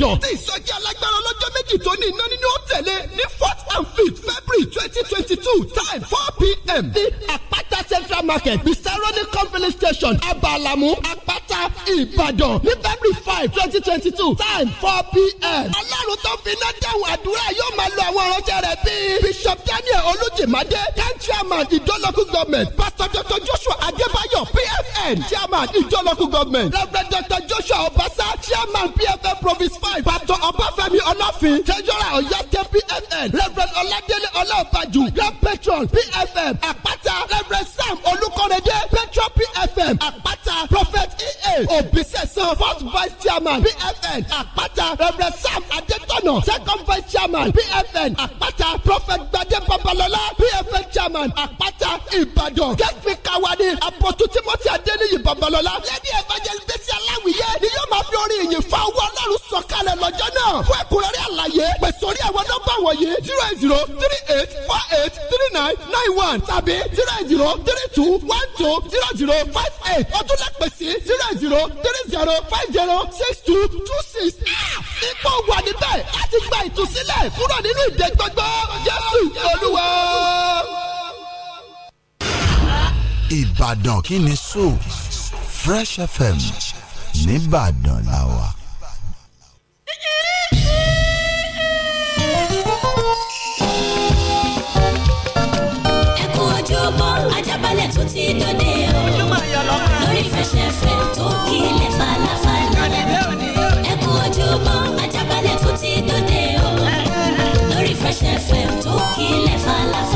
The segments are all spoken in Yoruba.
jọ. tí ìsọjí alágbára ọlọ́jọ́ méjì tó ní iná nínú ó tẹ̀lé ní fourth and fifth february twenty twenty two time four pm ní àkókò supermarket bisaroni company station abalamu apata Ìbàdàn ní February five twenty twenty two time four pm. Ọlọ́run tó fi iná dáhùn àdúrà yóò máa lo àwọn ọ̀rọ̀jẹ̀ rẹ̀ bíi Bishop Daniel Olùjìmádé chairman ìjọlọ́kù Government. Pastor Doctor Joshua Adébáyọ̀ PFN chairman ìjọlọ́kù Government. Reverend Doctor Joshua Obasa chairman PFN province five Pastor Ọbáfẹ́mi Ọlọ́fin treasurer Ọ̀yọ́ PFN Reverend Ọládélé Ọlọ́ọ̀bàjù grand patron PFN àpáta Reverend Sam Olùjìmádé kọ́rẹ́dé pẹ́tropy fm àpáta prọfẹ́ a òbísẹ̀sán first vice chairman pfn àpáta reverend sam adétọ̀nà second vice chairman pfn àpáta prophet gbadé babalọlá BFN chairman àpáta ìbàdàn guest speaker wa ni apọ̀tù timothy adéníyì babalọlá lady evangelist bẹ́sí aláwìyé ni yóò máa fi orin ìyìn fa owó ọlọ́run sọ̀kalẹ̀ lọ́jọ́ náà fún ẹ̀kúnrẹ́rẹ́ àlàyé pẹ̀sọ́rí àwọn nọ́mbà wọ̀nyí zero eight zero three eight four eight three nine nine one tàbí zero eight zero three two one two zero zero five eight ọdún lẹ́pẹ̀sí zero eight zero zero three zero five zero six two two six. ipò wà níbẹ̀ láti gba ìtúsílẹ̀ kúrò nínú ìdẹ́gbẹ́gbẹ́ Jésù Olúwa. Ìbàdàn kí ni so Fresh FM nìbàdàn làwà. ẹ kú ojúbọ Ajábalẹ̀ tó ti dòde fẹsẹ̀fẹ̀ tó kílẹ̀ falafala. ẹ kú ojúmọ́ ajábalẹ̀ tó ti dòde o lórí fẹsẹ̀fẹ̀ tó kílẹ̀ falafala.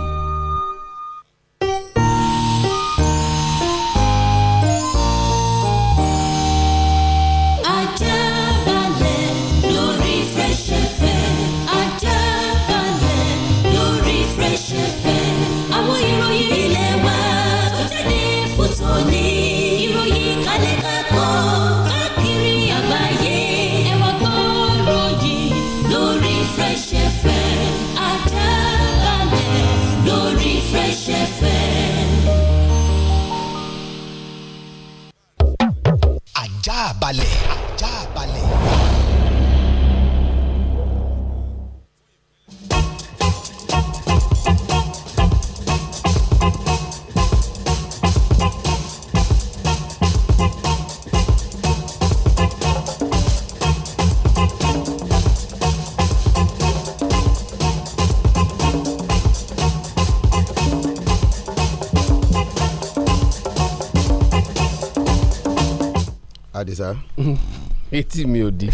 etí mi ò di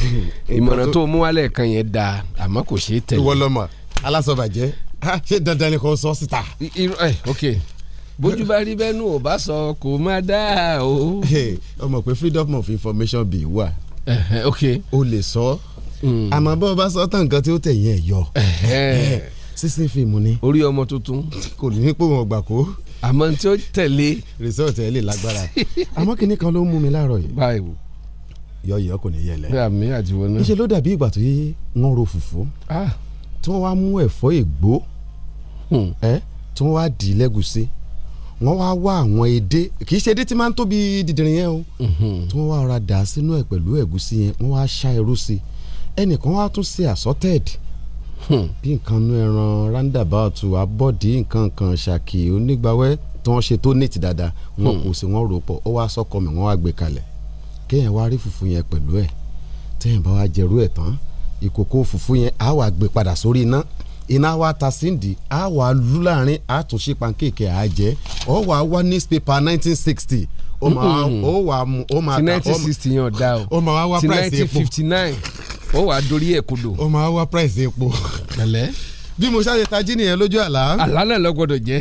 ìmọ̀ràn tó mú wálẹ̀ kan yẹn dáa àmọ́ kò ṣeé tẹ̀lé. ìwọ lọ́mọ alásọ̀bàjẹ́ ṣé dandan ni kò sọ síta. ok bójú bá rí bẹ́ẹ̀ nù ò bá sọ kò má dáa o. ọmọ pé freedom of information bill wà. o lè sọ hmm. àmọ́ bá bá sọ tán nǹkan tí ó tẹ̀yìn ẹ̀ yọ sísìn fíìmù ni. orí ọmọ tuntun. kò ní pò wọn gbà kó. àmọ́ tí ó tẹ̀lé. result ẹ̀ lè lágbára àmọ́ kinní ló ń mú mi láàárọ̀ yìí. báyìí yọ̀yọ̀ kò ní yẹlẹ̀. bí àmì àtiwọ náà. iṣẹ́ ló dàbí ìgbà tó yé wọ́n ro fùfú. Ah. tí wọ́n wá mú ẹ̀fọ́ ègbó hmm. tí wọ́n wá dì í lẹ́gùsí wọ́n wá wá àwọn edé kì í ṣe edé tí máa ń tóbi dìdìrín yẹn o mm-hmm. tí wọ́n wá ra dà sínú ẹ̀ pẹ̀lú ẹ̀gúsí yẹn wọ́n wá ṣá irú sí i ẹnìkan wá tún ṣe assorted hmm. bí nǹkan nu ẹran roundabout abọ́dí nǹkan kan ṣàkì onígbàwẹ́ tí wọ́n ṣe tó neat dáadáa wọn hmm. kò sí wọn rò pọ̀ ó wá sọ́kọ mi wọ́n wá gbé kalẹ̀ kéèyàn wá rí fùfú yẹn pẹ̀lú ẹ̀ téèyàn bá wá jẹrú ẹ̀ tán ìkòkò fùfú yẹn á wà gbé padà sórí iná iná wa ta síndì á wà lù láàrin àtúnṣe pancake á jẹ ọ wà wá newspaper nineteen sixty ó máa mm-hmm. ó wà mú ó máa ta nineteen sixty yàn dá o ó máa wá price epo nineteen fifty nine ó wà dorí ẹ̀ kodò ó máa wá price epo. pẹ̀lẹ́ bí mo ṣáà ṣe tají nìyẹn lójú àlá. àlá náà lọ gbọ́dọ̀ jẹ.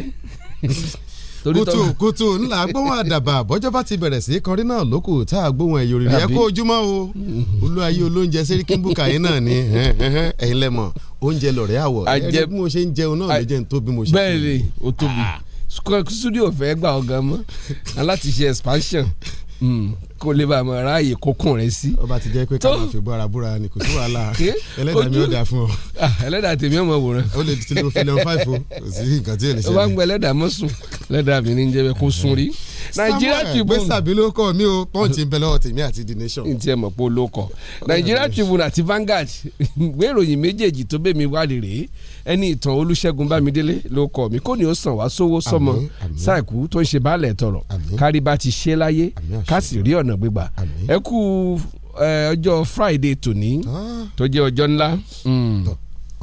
Kutu, kutu, ńlá gbóhùn àdàbà bọ́jọ́ bá ti bẹ̀rẹ̀ sí kọrí náà lókù tá a gbóhùn ẹ̀yọ́ rírì ẹ kó ojúmọ́ o olú ayé olóúnjẹ sẹ́ríkì bùkà yín náà ni ẹ̀yin lẹ́mọ̀ oúnjẹ lọ̀rẹ́ àwọ̀ ẹ̀rí bí mo ṣe ń jẹun náà ló jẹ́ ń tó bí mo ṣe. bẹ́ẹ̀ ni o tóbi ah. studio fẹ́ gbà ọ̀gá mọ́ aláti ṣe expansion Hmm. kó lè bá a máa ráàyè kókùn rẹ sí. ó bá ti jẹ́ pé ká fi bọ́ búra ni kò sí wàhálà ẹlẹ́dàá mi ò dáa fún ọ. Ah, ẹlẹ́dàá tèmi ò mọ̀ wòran. ó lè ti lo fẹlẹ́ fáìfù kò sí nǹkan tí ò lè ṣẹlẹ̀. ó bá ń gbẹ ẹlẹ́dàá mọ́ ẹlẹ́dàá mi ní jẹ́ bẹ́ẹ̀ kó sun rí nàìjíríà tribune gbèsè àbí ló kọ mi o punch ń bẹ lọ́wọ́ tèmi àti the nation. n tiẹ̀ mọ̀ pé ó ló kọ nàìjíríà tribune àti Vanguard ìwé ìròyìn méjèèjì tó bẹ́ẹ̀ mi wádìí rèé ẹni ìtàn olúṣẹ́gun bámidélé ló kọ mi kò ní ó sàn wá sówó sọmọ sáìkú tó ń ṣe baálẹ̀ tọrọ kárí bá ti ṣe láyé ká sì rí ọ̀nà gbígbà ẹ kú ọjọ́ Friday tòní ah. tó jẹ́ ọjọ́ ńlá. Mm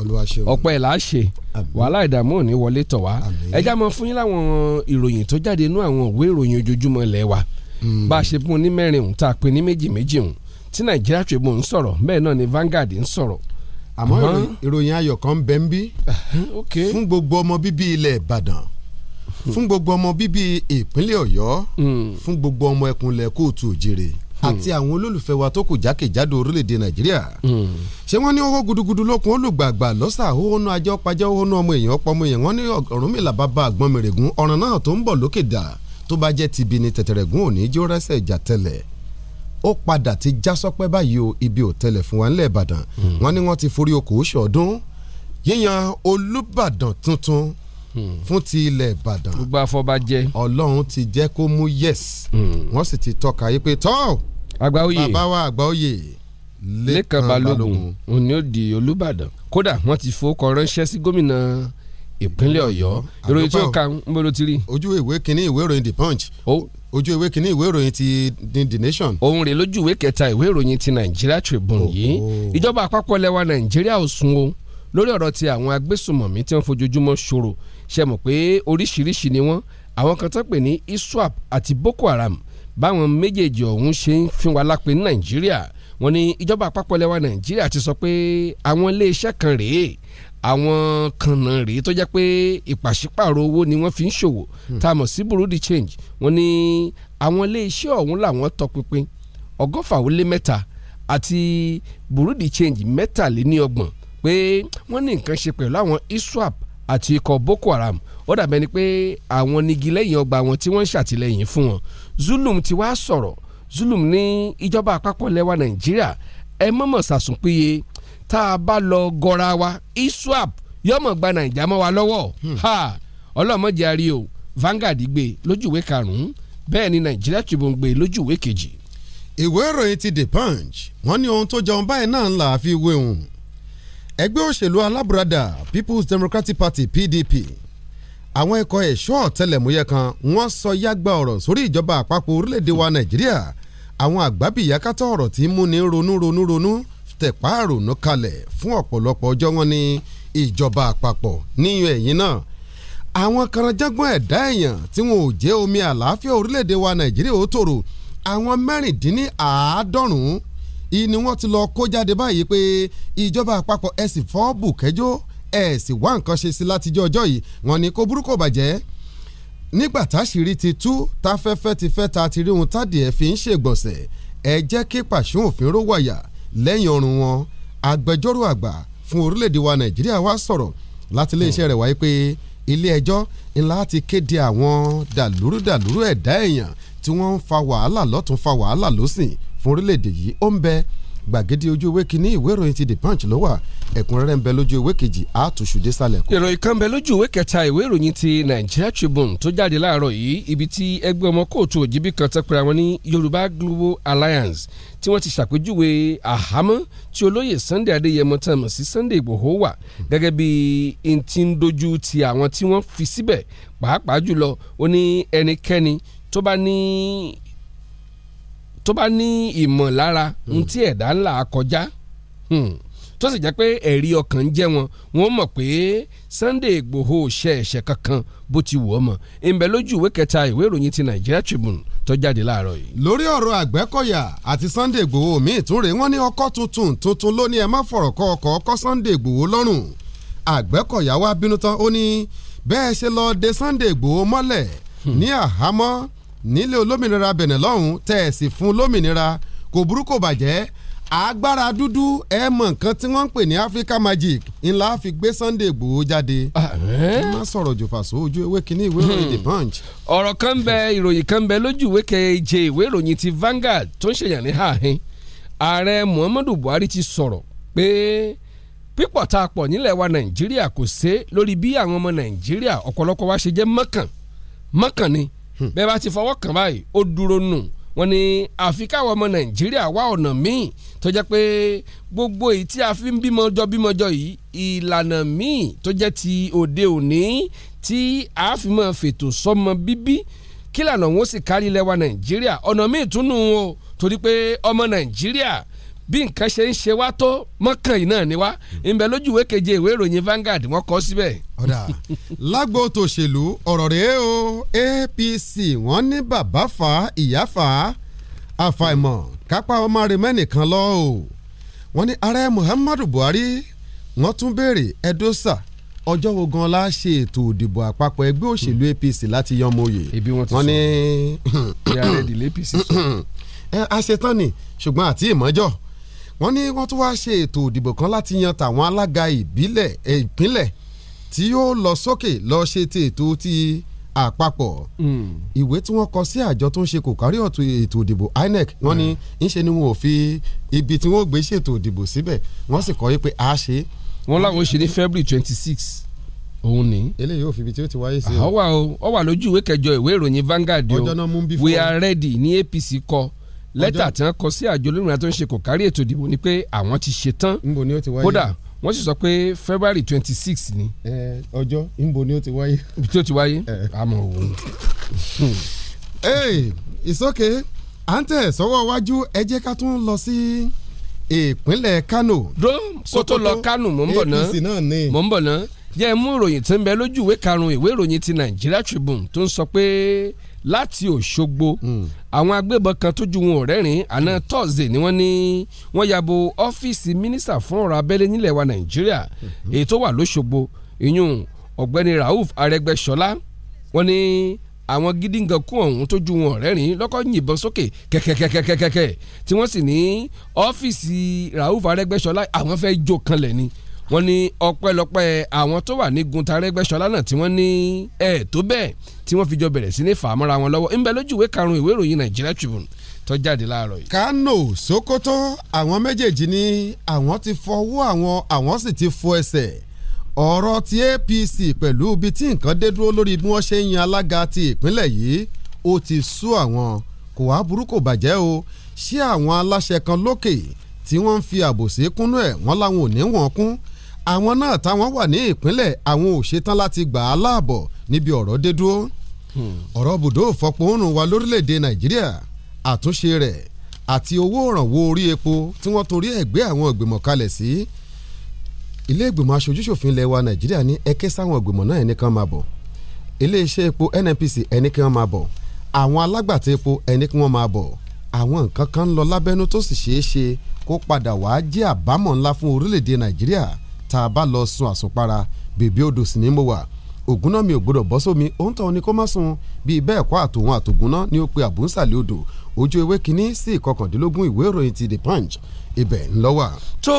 ọpẹ́ là á ṣe wàhálà ìdààmú òní wọlé tọ̀ wá ẹja mọ fún yín láwọn ìròyìn tó jáde inú àwọn òwe ìròyìn ojoojúmọ́ lẹ̀ wa hmm. bá a ṣe fún un ní mẹ́rin òun tá a pè ní méjì méjì òun tí Nàìjíríà Tribune ń sọ̀rọ̀ bẹ́ẹ̀ náà ni Vanguard ń sọ̀rọ̀ àmọ́ ìròyìn ayọ̀ kan bẹ́ ń bí fún gbogbo ọmọ bíbí ilẹ̀ Ìbàdàn hmm. fún gbogbo ọmọ bíbí ìpínlẹ̀ Ọ̀yọ́ hmm. fún gbogbo ọmọ ẹkùnlẹ̀ kóòtù òjèrè àti hmm. àwọn olólùfẹ́ wa tó kù jákèjádò orílẹ̀-èdè nàìjíríà hmm. ṣé wọ́n ní owó gudugudu lókun olùgbàgbà lọ́sà hóhónú ajá pàjá hóhónú ọmọ èèyàn ọ̀pọ̀ ọmọ èèyàn wọ́n ní ọ̀rúnmìlà bàbá àgbọn mèrègún ọ̀ràn náà tó ń bọ̀ lókè dà tó bá jẹ́ tibi ni tẹ̀tẹ̀rẹ̀gún òní jó rẹ́sẹ̀ ìjà tẹ̀lẹ̀ ó padà ti já sọ́pẹ́ báyìí o ibi ò tẹ̀lẹ̀ fún wa ńlẹ̀ ìbàdàn hmm. wọ́n ti ilẹ̀ Ìbàdàn. gbogbo afọbajẹ. Ọlọ́run ti jẹ́ kó mú yes. wọ́n sì ti tọ́ka yìí pé tọ́ àgbáòye bàbá wa àgbáòye lẹ́kàn balógun òní ó di olùbàdàn kódà wọ́n ti fowókọ ránṣẹ́ sí gómìnà ìpínlẹ̀ ọ̀yọ́ ìròyìn tí ó ka ń bolo ti rí. ojú ìwé kínní ìwé ìròyìn the punch ojú ìwé kínní ìwé ìròyìn ti the nation. ohun rèé lójú ìwé kẹta ìwé ìròyìn ti nàìjíríà tribune yìí ìjọba àpapọ̀ lẹwa nàìjíríà ò sun o lórí ọ̀rọ̀ ti àwọn agbésùmọ̀mí tí wọ́n fojoojúmọ́ ṣòro ṣe mọ̀ pé oríṣiríṣi ni wọ́n àwọn kan tán pè ní iswap àti boko haram báwọn méjèèjì ọ̀hún ṣe ń fún wa lápè ní nàìjíríà wọ́n ní ìjọba àpapọ̀ lẹ́wà nàìjíríà ti sọ pé àwọn iléeṣẹ́ kan rèé àwọn kànnà rèé tó jẹ́ pé ìpàṣípàrọ̀ owó ni wọ́n fi ń ṣòwò hmm. tá a mọ̀ sí bureau change wọ́n ní àwọn iléeṣẹ́ ọ̀hún làwọn tọpinpin ọgọ́fà ó lé mẹ́ta àti bureau change mẹ́tàléníọgbọ̀n pé wọ́n ní nǹkan ṣe pẹ̀lú àwọn iswap àti ikọ̀ boko haram ó dàbẹ́ ni pé àwọn nigi lẹ́yìn ọgbà wọn tí wọ́n ń ṣàtìlẹ́yìn fún wọn zulum ti wá sọ̀rọ̀ zulum ní ìjọba àpapọ̀ lẹ́wà nàìjíríà ẹ mọ̀mọ̀ sàsùn péye tá a bá lọ gọra wa iswap yọmọ̀ gba nàìjà mọ́ wa lọ́wọ́ hmm. ọlọ́mọdé àrí o Vanguard gbé e lójúwé karùn-ún bẹ́ẹ̀ ni Nigeria Tribune gbé e lójúwé kejì. ìwé ìròyìn ti The Punch wọ́n ní ohun tó jẹun báyìí náà ń là á fi wéhùn ẹgbẹ́ òṣèlú alábùradà People's Democratic Party PDP àwọn ikọ̀ ẹ̀ṣọ́ ọ̀tẹlẹ̀múyẹ́ kan wọ́n sọ yágbá ọ̀rọ̀ sórí ìjọba àpapọ̀ orílẹ̀‐èdè wa nàìjíríà àwọn àgbábìyàkátà ọ̀rọ̀ tí mú ní ronú ronú ronú tẹ̀pá àrònú kalẹ̀ fún ọ̀pọ̀lọpọ̀ ọjọ́ wọn ní ìjọba àpapọ̀ níyàn ẹ̀yìn náà àwọn kanajàgbọ́n ẹ̀dá èèyàn tí wọn ò jẹ́ omi àlàáfíà orílẹ̀‐èdè wa nàìjíríà ó tòrò àwọn mẹ́rìndínláàádọ́rùn-ún ìní wọ́n ti lọ kó jáde báyìí pé ìjọba àpapọ̀ ẹ̀sìn fọ́ bùkẹ́jọ́ ẹ̀ sì wá nǹkan ṣe sí látijọ́ ọjọ́ yìí wọ́n ní kó burúkú bàjẹ́ nígbà táṣìírí ti tú táfẹ́fẹ́ ti fẹ́ ta ti rí ohun tádìẹ fi ń ṣègbọ̀nsẹ̀ ẹ jẹ́ kí pàṣẹ òfin ró wàyà lẹ́yìn ọrùn wọn agbẹjọ́rò àgbà fún orílẹ̀-èdè wa nàìjíríà wá sọ̀rọ̀ láti iléeṣẹ́ rẹ̀ wáyé pé ilé ẹjọ́ ńlá ti kéde àwọn dàlúrúdàlúrú ẹ̀dá èèyàn tí wọ́n ń fa wàhálà lọ́tún fa wàhálà lọ́sìn fún orílẹ̀-èdè yìí ó ń bẹ gbàgede ojú ìwé kínní ìwé ìròyìn ti the punch ló wà ẹ̀kúnrẹ́rẹ́ ń bẹ lójú ìwé kejì àtúnṣu désàlẹ̀. ìròyìn kan bẹ lójú ìwé kẹta ìwé ìròyìn ti Nigeria Tribune tó jáde láàárọ̀ yìí ibi tí ẹgbẹ́ ọmọ kóòtù òjìbí kan tẹpẹ́ àwọn ní Yorùbá Global Alliance tí wọ́n ti ṣàpèjúwe àhámọ́ tí olóyè Sunday Adéyẹmọ tán mọ̀ sí Sunday Ìgbòho wà gẹ́gẹ́ bí n ti ń dojú ti àwọn tí wọ́n fi síbẹ̀ pàápàá jùlọ ó ní ẹnikẹ́ni tó bá ní tó bá ní ìmọ̀lára hmm. ohun tí ẹ̀dá ńlá kọjá hmm, tó sì jẹ́ pé ẹ̀rí ọkàn jẹ́ wọn wọ́n mọ̀ pé Sunday Igboho ṣe ẹ̀ṣẹ̀ kankan bó ti wù ọ́ mọ̀ ìbẹ̀ lójú ìwé kẹta ìwé ìròyìn ti Nigeria Tribune tó jáde láàárọ̀ yìí. lórí ọ̀rọ̀ àgbẹ̀kọ̀yà àti Sunday Igboho míì tún rèé wọ́n ní ọkọ̀ tuntun tuntun ló ní má fọ̀rọ̀ kọ ọkọ̀ ọkọ̀ Sunday Igboho lọ́rùn àgbẹ̀kọ̀yà wá bínú tán ó ní bẹ́ẹ̀ ṣe lọ de Sunday Igboho mọ́lẹ̀ hmm. ní àhámọ́ nílé olómìnira bẹ̀nẹ̀ lọ́hùn tẹ̀ ẹ̀ sì fún olómìnira kò burú kò bàjẹ́ agbára dúdú ẹ mọ̀ nǹkan tí wọ́n ń pè ní Africa Magic ńlá fi gbé Sunday Igboho jáde kí ah, má sọ̀rọ̀ jù fàṣọ ojú ewé kínní ìwé ìròyìn The Punch. ọ̀rọ̀ kan bẹ ìròyìn kan bẹ lójú ìwé keje ìwé ìròyìn ti Vanguard tó ń ṣèyàn ní hàhín ààrẹ Muhammadu Buhari ti sọ̀rọ̀ pé pípọ̀ tá a pọ̀ nílẹ̀ wa Nàìjíríà kò ṣe lórí bí àwọn ọmọ Nàìjíríà ọ̀pọ̀lọpọ̀ wa ṣe jẹ́ mọ́kàn mọ́kàn ni. Hmm. bẹ́ẹ̀ bá ti fọwọ́ kàn báyìí ó dúró nù wọ́n ní àfi káwọn ọmọ nàìjíríà wá ọ̀nà míì tó jẹ́ pé gbogbo èyí tí a fi ń bímọ jọ yìí ìlànà míì tó jẹ́ ti òde òní tí a fi máa fètò sọ́mọ bíbí kílànà wọn sì kárí lẹ́wà nàìjíríà ọ̀nà míì tún o torí pé ọmọ nàìjíríà bí nǹkan ṣe ń ṣe wá tó mọ́kàn yìí náà ni wá ìbẹ̀ lójú ìwé keje ìwé ìròyìn Vanguard wọ́n kọ síbẹ̀. ọ̀dà lágbo tòṣèlú ọ̀rọ̀ rèé o APC wọ́n ní bàbá fa ìyá fa àfàìmọ̀ kápá ọmọ rẹ̀ mẹ́nìkan lọ o wọ́n ní ààrẹ Muhammadu Buhari wọ́n tún béèrè ẹ̀dọ́sà ọjọ́ wo gan la ṣe ètò òdìbò àpapọ̀ ẹgbẹ́ òṣèlú APC láti yan mọ́ oyè wọ́n ní. APC sọ. ẹ a ṣetán ni ṣùgbọ́n àti ìmọ̀jọ́ wọ́n ní wọ́n tún wáá ṣe ètò òdìbò kan láti yan tàwọn alága ìbílẹ̀ eh, ìpínlẹ̀ tí yóò lọ sókè lọ ṣe ti ètò ti àpapọ̀ hmm. ìwé tí wọ́n kọ sí àjọ tó ń ṣe kò kárí ọ̀tún ètò òdìbò INEC wọ́n ní ńṣe hmm. ni wọn ò fi ibi tí wọ́n gbé ṣètò òdìbò síbẹ̀ wọ́n sì kọ́ pé a ṣe. wọ́n láwọn ṣe ní February twenty six òun ni. eléyìí ò fi ibi tí ó ti wáyé sí. ó wà ó wà lójú ìwé kẹjọ ìwé ìròyìn Vanguard o we are ready ní APC kọ lẹ́tà tí wọ́n kọ sí àjọ olómìnira tó ń ṣe kò kárí ètò ìdìbò ni pé àwọn ti ṣe tán kódà wọ́n sì sọ pé February twenty six ni. ọjọ́ nbo ni ó ti wáyé. ibi tí ó ti wáyé àmọ́ òun. ee ìsókè à ń tẹ̀ sọ́wọ́ iwájú ẹ jẹ́ ká tún lọ sí ìpínlẹ̀ Kano. dó kó tó lọ Kano mò ń bọ̀ náà APC náà ni mò ń bọ̀ náà jẹ́ mú ìròyìn tí ń bẹ lójú ìwé karùn-ún ìwé ìròyìn ti Nigeria Tribune tó ń sọ pé láti Òṣogbo hmm. àwọn agbébọn kan tójú wọn ò rẹ́rìn àná hmm. tọ́sídẹ̀ẹ́ ni wọ́n ní wọ́n ya bo ọ́fíìsì mínísítà fún ọ̀rọ̀ abẹ́lé nílẹ̀ wa Nàìjíríà hmm. èyí tó wà l'Óṣogbo ìyún ọ̀gbẹ́ni Rauf Arẹ́gbẹ́ṣọlá wọ́n ní àwọn gidingan kún ọ̀hún tójú wọn ò rẹ́rìn lọ́kọ́ yìnbọn sókè kẹ̀kẹ̀kẹ̀kẹ̀kẹ̀ tí wọ́n sì ní ọ́fíìsì Rauf Arẹ́gbẹ́ṣọlá àwọn fẹ́ jó kanlẹ̀ ni wọ́n ní ọpẹ́lọpẹ́ àwọn tó wà ní gunta náà tí wọ́n ní ẹ̀ tó bẹ́ẹ̀ tí wọ́n fi jọ bẹ̀rẹ̀ sí ní fàámọ́ra wọn lọ́wọ́ ńbẹ lójú ìwé karùn-ún ìwé ìròyìn Nigeria Tribune tó jáde láàárọ̀ yìí. Kano Sokoto àwọn méjèèjì ni àwọn ti fọwọ́ àwọn àwọn sì ti fọ ẹsẹ̀ ọ̀rọ̀ ti APC pẹ̀lú ibi tí nǹkan dé dúró lórí bí wọ́n ṣe ń yan alága ti ìpínlẹ̀ yìí ó ti sú àwọn kò wá burúkú bàjẹ́ o ṣé àwọn aláṣẹ kan lókè tí wọ́n ń fi àbòsí kúnnú ẹ̀ wọ́n láwọn ò ní wọ̀n kún àwọn náà táwọn wà ní ìpínlẹ̀ àwọn ò ṣetán láti gbà á láàbọ̀ níbi ọ̀rọ̀ dé ọ̀rọ̀ bùdó fọpọ̀ oòrùn wa lórílẹ̀‐èdè nàìjíríà àtúnṣe rẹ̀ àti owó òrànwó orí epo tí wọ́n torí ẹ̀ gbé àwọn ìgbìmọ̀ kalẹ̀ sí ilé ìgbìmọ̀ aṣojúṣòfin ilẹ̀ wa nàìjíríà ní ẹ sáwọn ìgbìmọ̀ náà ẹnìkan máa bọ̀ iléeṣẹ́ epo nnpc ẹni kí wọ́n máa bọ̀ àwọn alágbàtà epo ẹni kí wọ́n máa bọ̀ àwọn nǹkan kan ń lọ lábẹ́nú tó sì ṣeé ṣe kó padà wàá jẹ́ àbámọ̀ ńlá fún orílẹ̀-èdè nàìjíríà tá a bá lọ sun àsùnpara bèbí odò sì ni mo wà ògúnná mi ò gbọdọ̀ bọ́ sómi òun tàn ni kó má sun bíi bẹ́ẹ̀ kọ́ àtòun àtògúnná ni ó pe àbúnsàlẹ̀ odò ojú ewé kínní sí ìkọkàndínlógún ìwé ìròyìn ti the punch ibẹ̀ ń lọ wà. tó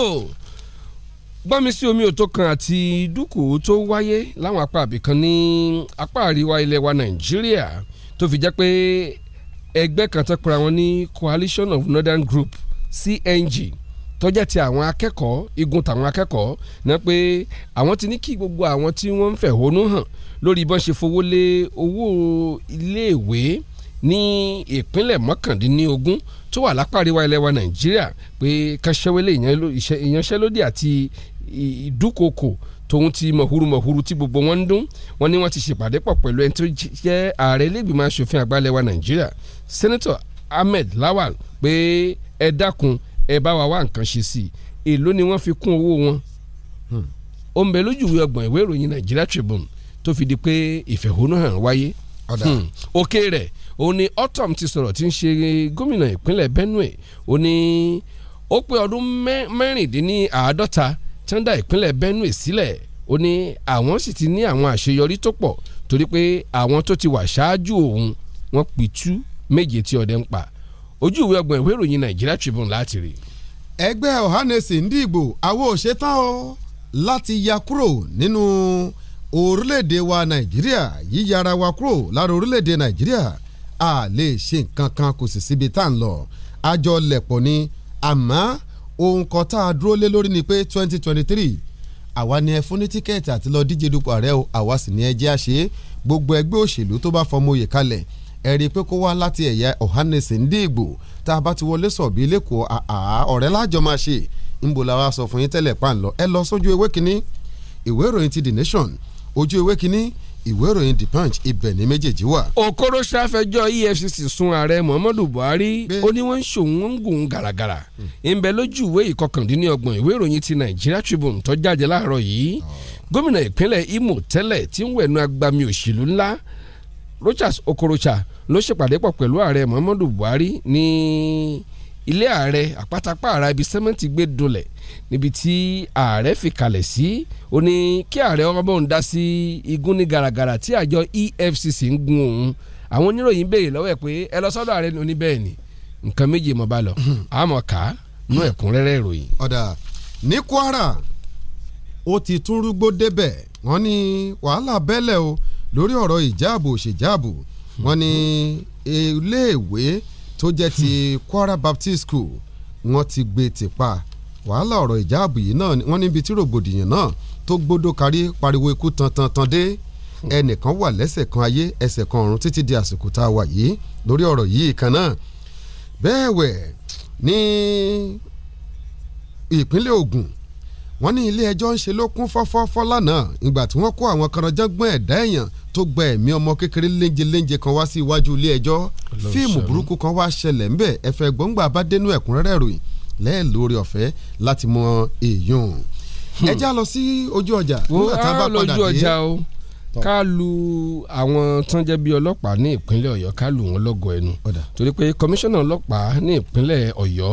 gbọ́mi sí omi òtó kan àti dúkùú tó wáyé láwọn apá àbìkan ní apá àríwá ilẹ̀ wa nàìjíríà tó fi jẹ́ pé ẹgbẹ́ kan tó pera wọn ní coalition of northern group cng tó jẹ́ ti àwọn akẹ́kọ̀ọ́ igun tàwọn akẹ́kọ̀ọ́ náà pé àwọn ti ní kí gbogbo àwọn tí wọ́n ń fẹ̀hónú hàn lórí bọ́n ṣe fowó lé owó iléèwé ní ìpínlẹ̀ mọ́kàndínlógún tó wà lápá àríwá ilẹ̀ wa nàìjíríà pé kánṣẹ́wélé ìyanṣẹ́lódì àti ìdúkokò tòun ti mọ̀húrú mọ̀húrú tí gbogbo wọn ń dún wọn ni wọn ti ṣèpàdé pọ̀ pẹ̀lú ẹni tó jẹ́ ààrẹ ilégbìmọ̀ asòfin àgbà ilẹ̀ wa nàìjíríà Senator ahmed lawal pé ẹ dákun ẹ bá wa wá nǹkan ṣe sí i èló ni wọ́n fi kún owó wọn hmm. ó ń ọgbọ̀n ìwé ìròyìn Nigeria Tribune tó fi di pé ìfẹ̀hónúhàn wáyé hmm. òkè rẹ̀ ó ní autumn ti sọ̀rọ̀ tí ń ṣe gómìnà ìpínlẹ̀ Benue ó ní ó pé ọdún mẹ́rìndínláàádọ́ta tí wọ́n dá ìpínlẹ̀ Benue sílẹ̀ ó ní àwọn sì ti ní àwọn àṣeyọrí tó pọ̀ torí pé àwọn tó ti wà ṣáájú òun wọ́n pitú méje tí ọdẹ ń pa ojú ìwé ọgbọ̀n ìwé ìròyìn Nigeria Tribune láti rí. ẹgbẹ́ Ohanaeze Ndigbo àwọn òṣetán o láti ya kúrò nínú orílẹ̀-èdè wa Nàìjíríà yíyára wa kúrò lára orílẹ̀-èdè Nàìjíríà a lè ṣe nǹkan kan kò sì síbi tá à ń lọ àjọ lẹ̀pọ̀ ni àmọ́ ohun kan tá a dúró lé lórí ni pé twenty twenty three àwa ni ẹ fún ní tíkẹ́ẹ̀tì àti lọ díje dupò ààrẹ o àwa sì ni ẹ jẹ́ àṣẹ gbogbo ẹgbẹ́ òṣèlú tó bá fọmọ òye kalẹ̀ ẹ̀rí pé kó wá láti ẹ̀yà ọ̀hánẹsẹ̀ ndí ìgbò tá a bá ti wọlé sọ̀bí lẹ́kọ̀ọ́ àá ọ̀rẹ́ lájọ máa ṣe ńbo la wá sọ fún yín tẹ́lẹ̀ pa ń ẹ lọ sójú ewé kínní ìwé ìròyìn ti The Nation ojú ewé kínní ìwé ìròyìn The Punch ibẹ̀ ní méjèèjì wà. Okoro ṣàfẹjọ́ EFCC sun ààrẹ Muhammadu Buhari ó ní wọ́n ń ṣòun wọ́n ń gùn gàràgàrà hmm. ìbẹ̀ lójú ìwé ìkọkàndínlọ́gbọ̀n ìwé ìròyìn ti Nigeria Tribune tó jáde láàárọ̀ yìí oh. gómìnà ìpínlẹ̀ Imo tẹ́lẹ̀ tí ń wẹ̀nu agbami òṣèlú ńlá Rochas Okorocha ló ṣèpàdé pọ̀ pẹ̀lú ààrẹ Muhammadu Buhari ní ilé ààrẹ ara ibi sẹ́mẹ́ǹtì gbé dolẹ̀ níbi tí ààrẹ fi kalẹ̀ sí ó ní kí ààrẹ ọmọ òun dá sí igun ní EFCC ń gun òun àwọn oníròyìn béèrè lọ́wọ́ ẹ̀ pé ẹ lọ sọ́dọ̀ ààrẹ ni nǹkan méje mọ̀ bá lọ àmọ̀ ká nú ẹ̀kúnrẹ́rẹ́ ìròyìn. ọ̀dà Kwara ó ti tún rúgbó débẹ̀ wọ́n ní wàhálà bẹ́lẹ̀ o. lórí ọ̀rọ̀ ìjáàbò ṣèjáàbò wọ́n ní iléèwé tó jẹ́ ti Kwara Baptist School wọ́n ti gbé tìpa wàhálà ọ̀rọ̀ ìjáàbò yìí náà wọ́n níbi tí rògbòdìyàn náà tó gbódò kárí pariwo ikú tantantan dé ẹnìkan wà lẹ́sẹ̀ kan ayé ẹsẹ̀ kan ọ̀run títí di àsìkò tá a wà yìí lórí ọ̀rọ̀ yìí kan náà bẹ́ẹ̀ wẹ̀ ní ìpínlẹ̀ Ògùn wọ́n ní ilé ẹjọ́ ń ṣe ló kún fọ́fọ́fọ́ lánàá ìgbà tí wọ́n kó àwọn kanranjágbọ́n ẹ̀dá èèyàn tó gba ẹ̀mí ọmọ kékeré léńjeléńje kan wá sí iwájú ilé ẹjọ́ fíìmù burúkú kan wá ṣẹlẹ̀ ńbẹ̀ ẹ̀fẹ̀ gbòǹgbà bá dénú ẹ̀kúnrẹ́rẹ́ ròyìn lẹ́ẹ̀ lórí ọ̀fẹ́ láti mọ èèyàn hmm. ẹ lọ sí ojú ọjà nígbà tá a bá padà dé ká lu àwọn tán jẹ́ bí ọlọ́pàá ní ìpínlẹ̀ ọ̀yọ́ ká lu wọn lọ́gọ ẹnu torí pé kọmíṣánná ọlọ́pàá ní ìpínlẹ̀ ọ̀yọ́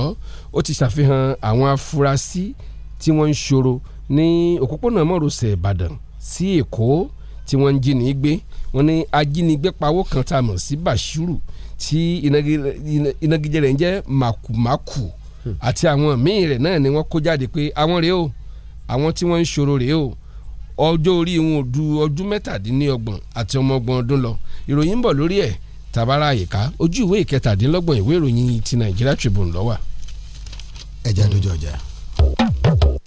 ó ti ṣàfihàn àwọn afurasí si, tí wọ́n ń ṣòro ní òpópónà mọ́rọ̀sẹ̀ ìbàdàn sí èkó tí wọ́n ń jíni gbé wọ́n ní ajínigbé pawó kan tá a mọ̀ sí bashiru tí ìnagijẹ rẹ̀ ń jẹ́ màkùmákù hmm. àti àwọn míì rẹ̀ náà ni wọ́n kó jáde pé àwọn rèé o àwọn tí wọ́n ń ṣòro rèé o ọjọ́ orí wọn ò du ọdún mẹ́tàdínlọ́gbọ̀n àti ọmọ ọgbọ̀n ọdún lọ ìròyìn ń bọ̀ lórí ẹ̀ tabara àyíká ojú ìwé ìkẹtàdínlọ́gbọ̀n ìwé ìròyìn ti Nigeria Tribune ló wà. dojú ọjà. Mm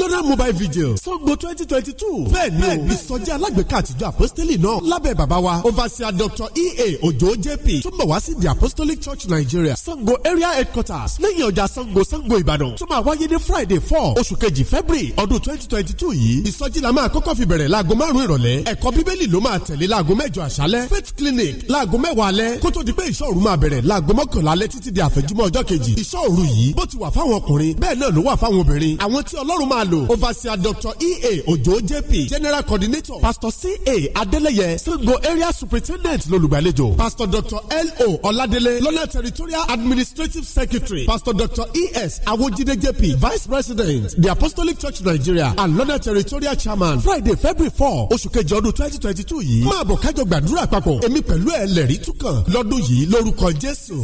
lọ́nà mobile video. sango twenty twenty two bẹ́ẹ̀ ni ìsọjí alágbèéká àtijọ́ apostoli náà lábẹ́ bàbá wa overseer doctor ea ojo jp tó ń bọ̀ wá sí the apostolic church nigeria sango area headquarters lẹ́yìn ọjà sango sango ìbàdàn tó máa wáyé ní friday four oṣù kejì february ọdún twenty twenty two yìí ìsọjí la máa kọ́kọ́ fi bẹ̀rẹ̀ láago márùn-ún ìrọ̀lẹ́ ẹ̀kọ́ bíbélì ló máa tẹ̀lé láago mẹ́jọ àṣálẹ́ faith clinic láago mẹ́wàá alẹ́ kó tó di pé ìṣọ́ òru máa bẹ̀rẹ̀ láago mọ́kànlá alẹ́ títí di àfẹ̀júmọ́ ọjọ́ kejì ìṣọ́ òru yìí bó ti wà fáwọn ọkùnrin bẹ́ẹ̀ náà ló wà fáwọn obìnrin àwọn tí ọlọ́run máa lò overseer dr ea ojo jp general coordinator pastor ca adeleye sango area superintendent lolùgbàlejò pastor dr lo ọládélé lọ́nà territorial administrative secretary pastor dr es awojide jp vice president the apostolic church nigeria and lọ́nà territorial chairman friday february four oṣù kejì ọdún twenty twenty two yìí máa bọ̀ kájọ gbàdúrà papọ̀ èmi pẹ̀lú ẹ̀ lẹ́rìí túkàn lọ́dún yìí lórúkọ jésù.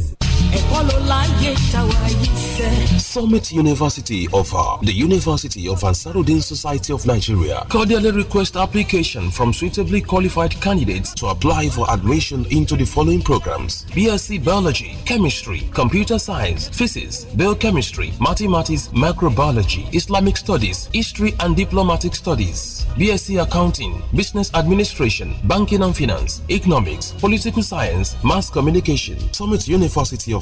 Summit University offer uh, the University of Ansarudin Society of Nigeria cordially request application from suitably qualified candidates to apply for admission into the following programs BSc Biology, Chemistry, Computer Science, Physics, Biochemistry, Mathematics, Microbiology, Islamic Studies, History and Diplomatic Studies, BSc Accounting, Business Administration, Banking and Finance, Economics, Political Science, Mass Communication. Summit University of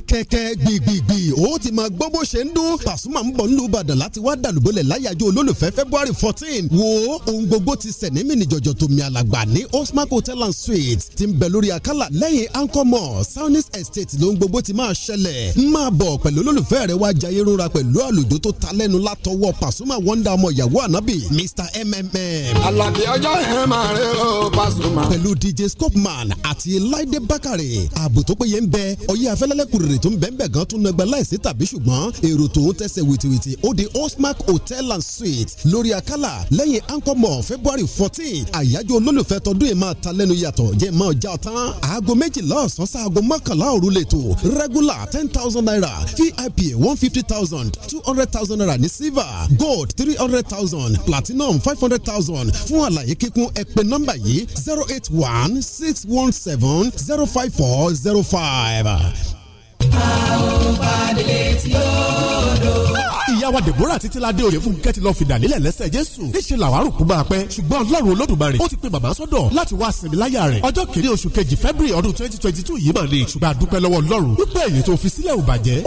kẹ́kẹ́kẹ́ gbìgbìgbì ó ti máa gbọ́ bó ṣe ń dún Pasuma ń bọ̀ nílùú Ìbàdàn láti wá dàlúbọ̀lẹ̀ láyàjọ́ olólùfẹ́ February fourteen wo ohun gbogbo ti sẹ̀ nímì níjọ̀jọ̀ tó mi àlàgbà ní Osmark Hotel and Suites ti ń bẹ̀ lórí àkàlà lẹ́yìn Anchor Mall Saunis Estate lóhun gbogbo ti máa ṣẹlẹ̀ ń máa bọ̀ pẹ̀lú olólùfẹ́ rẹ̀ wá jayé rúra pẹ̀lú àlùjọ tó ta lẹ́nu látọwọ́ Pasuma wonder ọmọ ìyàwó Mr MMM. Àlàbí ọjọ́ yẹn máa rẹ DJ Scopeman àti Láìdé Bákàrẹ̀ ààbò tó péye ń bẹ ọyẹ́ afẹ́lẹ́lẹ́kùr rere tó ń bẹ́ẹ̀nbẹ́ẹ̀ gan tún nàgbà láìsí tàbí ṣùgbọ́n èrò tó ń tẹ̀sẹ̀ wìtìwìtì ó di Housemark Hotel and suite. lórí Akálà lẹ́yìn Angkor Mall February fourteen àyájọ́ olólùfẹ́ tọdún yìí máa ta lẹ́nu yàtọ̀ jẹ́ máa já ọ tán aago méjìlá ọ̀sán sáago mọ́kànlá òru lẹ́tọ̀ regular ten thousand naira VIP one fifty thousand two hundred thousand naira ní silver gold three hundred thousand platinum five hundred thousand fún àlàyé kíkún ẹ pè nọ́mbà yìí zero eight one six one seven zero five four zero five a ò bá délé tí ó dò ìyá wa Deborah títí ládé òye fún kẹ́tì lọ́ọ́ fìdá nílẹ̀ lẹ́sẹ̀ Jésù níṣẹ́ làwárò kú máa pẹ́ ṣùgbọ́n Ọlọ́run Olódùmarè ó ti pe màmá sọ́dọ̀ láti wá sinmi láyà rẹ̀ ọjọ́ kìíní oṣù kejì February ọdún twenty twenty two yìí mà ní ṣùgbọ́n àdúpẹ́ lọ́wọ́ Ọlọ́run wípé èyí tó fi sílẹ̀ ò bàjẹ́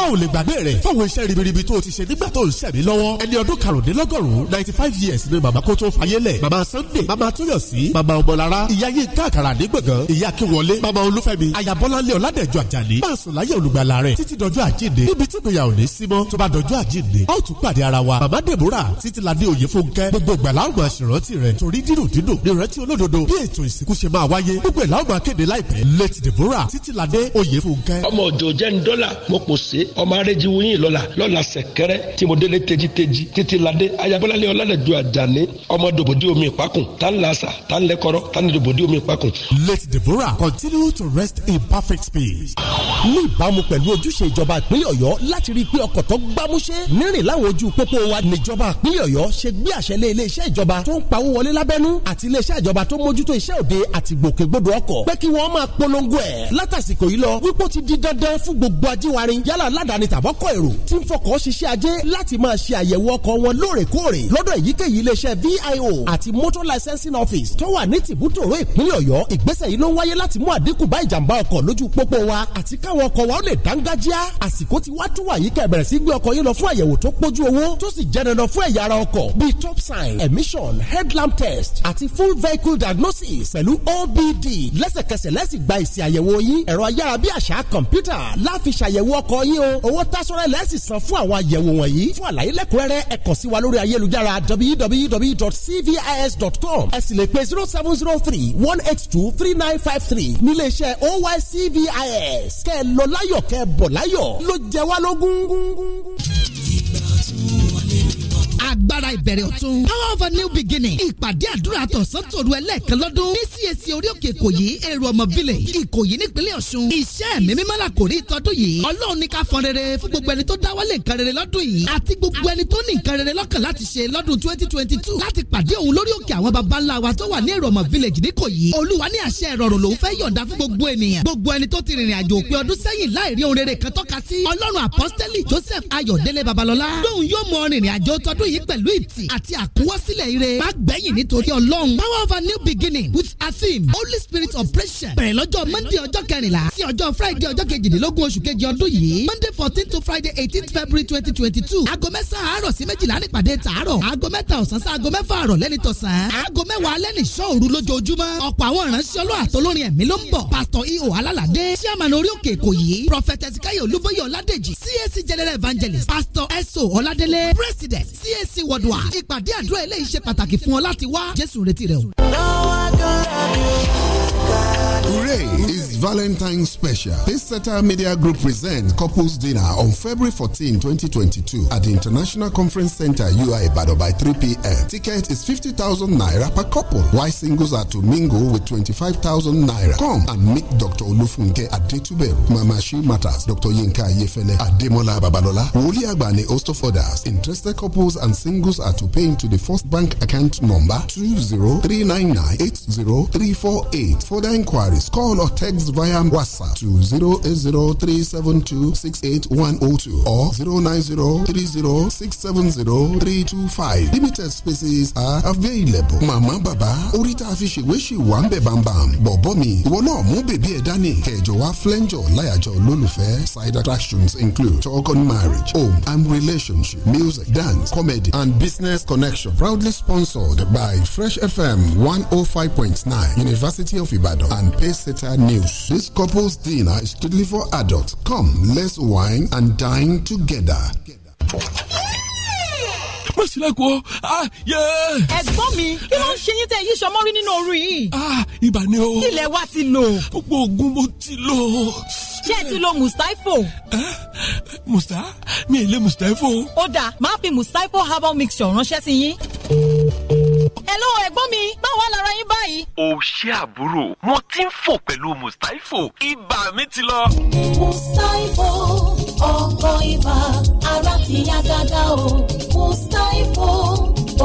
a ò lè gbàgbé rẹ̀ fáwọn iṣẹ́ ribiribi tó ti ṣe nígbà tó ń ṣẹ̀mí lọ́wọ́ ẹni ọdún karùndínlọ́gọ́rùn-ún ninety five years ni màmá kó tó fayé lẹ̀ màmá Sunday màmá Tóyọ̀sí màmá Ọmọlára ìyá Yínká Àkàrà ní gbọ̀ngàn ìyá Kíwọlé màmá Olúfẹ́mi àyàbọ́láńlé Ọládẹ̀jọ Àjàní máa sùn láyé olùgbàlà rẹ̀ títí dọjọ́ àjíǹde níbi tí ìpayà ò ní tó bá dọjọ́ àjíǹde ó tún pàdé ara wa màmá Deborah Títíladé Oyèfúnkẹ́ gbogbo ìgbà la ó máa ṣèrántí rẹ̀ torí dídùn dídùn ní ìrántí olódodo bí ètò ìsìnkú ṣe máa wáyé gbogbo ẹ̀ la ó láìpẹ́ late Deborah Títíladé Oyèfúnkẹ́. ọmọ òjò jẹ́ ní dọ́là mo pò sí ọmọ arẹ́jì wúyìn lọ́la lọ́la sẹ̀kẹ́rẹ́ tí mo délé tejiteji Títíladé ayabalẹ̀ ọ̀làdẹ̀jọ àjàní ọmọ dòbòdì omi ìpákùn tá ń làásà lẹ́kọ̀rọ̀ tá ń dòbòdì omi ìpákùn. late Deborah continue to rest in perfect peace. ní ìbámu pẹ̀lú ojúṣe ìjọba ìpínlẹ̀ Ọ̀yọ́ láti rí i pé ọkọ̀ tó gbámúṣé nírìn láwọn ojú pópó wa níjọba àpínlẹ̀ ọ̀yọ́ ṣe gbé àṣẹ lé iléeṣẹ́ ìjọba tó ń pawó wọlé lábẹ́nú àti iléeṣẹ́ ìjọba tó mójútó iṣẹ́ òde àti gbòkègbodò ọkọ̀ pé kí wọ́n máa polongo ẹ̀ látàsìkò yìí lọ wípé ti di dandan fún gbogbo ajíwari yálà aládàáni tàbọ́kọ̀ èrò tí ń fọkọ̀ ṣiṣẹ́ ajé láti máa ṣe àyẹ̀wò ọkọ̀ wọn lóòrèkóòrè lọ́dọ̀ èyíkéyìí VIO àti motor licensing office tó wà ní tìbútòrò ìpínlẹ̀ ọ̀yọ́ ìgbésẹ̀ yìí ló ń wáyé láti mú àdínkù bá wa àti káwọn ọkọ̀ wa ó lè dángájíá wà yìí kẹ́ bẹ̀rẹ̀ sí gbé ọkọ̀ yín lọ fún àyẹ̀wò tó pójú owó tó sì jẹ́ dandan fún ẹ̀yà ara ọkọ̀ bíi top sign emission headlamp test àti full vehicle diagnosis pẹ̀lú OBD lẹ́sẹ̀kẹsẹ̀ lẹ́sìn gba èsì àyẹ̀wò yín ẹ̀rọ ayárabíàṣá kọ̀ǹpútà láfi ṣàyẹ̀wò ọkọ̀ yín o owó tásọ̀rẹ́ lẹ́sìn san fún àwọn àyẹ̀wò wọ̀nyí fún àlàyé lẹ́kùnrẹ́rẹ́ ẹ sí wa lórí ayélujára Boon, boon, boon, boon, boon, boon, boon. agbára ìbẹ̀rẹ̀ ọ̀tun power of a new beginning ìpàdé àdúrà tọ̀sán tòru ẹlẹ́ẹ̀kan lọ́dún ní CAC orí òkè ìkòyí èrò ọmọ village ìkòyí nípínlẹ̀ ọ̀ṣun iṣẹ́ mi mímọ́ la kò rí ìtọ́dún yìí ọlọ́run ní ká fọn rere fún gbogbo ẹni tó dáwọ́lé nǹkan rere lọ́dún yìí àti gbogbo ẹni tó ní nǹkan rere lọ́kàn láti ṣe lọ́dún twenty twenty two láti pàdé òun lórí òkè àwọn baba ńlá wa tó wà ní èrò ọmọ village níkòyí olúwa ní àṣẹ ìrọ̀rùn lòún fẹ́ yọ̀ǹda fún gbogbo ènìyàn gbogbo ẹni tó ti rìnrìn àjò òpin ọdún sẹ́yìn láì rí ohun rere kan tọ́ka sí ọlọ́run apọ́sítẹ́lì joseph ayọ̀délé babalọ́lá lóun yóò mọ rìnrìn àjò tọdún pẹ̀lú ìtì àti àkúwọ́sílẹ̀ ire. Má gbẹ̀yìn nítorí Ọlọ́run. Power of a new beginning with Asim Holy Spirit operation. Bẹ̀rẹ̀ lọ́jọ́ Monday ọjọ́ kẹrìnlá sí ọjọ́ Friday ọjọ́ kejìdínlógún oṣù kejì ọdún yìí. Monday fourteen to Friday eighteen February twenty twenty two. Aago mẹ́sàn-án àárọ̀ sí méjìlá nípàdé tàárọ̀. Aago mẹ́ta ọ̀sán sí aago mẹ́fà àrọ̀ lẹ́ni tọ̀sán. Aago mẹ́wàá alẹ́ ní ìṣọ́ òru lójoojúmọ́. Ọ̀pọ̀ àwọn ìránṣẹ́ ọlọ́ àtolórin ẹ̀mí ló ń bọ̀. Pastor E.O. Alálàdé. Chairman orí òkè èkó yìí. Prophet Ezekiel Olúbóyè Ọládèjì. CAC General Evangelist. Pastor S.O. Ọládélé. President CAC CAC Worldwide ìpàdé àdúrà eléyìí ṣe pàtàkì fún ọ láti wá Jésù retí rẹ o. Hooray! It's Valentine's special. Pacesetter Media Group presents Couples Dinner on February 14, 2022 at the International Conference Center UI Bado by 3 p.m. Ticket is 50,000 naira per couple. Why singles are to mingle with 25,000 naira. Come and meet Dr. Olufunke Adetuberu, Mama She Matters, Dr. Yinka Yefele, Demola Babalola, Woli Agbani, host of others. Interested couples and singles are to pay into the First Bank account number 20399 for Further inquiry inquiries, call or text via WhatsApp to 08037268102 or 09030670325. Limited spaces are available. Màmá bàbá orí tá a fi ṣèwé ṣì wà ń bẹ̀ bàmbàm. Bọ̀bọ́ mi, ìwọ náà mú bèbí ẹ̀ dání. Kẹ̀jọ wá flẹ́ńjọ láyàjọ olólùfẹ́. Side attractions include talk on marriage, home and relationship, music, dance, comedy and business connection. Proudly sponsored by Fresh FM 105.9 University of Ibadan and Eteta News. This couple's dinner is totally for adults. Come, let's wine and dine together. má sì lẹ́kọ̀ọ́ ah, ẹ̀gbọ́n mi kí ló ń ṣe yín tẹ yí sọmọ rí nínú òru yìí. Ah, ibà ni o. ilẹ̀ wa ti lò. gbogbo oògùn mo ti lò. ṣé ẹ ti lo mustapho. musa mi ò lè mustapho. ó dáa máa fi mustapho herbal mixture ránṣẹ́ sí yín hello ẹ̀gbọ́n mi báwo lára yín báyìí. o ṣé àbúrò wọn ti ń fò pẹ̀lú mustapho ibà mi ti lọ. mustapho ọkọ ibà ara ti yá gágá o mustapho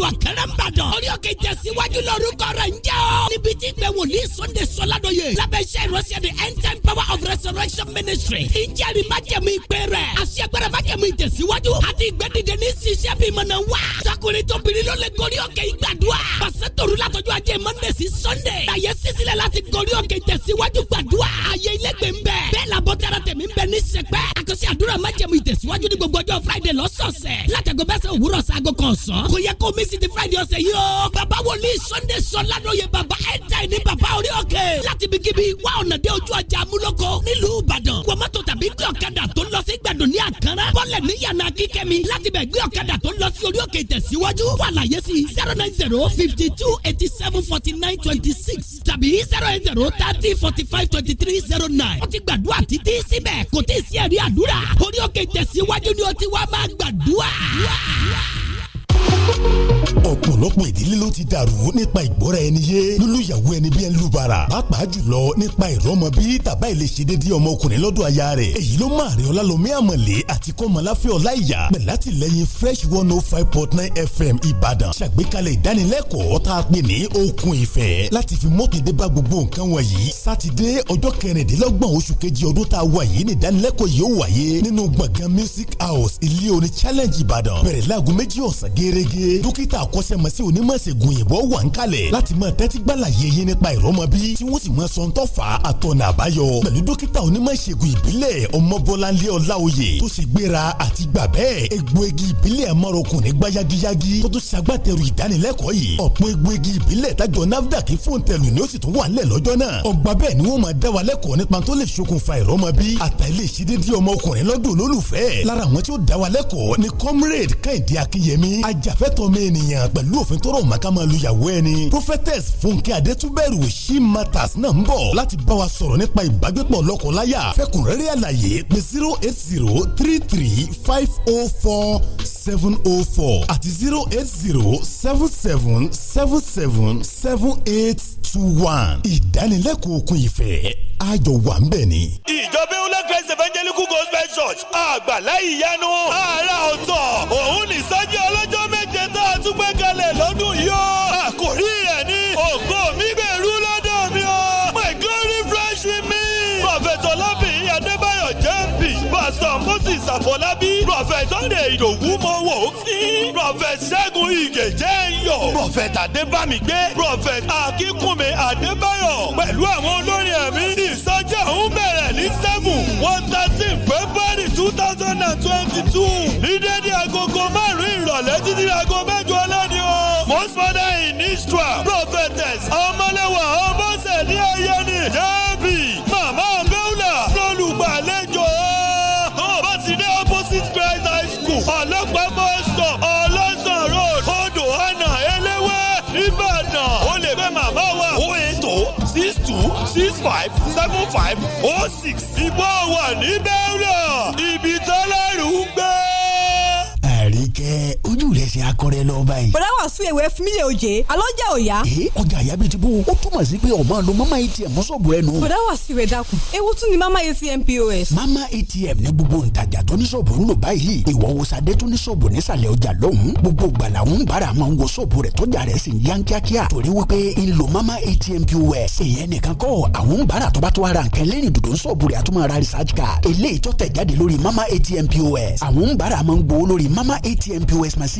odò àkẹrẹ ń bàdàn. orí òkè tẹ̀síwájú lórúkọ rẹ̀ ń jẹ́ o. níbi tí ìgbẹ́ wòlíì sunday sọládọ̀yè lábẹ́ iṣẹ́ ìránṣẹ́ the end time power of resurrection ministry ti ń jẹ́rìí májẹ̀mú ìpè rẹ̀. àṣegbẹ́rẹ́ májẹ̀mú ìtẹ̀síwájú àti ìgbẹ́dìde ní ṣiṣẹ́ bí mọ̀nà wá. sọkùnrin tóbìnrin ló lè gorí òkè ìgbàdúrà. pàṣẹ tòru látọjú ajé monday sí sunday. láyé sísílẹ̀ láti gorí òkè ìtẹ̀síwájú gbàdúrà. ayé ilégbè ń bẹ. bẹ́ẹ̀ làbọ̀ tẹ́rẹ̀ tẹ̀mí ń bẹ ní sẹpẹ́. àkọsí àdúrà májẹ̀mú ìtẹ̀síwájú ní gbogbo ọjọ́ friday lọ́sọ̀ọ̀sẹ̀. látàgọ́ bẹ́sẹ̀ òwúrọ̀ sago kan sàn. kò yẹ kó mi sí ti friday ọ̀sẹ̀ yìí o. bàbá wòlíì sunday sọlá lóye bàbá ẹ̀ta ìní bàbá orí òkè. láti bí kíbi wá ọ̀nà dé ojú ọjà amúlòkọ nílùú ìbàdàn. wọ́n mọ́tò tàbí gbé ọ̀kadà tó lọ sí gbàdùn ní àkàrà. bọ́lẹ̀ ní yànnà kíkẹ́mi láti bẹ̀ gbé ọ̀kadà tó lọ sí orí òkè tẹ̀síwájú. wàlàyé sí zero nine zero fifty two eighty seven forty nine twenty six tàbí zero eight zero thirty forty five twenty three zero nine. ó ti gbàdúrà títí síbẹ̀ kò tí ì sí ẹ̀rí àdúrà. orí òkè tẹ̀síwájú ni ó ti wá máa gbàdúrà ọ̀pọ̀lọpọ̀ ìdílé ló ti dàrú nípa ìgbọ́ra ẹni yé lólùyàwó ẹni bí ẹni lùbàrà pàápàá jùlọ nípa ìrọmọ bí tàbá ìlẹsẹdẹdẹ ọmọkùnrin lọ́dọ̀ aya rẹ̀ èyí ló máa rí ọlálọmí àmọ̀lé àti kọ́mọláfẹ́ ọláìyá pẹ̀látìlẹ́yìn fresh one oh five point nine fm ìbàdàn ṣàgbékalẹ̀ ìdánilẹ́kọ̀ọ́ tá a pè ní okun ìfẹ́ láti fi mọ́tòdé bá gbogbo nǹkan wọ̀nyí sátidé ọjọ́ kẹrìndínlọ́gbọ̀n oṣù kejì ọdún tá music house ilé challenge ìbàdàn bẹ̀rẹ̀ láago méjì gerege dókítà akọ́ṣẹ́mọṣẹ́ onímọ̀ṣègùn òyìnbó wà ń kalẹ̀ láti máa tẹ́tí gbàlà yeye nípa ìrọmọbí tí wọ́n sì máa sọ ń tọ́fà àtọ̀nà àbáyọ pẹ̀lú dókítà onímọ̀ṣègùn ìbílẹ̀ ọmọbọ́láńlé ọláoyè tó sì gbéra àti gbà bẹ́ẹ̀ egbòogi ìbílẹ̀ amárokùn ní gbáyagíyágí tó tún ṣagbátẹrù ìdánilẹ́kọ̀ọ́ yìí aṣàfẹ́tọ̀ mi ènìyàn pẹ̀lú òfin tó rọ̀ màkà máa lu ìyàwó ẹni. prophetess fúnkẹ́ adétúbẹ̀rù she matters náà ń bọ̀ láti bá wa sọ̀rọ̀ nípa ìbágbépọ̀ lọ́kọláya fẹ́kùnrẹ́rẹ́ àlàyé pé zero eight zero three three five oh four six seven oh four àti zero eight zero seven seven seven seven seven eight two one. ìdánilẹ́kọ̀ọ́ òkun ìfẹ́ àjọ wà ń bẹ̀ ni. ìjọba ewúlẹ̀ christ evangelical gospel church àgbàlá ìyanu ààrẹ ọ̀tọ̀ òun ní sọ́jí ọlọ́jọ́ méje tá a tún gbé kalẹ̀ lọ́dún yóò àkórí Àfọlábí prọfẹ̀t Sunday Ìdòwú mo wò ó fín prọfẹ̀t Ṣẹ́gun Ìgèjẹ́ yọ̀ prọfẹ̀t Adébámigbé prọfẹ̀t Akínkùnmi Adébáyọ̀ pẹ̀lú àwọn olórin ẹ̀mí ìsọjí ọ̀hún bẹ̀rẹ̀ ní seven one thirteen February two thousand and twenty two ní dédé agogo márùn-ún ìrọ̀lẹ́ títí agogo mẹ́jọ ọlọ́ni o most modern in Israel prophetess ọmọlẹ́wà ọmọ sẹ̀ ní ayé ni. Oh six five seven five oh six ìbò wà ní bẹ́ẹ̀rẹ̀ ibi tọ́lọ́rù ń gbé. àríkẹ́ wàsíù lẹsẹ̀ akọrẹ lọ báyìí. bọ̀dá wàsíù ewé fún oje alọ́ jẹ́ òya. ee ọjà àyà bíi ti bó o túmọ̀ sí pé ọmọ lo mama atm mọ́sọ̀bù ẹnu. bọ̀dá wàsíù ẹ̀ dákun ewu tún ni mama atm pos. mama atm ní gbogbo ntajà tó ní sọ̀bù ń lò báyìí ìwọ wo sadé tó ní sọ̀bù nísàlẹ̀ ọjà lọ́hùn gbogbo gbala ń bára máa ń wo sọ̀bù rẹ̀ tọ́jà rẹ̀ sì ń yan kíákíá torí mama atm pos èèyàn nìkan kọ́ àwọn ń bára tó bá tó ara nǹkan lẹ́yìn dòdò ń sọ̀bù card eléyìí tó tẹ̀ jáde mama atm pos àwọn ń bára máa mama atm pos machine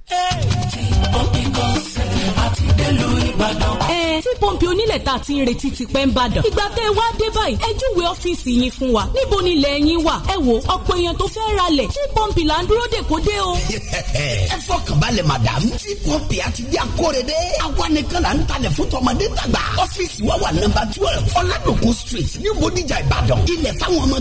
Pumping concept àti délùú Ìbàdàn pẹ́ tí pọ́ǹpì onílẹ̀ ta ti ń retí ti pẹ́ ń bàdàn. ìgbà tẹ́ ẹ wá dé báyìí ẹ júwe ọ́fíìsì yín fún wa níbo ni ilẹ̀ yín wà ẹ wo ọ̀pọ̀ èèyàn tó fẹ́ ra lẹ̀ tí pọ́ǹpì là ń dúró dè kó dé o. ẹ fọkàn balẹ̀ madam tí pọ́ǹpì àti bí akóredé àwa nìkan là ń talẹ̀ fún tọmọdé tàgbà ọ́fíìsì wa wà nọ́mbà twelve ọ̀làdòkun street ní bódìjà ìbàdàn ilẹ̀ fáwọn ọmọ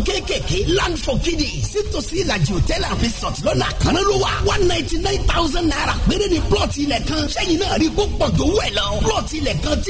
land for kiddies sítòsí ìlàjì hòtẹ́ẹ̀lì resort lọ́nà àkànná ló wà one ninety nine thousand naira péré ni plọ̀tì ilẹ̀ kan sẹ́yìn náà rí gbó pọ̀ jówó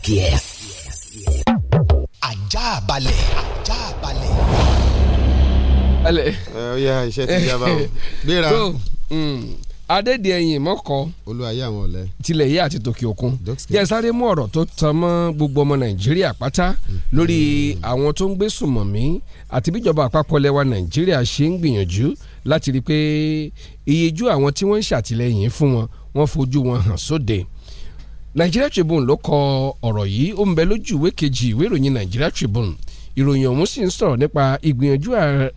kíákíá. ajá balẹ̀ ajá balẹ̀. ẹ ọ ya iṣẹ́ ti jábá o gbéra. tó mm, adédèyìn mọ́kọ́. olùwàyé àwọn ọ̀lẹ́. tilẹ̀ yé àti tòkè òkun. jẹ́ sáré mú ọ̀rọ̀ tó tan mọ́ gbogbo ọmọ nàìjíríà pátá lórí àwọn tó ń gbé sùmọ̀mí àti bíjọba àpapọ̀ lẹ́wà nàìjíríà ṣe ń gbìyànjú láti rí i pé iyejú àwọn tí wọ́n ń ṣàtìlẹ́yìn fún wọn wọ́n fojú wọn hàn sóde. So Nigeria Tribune ló kọ ọ̀rọ̀ yìí ó ń bẹ lójú ìwé kejì ìwé ìròyìn Nigeria Tribune ìròyìn ọ̀hún sì ń sọ̀rọ̀ nípa ìgbìyànjú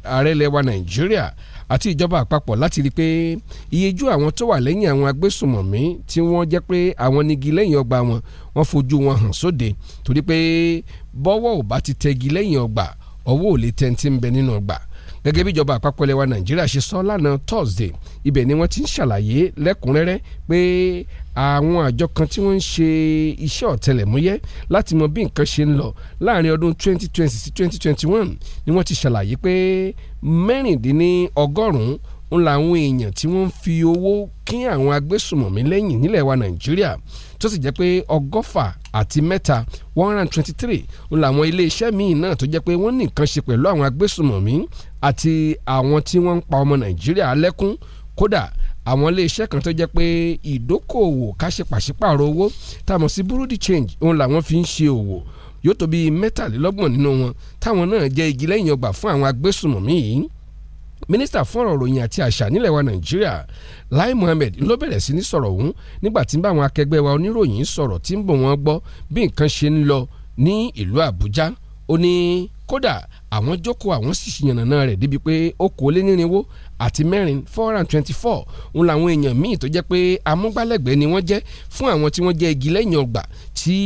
ààrẹ lẹwa Nàìjíríà àti ìjọba àpapọ̀ láti rí i pé iyejú àwọn tó wà lẹ́yìn àwọn agbésùmọ̀mí tí wọ́n jẹ́ pé àwọn nigi lẹ́yìn ọgbà wọn wọ́n fojú wọn hàn sóde torí pé bọ́wọ́ ò bá ti tẹgi lẹ́yìn ọgbà ọwọ́ ò lè tẹ́ntì ń bẹ nínú ọgbà gẹ́gẹ́ bí ìjọba àpapọ̀ lẹwa Nàìjíríà ṣe sọ lánàá Thursday ibẹ̀ ni wọ́n ti ń ṣàlàyé lẹ́kùnrẹ́rẹ́ pé àwọn àjọ kan tí wọ́n ń ṣe iṣẹ́ ọ̀tẹlẹ̀múyẹ́ láti mọ bí nǹkan ṣe ń lọ láàrin ọdún 2020 sí 2021 ni wọ́n ti ṣàlàyé pé mẹ́rìndínlọ́gọ́rùn-ún ń làwọn èèyàn tí wọ́n ń fi owó kín àwọn agbésùmọ̀mí lẹ́yìn nílẹ̀ wa nàìjíríà tó sì jẹ́ pé ọgọ́fà àti mẹ́ta one hundred and twenty three ń làwọn iléeṣẹ́ míì náà tó jẹ́ pé wọ́n ní ṣe pẹ̀lú àwọn agbésùmọ̀mí àti àwọn tí wọ́n ń pa ọmọ nàìjíríà lẹ́kún kódà àwọn iléeṣẹ́ kan tó jẹ́ pé ìdókòòwò káṣe pàṣípààrọ̀ owó táwọn sí burú di change òun làwọn fi ń ṣe òwò yóò tó bíi mẹ́tàlélọ́gbọ̀n nínú wọn táwọn náà jẹ́ igi lẹ́yìn ọgbà fún àwọn agbésùnmọ̀mí yìí mínísítà fún ọ̀rọ̀ ìròyìn àti àṣà nílẹ̀ wa nàìjíríà lai mohammed ló bẹ̀rẹ̀ sí ní sọ̀rọ̀ ọ̀hún nígbà tí ń bá àwọn akẹgbẹ́ wa oníròyìn sọ̀rọ̀ tí ń bò wọ́n gbọ́ bí nǹkan ṣe ń lọ ní ìlú àbújá ó ní kódà àwọn jókòó àwọn sì ṣìyànnà rẹ̀ débi pé okòólénírínwó àti mẹ́rin four and twenty-four ń làwọn èèyàn míì tó jẹ́ pé amúgbálẹ́gbẹ̀ẹ́ ni wọ́n jẹ́ fún àwọn tí wọ́n jẹ́ igi lẹ́yìn ọgbà tí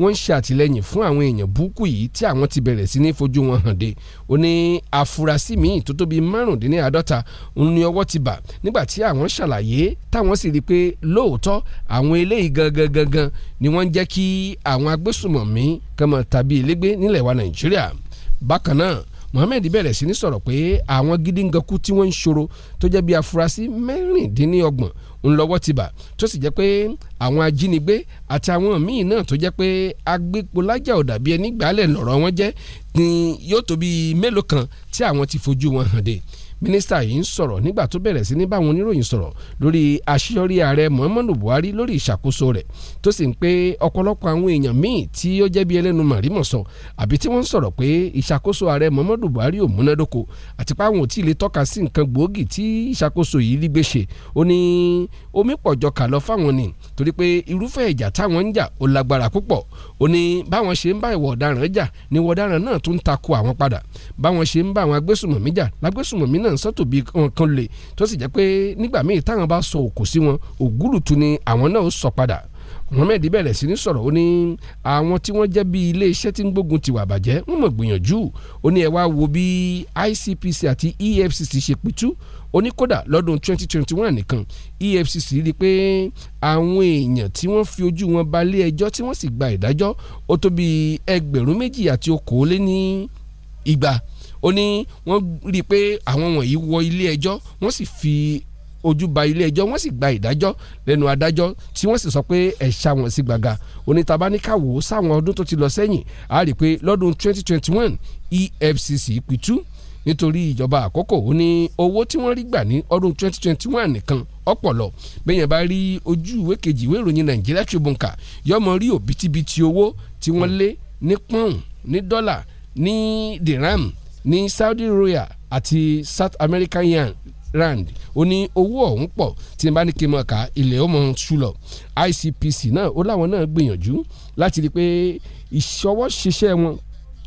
wọ́n ń ṣe àtìlẹ́yìn fún àwọn èèyàn búkú yìí tí àwọn ti bẹ̀rẹ̀ sí ní fojú wọn hàn dé ó ní àfúrásì míì tó tó bíi márùndínláàádọ́ta ń ní ọwọ́ ti bà nígbà tí àwọn ṣàlàyé táwọn sì rí i pé lóòótọ́ àwọn eléyìí gangan gangan ni wọ́n ń jẹ́ kí àwọn agbésùmọ̀mí kan mọ̀ tàbí ilégbé nílẹ̀ wa Nàìjíríà bákan náà Mohammed bẹ̀rẹ̀ sí ní sọ̀rọ̀ pé àwọn gidingankú tí wọ́n ń ṣòro tó jẹ́ bí afurasí mẹ́rìndínlọ́gbọ̀n ńlọ́wọ́ ti bà tó sì jẹ́ pé àwọn ajínigbé àti àwọn míì náà tó jẹ́ pé agbépolájà ò dàbí ẹni gbàálẹ̀ lọ́rọ̀ wọn jẹ́ ni yóò tó bí mélòó kan tí àwọn ti fojú wọn hàn dé mínísítà yìí ń sọ̀rọ̀ nígbà tó bẹ̀rẹ̀ sí ní báwọn oníròyìn sọ̀rọ̀ lórí àṣeyọrí ààrẹ Muhammadu Buhari lórí ìṣàkóso rẹ̀ tó sì ń pé ọ̀pọ̀lọpọ̀ àwọn èèyàn míì tí ó jẹ́ bí ẹlẹ́nu màrímọ̀sọ àbí tí wọ́n ń sọ̀rọ̀ pé ìṣàkóso ààrẹ Muhammadu Buhari ò múnádóko àti pé àwọn ò tí ì lè tọ́ka sí nǹkan gbòógì tí ìṣàkóso yìí rí gbé ó ní omi pọ̀jọ kà lọ fáwọn ni torí pé irúfẹ́ ìjà táwọn ń jà ó lágbára púpọ̀ ó ní báwọn ṣe ń bá ìwà ọ̀daràn jà ni ìwà ọ̀daràn náà tún ń takò àwọn padà báwọn ṣe ń bá àwọn agbésùmọ̀mí jà lágbésùmọ̀mí náà náà ń sọ́tò bí nǹkan lè tó sì jẹ́ pé nígbà míì táwọn bá sọ òkò sí wọn ògúrùtù ni àwọn náà ó sọ padà mohammed bẹ̀rẹ̀ sí ní sọ̀rọ̀ ó ní àwọn tí wọ́n jẹ́ bí iléeṣẹ́ tí ń gbógun ti wà bàjẹ́ wọ́n mọ̀ gbìyànjú ó ní ẹ wá wo bí ICPC àti EFCC ṣe pitú ó ní kódà lọ́dún 2021 nìkan EFCC rí i pé àwọn èèyàn tí wọ́n fi ojú wọn balẹ̀ ẹjọ́ tí wọ́n sì gba ìdájọ́ ó tó bí ẹgbẹ̀rún méjì àti okòó lé ní igba ó ní wọ́n rí i pé àwọn wọ̀nyí wọ ilé ẹjọ́ wọ́n sì fi ojú ba ilé ẹjọ́ wọ́n sì gba ìdájọ́ lẹ́nu adájọ́ tí wọ́n sì sọ pé ẹ̀ṣà wọn sí gbàgà onítàbáníkàwò sáwọn ọdún tó ti lọ sẹ́yìn a rí i pé lọ́dún 2021 EFCC pitú nítorí ìjọba àkókò ó ní owó tí wọ́n rí gbà ní ọdún 2021 nìkan ọ̀pọ̀lọ̀ bẹ́yẹn bá rí ojú ìwé kejì ìwé ìròyìn Nàìjíríà Tribune kà yọmọ rí òbítíbitì owó tí wọ́n lé ní pọ́ùn ní dọ́là ní dirham ní Saudi royal àti South American yan rand ó ní owó ọ̀hún pọ̀ tí n bá ní kí n mọ̀ ká ilẹ̀ ó mọ̀ ICPC náà ó láwọn náà gbìyànjú láti rí i pé ìṣọwọ́ ṣiṣẹ́ wọn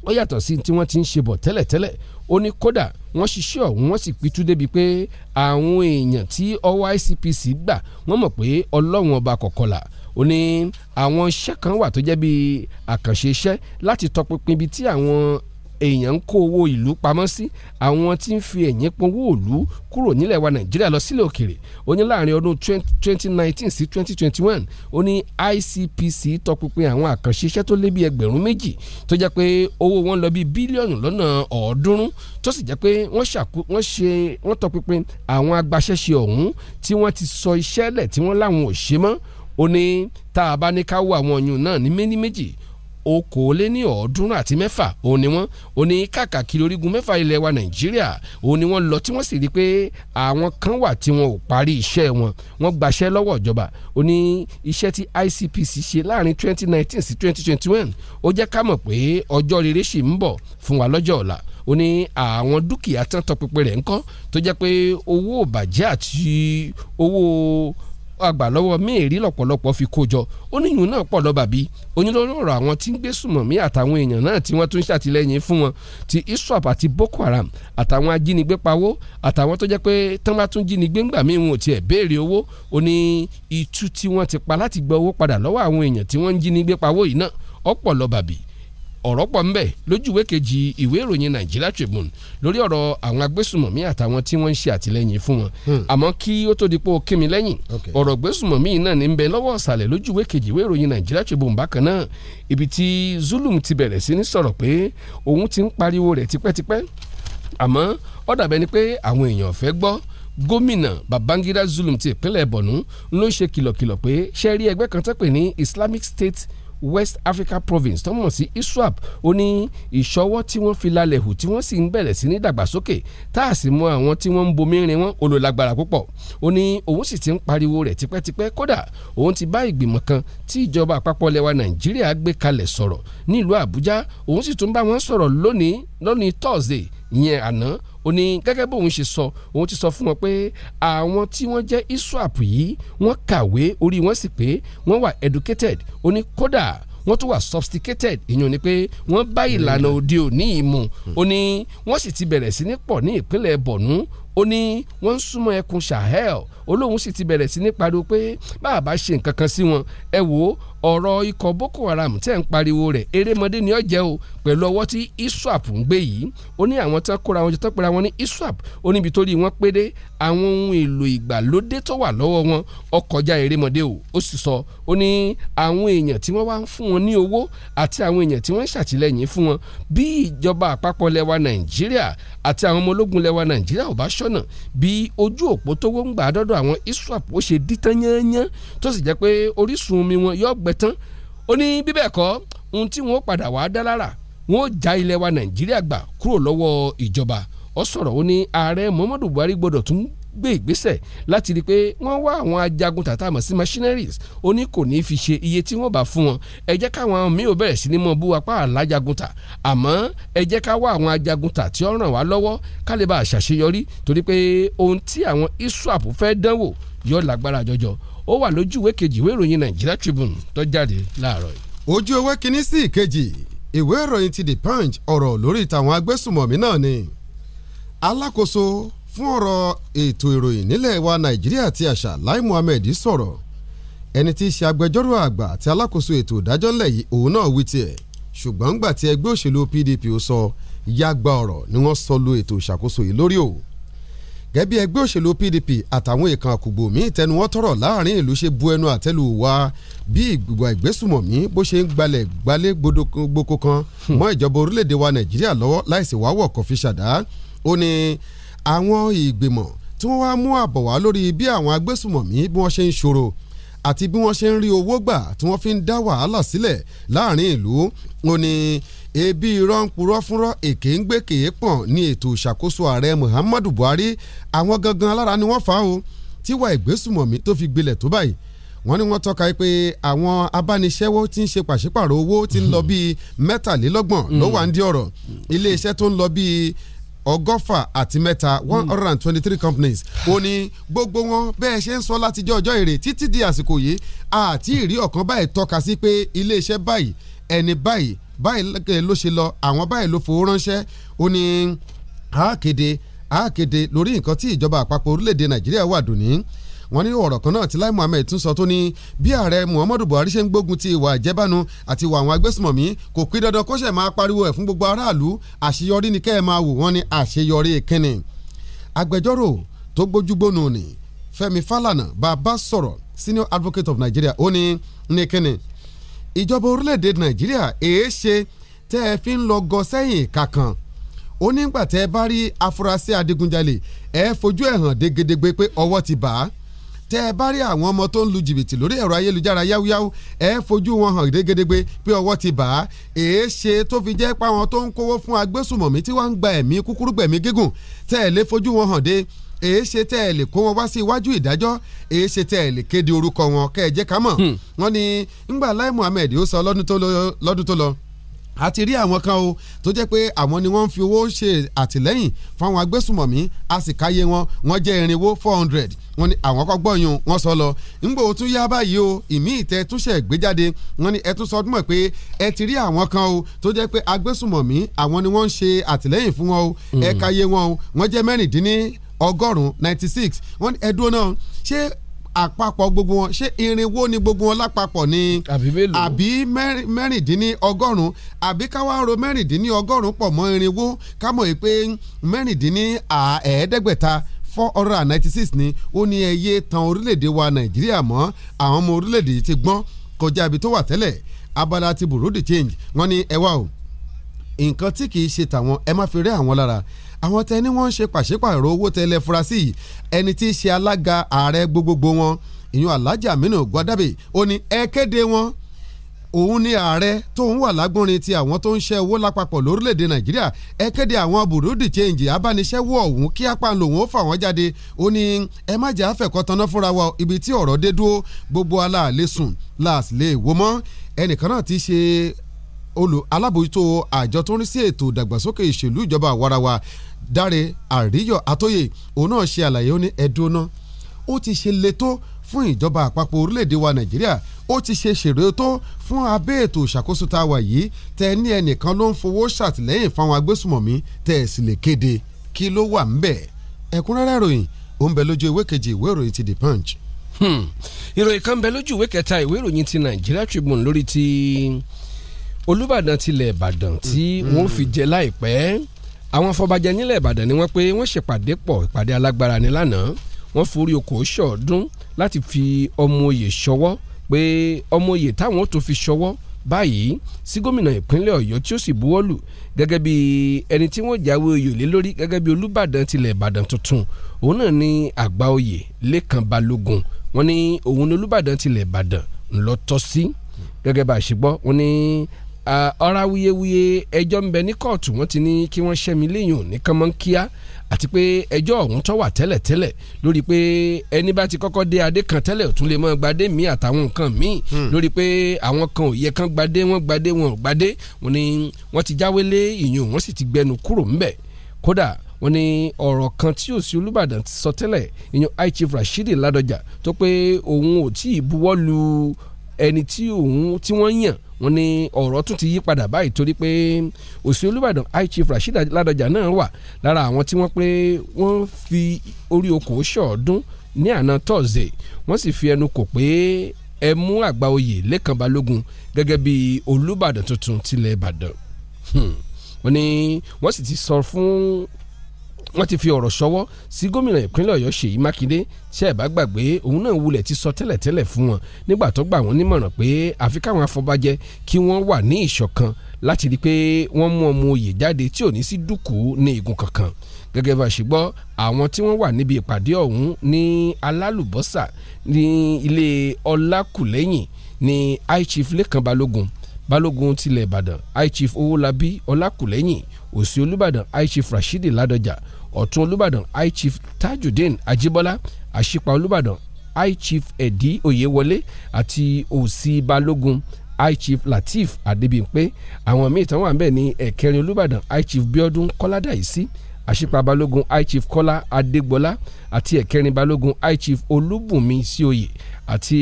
ó yàtọ̀ sí tí wọ́n ti ń ṣe bọ̀ tẹ́lẹ̀tẹ́lẹ̀ ó ní kódà wọ́n ṣiṣẹ́ ọ̀hún wọ́n sì pitú débi pé àwọn èèyàn tí ọwọ́ ICPC gbà wọ́n mọ̀ pé ọlọ́run ọba kọ̀kọ́là ó ní àwọn iṣẹ́ kan wà tó jẹ́ bíi àkànṣe iṣẹ́ láti tọpinpin ibi tí àwọn èèyàn ń kó owó ìlú pamọ́ sí àwọn tí ń fi ẹ̀yìn pọnwó òlu kúrò nílẹ̀ wa nàìjíríà lọ sílẹ̀ òkèrè ó ní láàrin ọdún twenty sí twenty ó ní ICPC tọpinpin àwọn àkànṣe iṣẹ́ tó lé bí ẹgbẹ̀rún méjì tó jẹ́ pé owó wọn lọ bí bílíọ̀nù lọ́nà ọ̀ọ́dúnrún tó sì jẹ́ pé wọ́n tọpinpin àwọn agbaṣẹ́ṣe ọ̀hún tí wọ́n ti sọ iṣẹ́ lẹ̀ tí wọ́n láwọn ò ṣe mọ́ ó ní tá a bá ní ká wo àwọn ọ̀yùn náà ní méní méjì okòóléníọ̀ọ́dúnrún àti mẹ́fà òun ni wọ́n òní kàkàkiri orígun mẹ́fà ilẹ̀ wa nàìjíríà òun ni wọ́n lọ tí wọ́n sì rí i pé àwọn kan wà tí wọn ò parí iṣẹ́ wọn wọ́n gbaṣẹ́ lọ́wọ́ ìjọba ni iṣẹ́ tí ICPC ṣe láàrin 2019 sí 2021 ó jẹ́ ká mọ̀ pé ọjọ́ rere ṣì ń bọ̀ fún wa lọ́jọ́ ọ̀la ó ní àwọn dúkìá tán tọpinpin rẹ̀ ńkọ́ tó jẹ́ pé owó ìbàjẹ́ àti owó àgbà lọ́wọ́ mẹ́ẹ̀rí lọ́pọ̀lọpọ̀ fi kó jọ oníyùn náà pọ̀ lọ́ba bí onírọ́rọ́ àwọn tí ń gbé sùmọ̀mí àtàwọn èèyàn náà tí wọ́n tún ń ṣàtìlẹ́yìn fún wọn ti ISWAP àti Boko Haram àtàwọn ajínigbé pawó àtàwọn tó jẹ́ pé tán bá tún jínigbé ńgbà míì wọn ò tiẹ̀ béèrè owó ó ní itú tí wọ́n ti pa láti gba owó padà lọ́wọ́ àwọn èèyàn tí wọ́n ń jínigbé pawó yìí náà ọ̀pọ̀ lọ́ba bíi ọ̀rọ̀ pọ̀ ńbẹ̀ lójúwé kejì ìwé ìròyìn Nigeria Tribune lórí ọ̀rọ̀ àwọn agbésùmọ̀mí àtàwọn tí wọ́n ń ṣe àtìlẹ́yìn fún wọn hmm. àmọ́ kí ó tó di pé ó kí mi lẹ́yìn ọ̀rọ̀ gbésùmọ̀mí náà ní bẹ lọ́wọ́ ọ̀sàlẹ̀ lójúwé kejì ìwé ìròyìn Nigeria Tribune bákan náà ibi tí Zulum ti bẹ̀rẹ̀ sí ní sọ̀rọ̀ pé òun ti ń pariwo rẹ̀ tipẹ́tipẹ́ àmọ́ ó gómìnà Babangida Zulum ti ìpínlẹ̀ Borno ló ń ṣe kìlọ̀kìlọ̀ pé ṣẹ́ẹ́rí ẹgbẹ́ kan tó ní Islamic State West Africa Province tó mọ̀ sí ISWAP ó ní ìṣọwọ́ tí wọ́n fi lálẹ́ hù tí wọ́n sì ń bẹ̀rẹ̀ sí ní dàgbàsókè tá a sì mọ àwọn tí wọ́n ń bomi rin wọn olólágbára púpọ̀ ó ní òun sì ti ń pariwo rẹ̀ tipẹ́tipẹ́ kódà òun ti bá ìgbìmọ̀ kan tí ìjọba àpapọ̀ lẹwa Nàìjíríà gbé kalẹ̀ sọ̀rọ̀ nílùú Àbújá òun sì tún bá wọn sọ̀rọ̀ lónìí lónìí Thursday ìyẹn àná ó ní gẹ́gẹ́ bóun ṣe sọ òun ti sọ fún wọn pé àwọn tí wọ́n jẹ́ ISWAP yìí wọ́n kàwé orí wọn sì pé wọ́n wà educated ó ní kódà wọ́n tún wà sophisticated ìyẹn ni pé wọ́n bá ìlànà òde òní ìmú ó ní wọ́n sì ti bẹ̀rẹ̀ sí ní pọ̀ ní ìpínlẹ̀ Borno ó ní wọ́n ń súnmọ́ ẹkùn Sahel olóhùn sì ti bẹ̀rẹ̀ sí ní pariwo pé bá a bá ṣe nǹkan kan sí wọn ẹ wò ó ọ̀rọ̀ ikọ̀ Boko Haram tẹ̀ ń pariwo rẹ̀ erémọdé ni ó jẹ́ o pẹ̀lú ọwọ́ tí ISWAP ń gbé yìí ó ní àwọn tán kóra wọn jọ tán wọn ní ISWAP ó níbi tó rí wọn pédé àwọn ohun èlò ìgbàlódé tó wà lọ́wọ́ wọn ó kọjá erémọdé o ó sì sọ ó ní àwọn èèyàn tí wọ́n wá ń fún wọn ní owó àti àwọn èèyàn tí wọ́n ń ṣàtìlẹ́yìn fún wọn bí ìjọba àpapọ̀ lẹwa Nàìjíríà àti àwọn ọmọ lẹwa Nàìjíríà ò bá ṣọ̀nà bí ojú òpó tó wọ́n gbà dọ́dọ̀ àwọn ISWAP ó ṣe dítán yányán tó wẹ tán ó ní bíbẹ̀ kọ́ ohun tí wọ́n padà wàá dá lára wọ́n já ilẹ̀ wa nàìjíríà gbà kúrò lọ́wọ́ ìjọba ó sọ̀rọ̀ ó ní ààrẹ muhammadu buhari gbọ́dọ̀ tún gbé ìgbésẹ̀ láti rí i pé wọ́n wá àwọn ajagun tàtà mọ̀ sí machineries ó ní kò ní í fi ṣe iye tí wọ́n bá fún wọn ẹ jẹ́ káwọn míì ò bẹ̀rẹ̀ sí ní mọ bú apá alájagun tà àmọ́ ẹ jẹ́ ká wá àwọn ajagun tà tí ó ràn wá lọ́wọ́ ká lè bá a ṣàṣeyọrí torí pé ohun tí àwọn iswap fẹ́ dánwò yóò lágbára jọjọ ó wà lójú ìwé kejì ìwé ìròyìn Nigeria Tribune tó jáde láàárọ̀ yìí. ojú ewé kínní sí ìkejì ìwé ìròyìn ti The Punch ọ̀rọ̀ lórí ìtàwọn agbésùmọ̀mí náà ni alákòóso fún ọ̀rọ̀ ètò ìròyìn nílẹ̀ wa Nàìjíríà ti àṣà Lai Muhammed sọ̀rọ̀ ẹni tí í ṣe agbẹjọ́rò àgbà àti alákòóso ètò ìdájọ́ ńlẹ̀ yìí òun náà wí tiẹ̀ ṣùgbọ́n ńgbà tí ẹgbẹ́ òṣèlú PDP ó sọ yàgbà ọ̀rọ̀ ni wọ́n sọ lu ètò ìṣàkóso yìí lórí o gẹ́bí ẹgbẹ́ òṣèlú PDP àtàwọn èèkàn àkùgbò míì tẹnu tọrọ láàrin ìlú ṣe bu ẹnu àtẹ́lù wa bí ìgbìgbà ìgbésùmọ̀mí bó ṣe ń gbalẹ̀ gbalẹ̀ gboko kan hmm. mọ́ ìjọba orílẹ̀-èdè wa Nàìjíríà lọ́wọ́ láìsí wáwọ̀ kò fi ṣàdá ó ní àwọn ìgbìmọ̀ tí wọ́n wá mú àbọ̀ wá lórí bí àwọn agbésùmọ̀mí bí wọ́n ṣe ń ṣòro àti bí wọ́n ṣe ń rí owó gbà tí wọ́n fi ń dá wàhálà sílẹ̀ láàrin ìlú ó ní ebi irọ́ ń purọ́ fúnrọ́ èké ń gbé kèé pọ̀n ní ètò ìṣàkóso ààrẹ Muhammadu Buhari àwọn gangan alára ni wọ́n fà á o tíwà ìgbésùmọ̀mí tó fi gbilẹ̀ tó báyìí wọ́n ní wọ́n tọ́ka pé àwọn abániṣẹ́wó tí ń ṣe pàṣípàrọ̀ owó tí ń lọ bíi mẹ́tàlélọ́gbọ̀n ló wà ń di ọ̀rọ̀ iléeṣẹ́ tó ń lọ bíi ọgọ́fà àti mẹ́ta one hundred and twenty three companies ó ní gbogbo wọn bẹ́ẹ̀ ṣe ń sọ látijọ́ ọjọ́ èrè títí di àsìkò yìí àti ìrí ọ̀kan báyìí tọ́ka sí pé iléeṣẹ́ báyìí ẹni báyìí báyìí ló ṣe lọ àwọn báyìí ló fowó ránṣẹ́ ó ní àákéde àákéde lórí nǹkan tí ìjọba àpapọ̀ orílẹ̀-èdè nàìjíríà wà dùn ní wọ́n ní ọ̀rọ̀ kan náà tí Lai Muhammed tún sọ tó ní bí ààrẹ Muhammadu Buhari ṣe ń gbógun ti ìwà ìjẹ́bánu àti ìwà àwọn agbésùmọ̀mí kò pín dandan kó ṣe máa pariwo ẹ̀ fún gbogbo aráàlú àṣeyọrí ni kẹ́ ẹ máa wò wọ́n ní àṣeyọrí kínní. agbẹjọ́rò tó gbójúgbónú ni Fẹ́mi Fálànà bá sọ̀rọ̀ senior advocate of Nigeria ó ní ní kínní ìjọba orílẹ̀-èdè nàìjíríà èé ṣe tẹ́ ẹ fi ń lọ gọ sẹ́yìn kankan ó nígbà tẹ́ ẹ bá rí afurasí adigunjalè ẹ fojú ẹ̀ hàn dégedégbe pé ọwọ́ ti bà á tẹ́ ẹ bá rí àwọn ọmọ tó ń lu jìbìtì lórí ẹ̀rọ ayélujára yáwúyáwú ẹ fojú wọn hàn dégedégbe pé ọwọ́ ti bà á èé tó fi jẹ́ pé tó ń kówó fún agbésùmọ̀mí tí wọ́n ń gba ẹ̀mí kúkúrú gígùn tẹ́ ẹ lè fojú wọn hàn dé èé ṣe tẹ́ ẹ lè kó wọn wá sí iwájú ìdájọ́ èé ṣe tẹ́ ẹ lè kéde orúkọ wọn kẹ́ ẹ jẹ́ ká mọ̀ hmm. Lai Muhammed ó sọ lọ́dún tó lọ a ti rí àwọn kan o tó jẹ́ pé àwọn ni wọ́n ń fi owó ṣe àtìlẹ́yìn fáwọn agbésùmọ̀mí a sì káyé wọn wọ́n jẹ́ irinwó four hundred wọ́n ní àwọn kọ́ gbọ́yún wọ́n sọ lọ ńgbò tún yá báyìí o ìmí ìtẹ́ túnṣẹ̀ gbéjáde wọ́n ní ẹ tún sọ ọdún mọ̀ pé ẹ ti rí àwọn kan o tó jẹ́ pé agbésùmọ̀mí àwọn ni wọ́n ń ṣe àtìlẹ́yìn fún wọn o ẹ hmm. káyé wọn o wọ́n jẹ́ mẹ́rìndínlẹ́ ọgọ́rùn-ún ninety six wọ́n ní ẹ̀dúró náà ṣé àpapọ̀ gbogbo wọn ṣé irinwó ni gbogbo wọn lápapọ̀ ni àbí mẹ́rìndínní ọgọ́rùn-ún àbí káwá ro mẹ́rìndínní ọgọ́rùn-ún pọ̀ mọ́ irinwó kámọ̀ yìí pé mẹ́rìndínní ẹ̀ẹ́dẹ́gbẹ̀ta four hundred ninety six ni ó ní ẹyẹ tan orílẹ̀-èdè wa nàìjíríà mọ́ àwọn ọmọ orílẹ̀-èdè yìí ti gbọ́n kọjá ibi tó wà tẹ́lẹ̀ abala ti bureau change wọ́n ní ẹ wá o nǹkan tí kì í ṣe tàwọn ẹ má fi rẹ́ àwọn lára àwọn tẹ ni wọ́n ń ṣe pàṣípààrọ̀ owó tẹ́lẹ̀ furasí yìí ẹni tí í ṣe alága ààrẹ gbogbogbò wọn ìyún Alhaji Aminu Gwadabe ó ní ẹ kéde wọn òun ni ààrẹ tóun wà lágbórin ti àwọn tó ń ṣẹ́ owó lápapọ̀ lórílẹ̀‐èdè nàìjíríà ẹ kéde àwọn burúdi change abániṣẹ́wó ọ̀hún kí apá lòun ó fà wọ́n jáde ó ní ẹ má jẹ́ àfẹ̀kọ́taná fúnra wa ibi tí ọ̀rọ̀ dé dúró gbogbo aláàlẹ́ sùn láàs lè wò mọ́ ẹnìkan náà ti ṣe olù alábòójútó àjọ tó ń rí sí ètò ìdàgbàsókè ìṣèlú ìjọba àwarawa dáre àríyọ̀ àtòyè òun náà ṣe àlàyé ó ní ẹ̀dùn náà ó ti ṣe le tó fún ìjọba àpapọ̀ orílẹ̀-èdè wa nàìjíríà ó ti ṣe ṣèrè tó fún abẹ́ ètò ìṣàkóso tá a wà yìí tẹ ní ẹnìkan ló ń fowó ṣàtìlẹ́yìn fáwọn agbésùmọ̀mí tẹ̀ ẹ̀ sì lè kéde kí ló wà ń bẹ̀ ẹ̀kúnrẹ́rẹ́ ìròyìn ó ń bẹ lójú ìwé kejì ìwé ìròyìn ti the punch. Hmm. ìròyìn kan bẹ lójú ìwé kẹta ìwé ìròyìn ti Nigeria Tribune lórí ti Olúbàdàn tilẹ̀ Ìbàdàn tí hmm. wọ́n fi jẹ láìpẹ́ àwọn fọbajẹ nílẹ̀ ìbàdàn ni wọ́n pé wọ́n ṣèpàdé pọ̀ ìpàdé alágbára ni lánàá wọ́n forí okòó ṣọ̀ọ́dún láti fi ọmọ oyè ṣọwọ́ pé ọmọ oyè táwọn tó fi ṣọwọ́ báyìí sí gómìnà ìpínlẹ̀ ọ̀yọ́ tí ó sì buwọ́lù gẹ́gẹ́ bí ẹni tí wọ́n jáwé oyè lé lórí gẹ́gẹ́ bí olùbàdàn tilẹ̀ ìbàdàn tuntun òun náà ni àgbà oyè lẹ́kàn balógun wọ́n ní òun olùbàdàn tilẹ̀ ìbàdàn ńlọtọ́ sí gẹ́gẹ́ bá a ṣe gbọ́ wọ́n ní ọ̀rá wuyewuye ẹjọ́ ń bẹ ní kóòtù wọ́n ti ní kí wọ́n ṣẹ́mi léyìn òní kán mọ́ ń kíá àti pé ẹjọ́ ọ̀hún tó wà tẹ́lẹ̀tẹ́lẹ̀ lórí pé ẹni bá ti kọ́kọ́ dé adé kan tẹ́lẹ̀ òtún lè mọ́ gbadé míì àtàwọn nǹkan míì hmm. lórí pé àwọn kan òye kan gbadé wọ́n gbadé wọn ò gbadé wọ́n ní wọ́n ti jáwé lé ìyún wọ́n sì ti gbẹnu kúrò ńbẹ̀ kódà wọ́n ní ọ̀rọ̀ kan tí òsì olùbàdàn ti sọ tẹ́lẹ̀ ìyẹn high chief rashidi ládọjà tó pé òun ò tí ì buwọ́ lu ẹni tí òun tí wọ́n yàn wọ́n ní ọ̀rọ̀ tún ti yí padà báyìí torí pé òsì olùbàdàn high chief rasheed ládọjà náà wà lára àwọn tí wọ́n pé wọ́n fi orí okòó ṣọ̀ọ́dún ní àná thursday wọ́n sì fi ẹnu kò pé ẹ mú àgbà oyè lẹ́kàn balógun gẹ́gẹ́ bí olùbàdàn tuntun tilẹ̀ ìbàdàn hmm. wọ́n ní wọ́n sì ti sọ fún wọ́n ti fi ọ̀rọ̀ ṣọwọ́ sí gómìnà ìpínlẹ̀ ọ̀yọ́ ṣèyí mákindé ṣe ẹ̀ bá gbàgbé òun náà wulẹ̀ ti sọ tẹ́lẹ̀tẹ́lẹ̀ fún wọn nígbà tó gbà wọ́n nímọ̀ràn pé àfi káwọn afọbajẹ kí wọ́n wà ní ìṣọ̀kan láti rí i pé wọ́n mú ọmọ oyè jáde tí ò ní sí dúkù ní igun kankan gẹ́gẹ́ bá a ṣe gbọ́ àwọn tí wọ́n wà níbi ìpàdé ọ̀hún ní alálùbọ́sà ní ilé ọlákùlẹ́yìn ní high chief lẹ́kan balógun balógun tilẹ̀ ìbàdàn high chief owólabí ọlákùlẹ́yìn òsì olùbàdàn high chief rashidi ládọjà ọ̀tún olùbàdàn high chief tajudeen ajibola àṣìpa olùbàdàn high chief ẹ̀dí oyèwọlé àti òsì balógun high chief lateef adébíyìnpé àwọn míì tán wà ń bẹ̀ ní ẹ̀kẹrin olùbàdàn high chief bíọ́dún kọ́ládàísí àṣìpa balógun high chief kọ́lá adégbọlá àti ẹ̀kẹrin balógun high chief olúbùnmi síoyè àti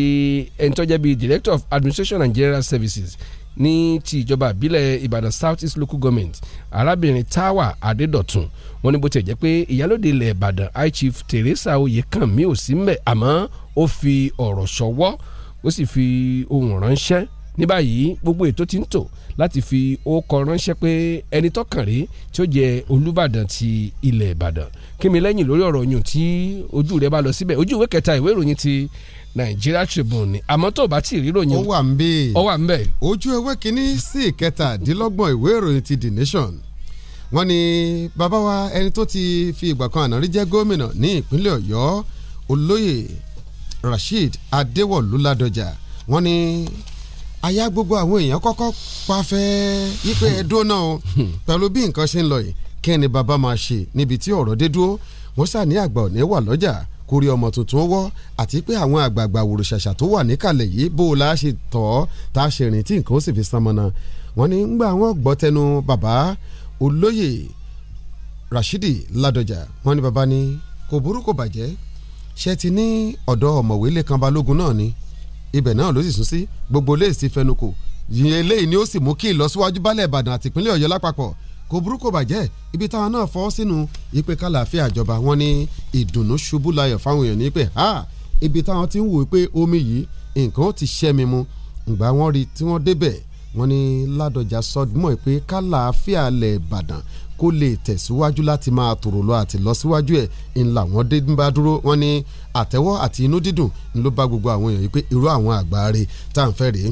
ẹni tó jẹ́ bíi director of administration and general services ní ti ìjọba ìbílẹ̀ Ìbàdàn South East Local Government arábìnrin tawa Adédọ̀tun wọ́n ní bó tiẹ̀ jẹ́ pé ìyálòde ilẹ̀ Ìbàdàn High Chief Teresa Oyekanmi ò sí mbẹ̀ àmọ́ ó fi ọ̀rọ̀ ṣọwọ́ ó sì fi ohun ránṣẹ́ ní báyìí gbogbo ètò ti ń tò láti fi ókọ ránṣẹ́ pé ẹni tọkàn rí tí ó jẹ Olúbàdàn ti ilẹ̀ Ìbàdàn kí mi lẹ́yìn lórí ọ̀rọ̀ yùn tí ojú rẹ bá lọ síbẹ̀ ojú ìwé kẹta ìwé ìròyìn ti Nigeria Tribune ni àmọ́ tó o bá tí ì ríròyìn ó wà ń bẹ̀ ó wà ń bẹ̀. ojú ewé kínní sí ìkẹtàdínlọ́gbọ̀n ìwé ìròyìn ti The Nation wọ́n ní bàbá wa ẹni tó ti fi ìgbà kan àná rí jẹ́ gómìnà ní ìpínlẹ̀ Ọ̀yọ́ olóyè Rasheed Adéwọ̀lú Ládọjà wọ́n ní aya gbogbo àwọn èèyàn kọ́kọ́ pafẹ́ yípe ẹ̀dọ́ náà pẹ̀lú bí nǹkan ṣe ń lọ yìí kí bàbá máa ṣe níbi tí ọ̀rọ̀ dé dúró wọ́n sà àgbà òní wà lọ́jà kúrí ọmọ tuntun wọ́ àti pé àwọn àgbààgbà wòròṣàṣà tó wà níkàlẹ̀ yìí bó o láṣẹ tọ́ tá a ṣe rìn tí nǹkan ó sì fi san mọ́nà wọ́n ní ń gbà wọ́n gbọ́ tẹnu bàbá olóyè Rashidi Ládọjà wọ́n ní bàbá ni kò burú kò bàjẹ́ ṣe ti ní ọ̀dọ̀ ọ̀mọ̀wé Lékan Balógun náà ni ibẹ̀ náà ló sì sún sí gbogbo léèsì fẹnukò yìnyín eléyìí ni ó sì mú kí ìlọsíwájú bálẹ̀ Ìbàdàn àtìpínlẹ̀ Ọ̀yọ́ lápapọ̀ kò burúkú bàjẹ́ ibi táwọn náà fọ́ sínú ìpè kàlàáfíà ìjọba wọn ní ìdùnnú ṣubú layọ̀ fáwọn èèyàn ní pé ha ibi táwọn ti ń wò pé omi yìí nǹkan ó ti ṣẹ́ mi mu ǹgbà wọn rí tí wọ́n débẹ̀ wọ́n ní ládọjà sọdúnmọ́ pé kàlàáfíà lẹ̀ ìbàdàn kó lè tẹ̀síwájú láti máa tòrò lọ àti lọ síwájú ẹ̀ ńlá wọn dé bá dúró wọ́n ní àtẹ́wọ́ àti inú dídùn ló bá gbogbo àwọn èèyàn yìí pé irú àwọn àgbà rè tá rèé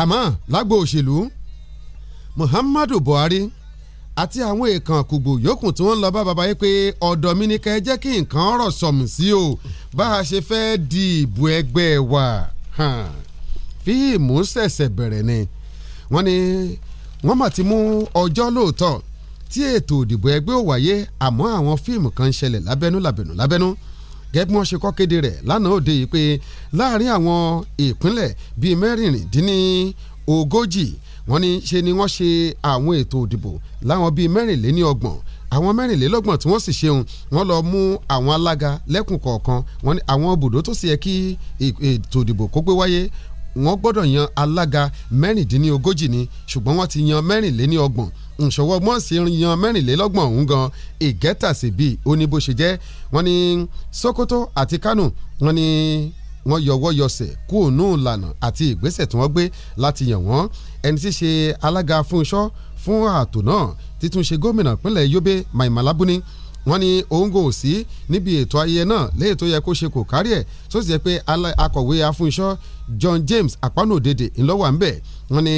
àmọ́ lágbo òṣèlú Muhammadu Buhari àti àwọn èèkàn kùgbò yòókù tí wọ́n ń lọ bá baba yìí pé ọ̀dọ̀ mi ni ká ẹ jẹ́ kí nǹkan ọ̀rọ̀ sọ̀mù sí o bá a ṣe fẹ́ di ìbò ẹgbẹ́ wa fíìmù ṣẹ̀ṣẹ̀ bẹ̀rẹ̀ ni wọ́n ní wọ́n mà ti mú ọjọ́ lóòótọ́ tí ètò òdìbò ẹgbẹ́ ò wáyé àmọ́ àwọn fíìmù kan ń ṣẹlẹ̀ lábẹ́nú lábẹ́nú lábẹ́nú gẹ́gẹ́ bí wọ́n ṣe kọ́ kéde rẹ̀ lánàá òde yìí pé láàárín àwọn ìpínlẹ̀ bíi mẹ́rìndínlógójì wọ́n ní ṣe ni wọ́n ṣe àwọn ètò òdìbò láwọn bíi mẹ́rìnléníọgbọ̀n àwọn mẹ́rìnlélọ́gbọ̀n tí wọ́n sì ṣeun wọ́n lọ mú àwọn alága lẹ́kùn kọ̀ọ̀kan wọ́n ní àwọn ibùdó tó sì yẹ kí ètò òdìbò kó gbé wáyé wọ́n gbọ́dọ̀ yan alága mẹ́rìndínlógójì ni ṣùgbọ́n wọ́n ti yan mẹ́rìnléníọgbọ̀n ǹṣọwọ́ mọ́ọ̀sì yan mẹ́rìnlélọ́gbọ̀n òun gan ìgẹ́tàsí bíi ó ní bó ṣe jẹ́ wọ́n ní Sokoto àti Kano wọ́n ní wọ́n yọwọ́ yọsẹ̀ kúònú ìlànà àti ìgbésẹ̀ tí wọ́n gbé láti yàn wọ́n ẹni tí í ṣe alága fúnṣọ́ fún ààtò náà títún ṣe gómìnà pínlẹ̀ Yobe Mai Mala Buni wọ́n ní òun kò sí níbi ètò ayẹyẹ náà léyìí tó yẹ kó ṣe kò kárí ẹ̀ tó sì yẹ pé akọ̀wé afúnṣọ́ John James àpánòdèdè ńlọ́wà ńbẹ̀ wọ́n ní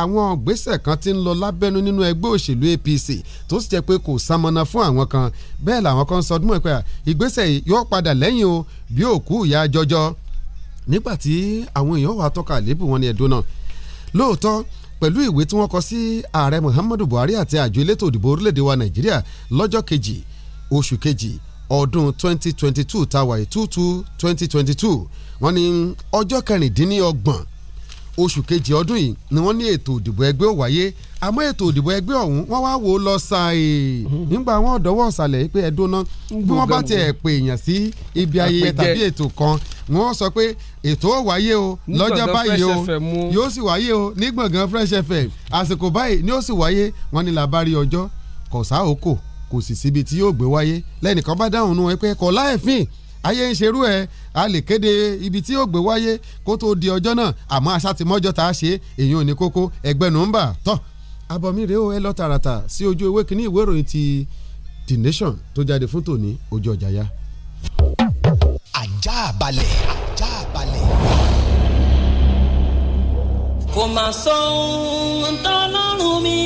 àwọn gbésẹ̀ kan ti ń lọ lábẹ́nu nínú ẹgbẹ́ òṣèlú APC tó sì jẹ́ pé kò sámọ́nà fún àwọn kan bẹ́ẹ̀ làwọn kan sọdún ẹ̀ pé ìgbésẹ̀ yóò padà lẹ́yìn o bí òkú ìyá jọjọ nígbà àwọn èèyàn wà tọ́ka àlébù wọn ni ẹ̀dùn náà lóòótọ́ pẹ̀lú ìwé tí wọ́n kọ sí ààrẹ Muhammadu Buhari àti àjọ elétò òdìbò orílẹ̀-èdè wa Nàìjíríà lọ́jọ́ kejì oṣù kejì ọdún 2022 tàwa ìtútù 2022 wọ́n ní ọjọ́ kẹrìndínlọ́gbọ̀n oṣù kejì ọdún yìí ni wọ́n ní ètò òdìbò ẹgbẹ́ ò wáyé àmọ́ ètò òdìbò ẹgbẹ́ ọ̀hún wọ́n wá wò ó lọ ṣàì mhm. nígbà wọn ọ̀dọ́wọ́ ọ̀sàlẹ̀ pé ẹ̀dùn náà bí wọ́n bá tiẹ̀ pè èèyàn sí ibi ayẹyẹ tàbí ètò kan wọ́n sọ pé ètò ò wáyé o lọ́jọ́ báyìí o yóò sì wáyé o ní gbọ̀ngàn Fresh FM àsìkò báyìí ni ó sì wáyé wọ́n ní làbárí ọjọ́ kọ̀sáòkò kò sì síbi tí yóò gbé wáyé lẹ́nìkan bá dáhùn nù ẹ pé kọ̀ láẹ̀fín ayé ń ṣerú ẹ a lè kéde ibi tí yóò gbé wáyé kó tó di ọjọ́ náà àmọ́ aṣátìmọ́jọ́ tá a ṣe èyàn ò kókó ẹgbẹ́ nùmbà tọ́ abọ́mi rèé o ẹ lọ tààràtà sí ojú ewé kínní ìwé ìròyìn ti The Nation tó jáde fún tòní ojú ọjà ya. ajá balẹ̀ ajá balẹ̀. kò mà sọ ohun tọ́lọ́run mi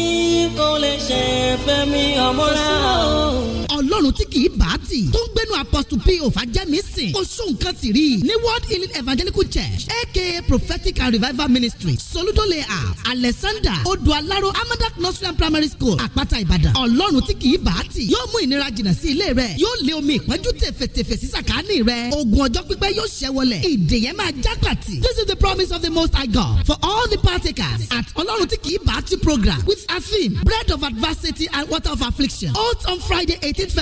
kò lè ṣe fẹ́mi ọmọ rẹ̀ o ọlọ́run tí kì í bá tì tó ń gbénu apostle p òfàjẹ́mísìn kò sún nǹkan tì rí ní world healing evangelical church aka prophetic and revival ministry soludo layout alexander odualaro amadak nursery primary school àpáta ìbàdàn ọlọ́run tí kì í bá tì yóò mú ìnira jìnnà sí ilé rẹ yóò lé omi ìpọ́njú tẹ̀fẹ̀tẹ̀fẹ̀ sí sàkáání rẹ ogun ọjọ́ pípẹ́ yóò ṣẹ́ wọlẹ̀ ìdè yẹn máa já pàtì this is the promise of the most high God for all the partakers at ọlọ́run tí kì bá tì program with a theme bread of adversity and water of affliction out on friday eighteen february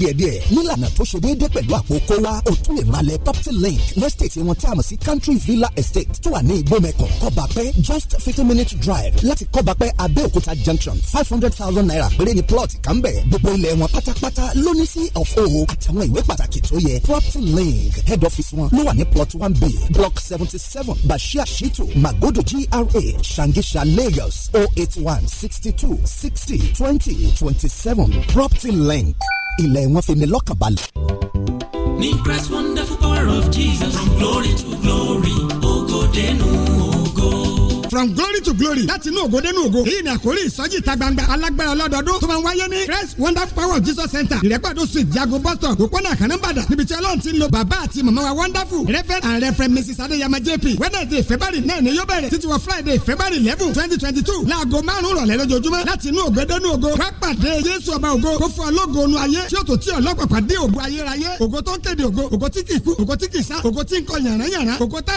díẹ̀díẹ̀ nílànà tó ṣe déédéé pẹ̀lú àpò kówá o tún lè ra lẹ̀ property link lẹ́sítẹ̀tì wọn tí a mọ̀ sí country villa estate tó wà ní ìgbọ́mẹ̀kàn kọ́bàpẹ́ just fifty minutes drive láti kọ́bàpẹ́ abẹ́òkúta junction five hundred thousand naira péré ni plot kan bẹ̀ gbogbo ilẹ̀ wọn pátápátá ló sí of o àtàwọn ìwé pàtàkì tó yẹ property link head office wọn ló wà ní plot one b block seventy seven bashir shitu magodo gra shangisha lagos oh eight one sixty two sixty twenty twenty seven property link ilẹ̀ wọn fi ni lọ́kàn balẹ̀. ní christ wonderful power of jesus from glory to glory ògo dẹnu o from glory to glory láti inú ògo dénú ògo èyí ni àkórí ìsọjí ìta gbangba alágbára ọlọ́dọọdún tó máa ń wáyé ní christ wonder, power of jesus center ìrẹ́pàdé street jago bus stop òpónà àkànnàbàdà níbi tí ọlọ́run ti ń lo bàbá àti màmá wa wonderful reverend and reverend mrs adéyàmá jp wednesday february náà ni yóò bẹ̀rẹ̀ títí wọ friday february eleven twenty twenty two láago márùn-ún rọ̀lẹ́ lójoojúmọ́ láti inú ògo dénú ògo wá pàdé jésù ọba ògo kó fún ọlọ́gọ onu ayé tí ó tó tí ọlọ́pàá dé ògo ayérayé ògo tó ń kéde ògo ògo tí kìí kú ògo tí kìí sá ògo tí ń kọ yàrá yàrá ògo tá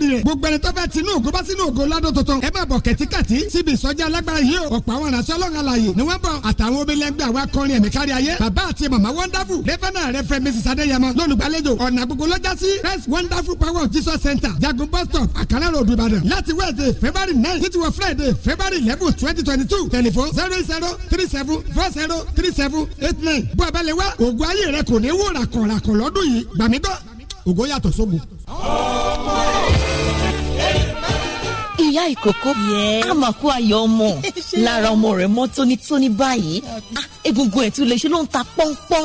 lórí rẹ̀ gbogbo ẹni tó fẹ́ tinú ògo bá sínú ògo lọ́dún tuntun ẹ má bọ̀ kẹ̀tíkẹ̀tí síbi ìsọjí alágbára yìí o ọ̀pọ̀ àwọn aránṣẹ́ ọlọ́run alààyè ni wọ́n bọ̀ àtàwọn obìnrin àwa kọrin ẹ̀mí kárí ayé bàbá àti màmá wonderful rẹ́fẹ̀nà rẹ fẹ́ mrs adéyẹmọ lọ́lùgbàlejò ọ̀nà gbogbo lọ́jà sí rest wonderful power of jesus center ìyá ìkókó á máa kó ayọ̀ ọmọ lára ọmọ rẹ̀ mọ́ tónítóní báyìí ah, egungun ẹ̀ tún lè ṣe ló ń ta pọ́npọ́n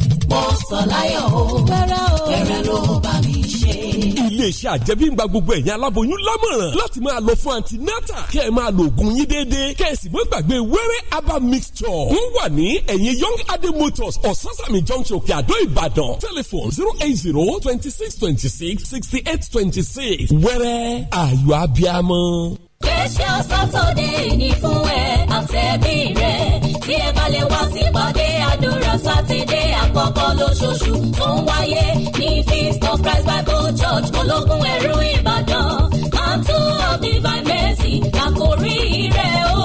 pásítọ̀ láyọ̀ o fẹ́rẹ́ o fẹ́rẹ́ mi ṣe. iléeṣẹ́ àjẹmíngba gbogbo ẹ̀yin aláboyún lámọ̀ràn láti máa lọ fún antinata kẹ́ ẹ máa lo oògùn yín déédéé kẹ́ ẹ sì mọ́ gbàgbé wẹ́rẹ́ aba mixture ń wà ní ẹ̀yìn young adé motors ososani junction òkè àdó ìbàdàn telephone zero eight zero twenty six twenty six sixty eight twenty six wẹ́rẹ́ ayọ̀ abiamọ special saturday ní fún ẹ àtẹ̀bí rẹ̀ tí ẹ bá lè wá sí ìpàdé àdúrà sátidé àkọ́kọ́ lóṣooṣù tó ń wáyé ní feast of christ bible church ológun ẹ̀rú ìbàdàn mantle of divine mercy làkórí rẹ̀ o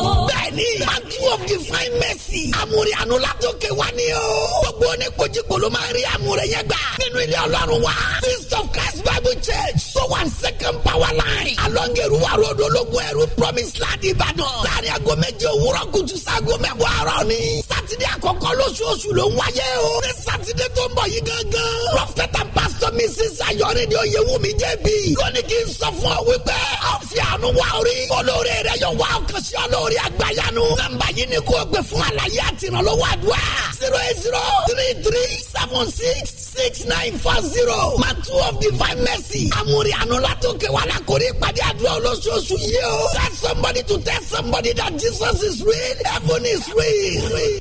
ni. Mantle of divine mercy. Àmúre àánú látòkè wá ni o. Gbogbo ní kojíko ló máa rí àmúre yẹn gbà. Nínú ilé ọlọ́run wa. Feast of Christ Bible Church. So one second power line. Along Eruwa Road ológun ẹ̀rú Promise Land Ìbàdàn. Láàrin aago méje òwúrọ̀ kùtù sago mẹ́wàá àárọ̀ ni. Sátidé àkọ́kọ́ lóṣooṣù ló ń wáyé o. Ní Sátidé tó ń bọ̀ yìí gángan. Prophet and pastor Mrs. Ayọ̀rẹ́dẹ̀ Oyewumi JB. Lónìí kì í sọ fún ọ wípé. Ọ̀fi àánú wá orí. Olóore rẹ̀ yóò wá ọkàn sí olóore àgbáyà ìyanu. nọ́mbà yìí ni kò gbé fún àlàyé àti ìrànlọ́wọ́ àdúrà. zero eight zero three three seven six six nine four zero. matu of divine mercy. amúri àánú látòkè wà lákòrí ìpàdé àdúrà olóṣooṣù yìí o. tell somebody to tell somebody that Jesus is real. heaven is real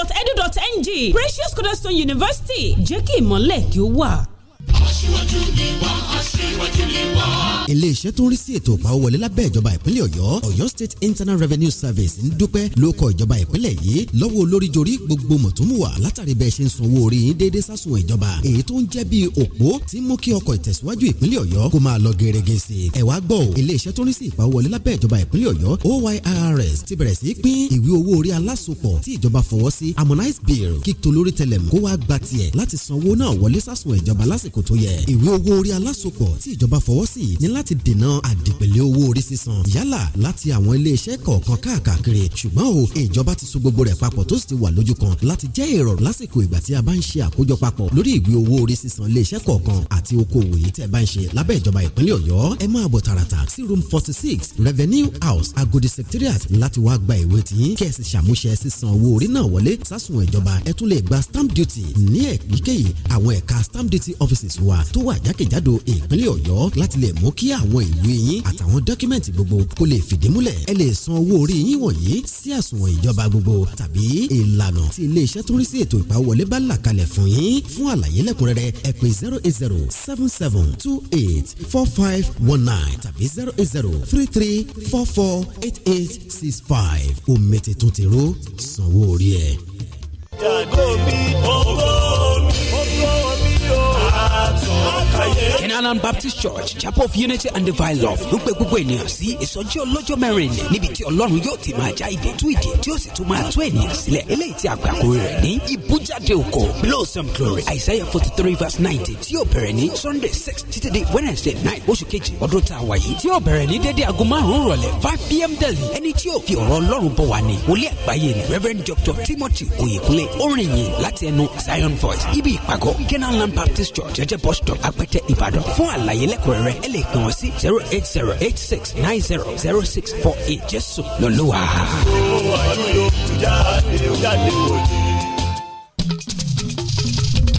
dot Precious Cornerstone University jẹ́ kí ìmọ̀lẹ̀ kí ó wà aṣíwájú ni wá aṣíwájú ni wá. iléeṣẹ́ tó ń rí sí ètò ìpawówọlé lábẹ́ ìjọba ìpínlẹ̀ ọ̀yọ́ ọ̀yọ́ state internal revenue service ń dúpẹ́ ló kọ ìjọba ìpínlẹ̀ yìí lọ́wọ́ olóríjorí gbogbo mọ̀túnmùwà látàrí bẹ́ẹ̀ ṣe ń sanwó orí yín déédéé sásùn ìjọba èyí tó ń jẹ́ bíi òpó tí mú kí ọkọ̀ ìtẹ̀síwájú ìpínlẹ̀ ọ̀yọ́ kó máa lọ gẹ̀rẹ́gẹ̀ sí i. ẹ gbọ́ iléeṣẹ́ tó ń rí sí ìpawówọlé ti bẹ̀rẹ̀ sí pín ìwé owó orí alásopọ̀ tí ìjọba fọwọ́ sí harmonize bill kíkto lórí tẹlẹ̀mù kó tó yẹ. ìwé owó orí alásopọ̀ tí ìjọba fọwọ́ sí ni láti dènà àdìpẹ̀lẹ̀ owó orí sísan yálà láti àwọn iléeṣẹ́ kọ̀ọ̀kan káàkiri ṣùgbọ́n o ìjọba ti so gbogbo rẹ̀ papọ̀ tó sì ti wà lójú kan láti jẹ́ ìrọ̀rùn lásìkò ìgbà tí a bá ń ṣe àkójọ papọ̀ lórí ìwé owó orí sísan iléeṣẹ́ kọ̀ọ̀kan àti okòwò yìí tẹ́ bá ń ṣe lábẹ́ ìjọba ìpínlẹ̀ ọ̀yọ́ ẹ máa bọ̀ tààràtà sí room forty six revenue house agodi secretariat láti wá gba ìwé tí kẹ́ ẹ sì ṣàmúṣẹ sísan owó orí náà wọlé sásùn ìjọba ẹ tún lè gba stamp duty ní èyíkéyìí àwọn ẹ̀ka stamp duty offices wa tó wà jákèjádò ìpínlẹ̀ ọ̀yọ́ láti lè mú kí àwọn ìwé yín àtàwọn dọ́kímẹ̀ntì gbogbo kó lè fìdí múlẹ̀ ẹ lè san owó orí yín wọ̀nyí sí àsùnwọ̀n ìjọba gbogbo tàbí ìlànà tí iléeṣẹ́ tó ń rí sí ètò ìpawọlé bá là kalẹ̀ fún yín fún àlàyé lẹ́kùnrẹ́rẹ́ ẹ pè zero eight zero seven seven two eight four five one nine tàbí zero eight zero three three four four eight eight six five omi ti tún ti ró sanwó orí ẹ. jàdó mi ọgọ́ mi ọgọ́ mi o. Kenaland Baptist Church Chapel of Unity and Divine Love ló pe gbogbo ènìyàn sí ìsọjí ọlọ́jọ́ mẹ́rin ní níbi tí Ọlọ́run yóò ti máa já ìdè tú ìdè tí ó sì tún máa tú ènìyàn sílẹ̀ eléyìí tí àgbàkú rẹ̀ ní ìbújáde òkò blossom glory Isaiah forty three verse ninety tí yóò bẹ̀rẹ̀ ní Sunday six títí di Wednesday nine oṣù kejì ọdún tá a wà yìí tí yóò bẹ̀rẹ̀ ní dédé aago márùn-ún five pm daily ẹni tí yóò fi ọ̀rọ̀ Ọlọ́run bọ̀ wá ní wòlíì àgbáyé ni Reverend Doctor Timothy Oyekunle orin yìí láti ẹnu Zion Voice ibi ìpàgọ́ Kenaland Baptist Church doctor jẹjẹ bus stop apẹtẹ ìbàdàn fún àlàyé lẹ́kùnrẹ́rẹ́ ẹ lè pè sí zero eight zero eight six nine zero zero six four eight jésù lọ́lọ́wà.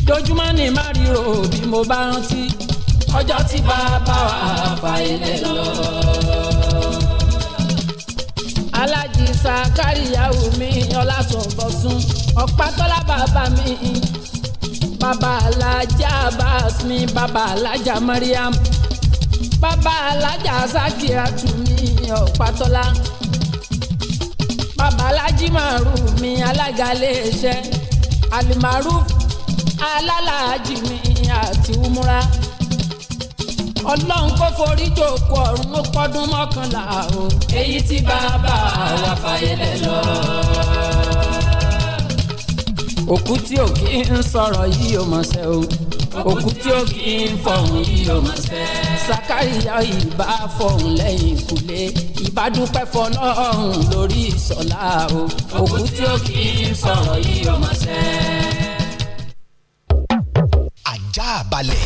dojúmọ́ ni má bí mo bá rántí ọjọ́ tí bàbá wa fà ilé lọ. alájí sàkáríyàwó mi ọlásùnbọ̀sùn ọ̀pá tọ́lá bàbá mi. baba Basmi, abbas mi baba alaja mariam baba alaja zakira tumi ọ̀pátọ́lá baba alaji mi alága iléeṣẹ́ alimaruf alálàájì mi àti umura ọlọ́run kó forí jòkó ọ̀run ó pọ́dún mọ́kànlá o. èyí tí bàbá wa fàyẹlẹ lọ. òkú tí ò kí ń sọ̀rọ̀ yìí ò mọ̀ ṣe o òkú tí ò kí ń fọ̀hún yìí ò mọ̀ ṣe. Sakariyá ìbá fọ̀hún lẹ́yìn ìkúlé ìbádúpẹ́ fọlọ́run lórí ìsọ̀lá o òkú tí ò kí ń sọ̀rọ̀ yìí ò mọ̀ ṣe. ajá balẹ̀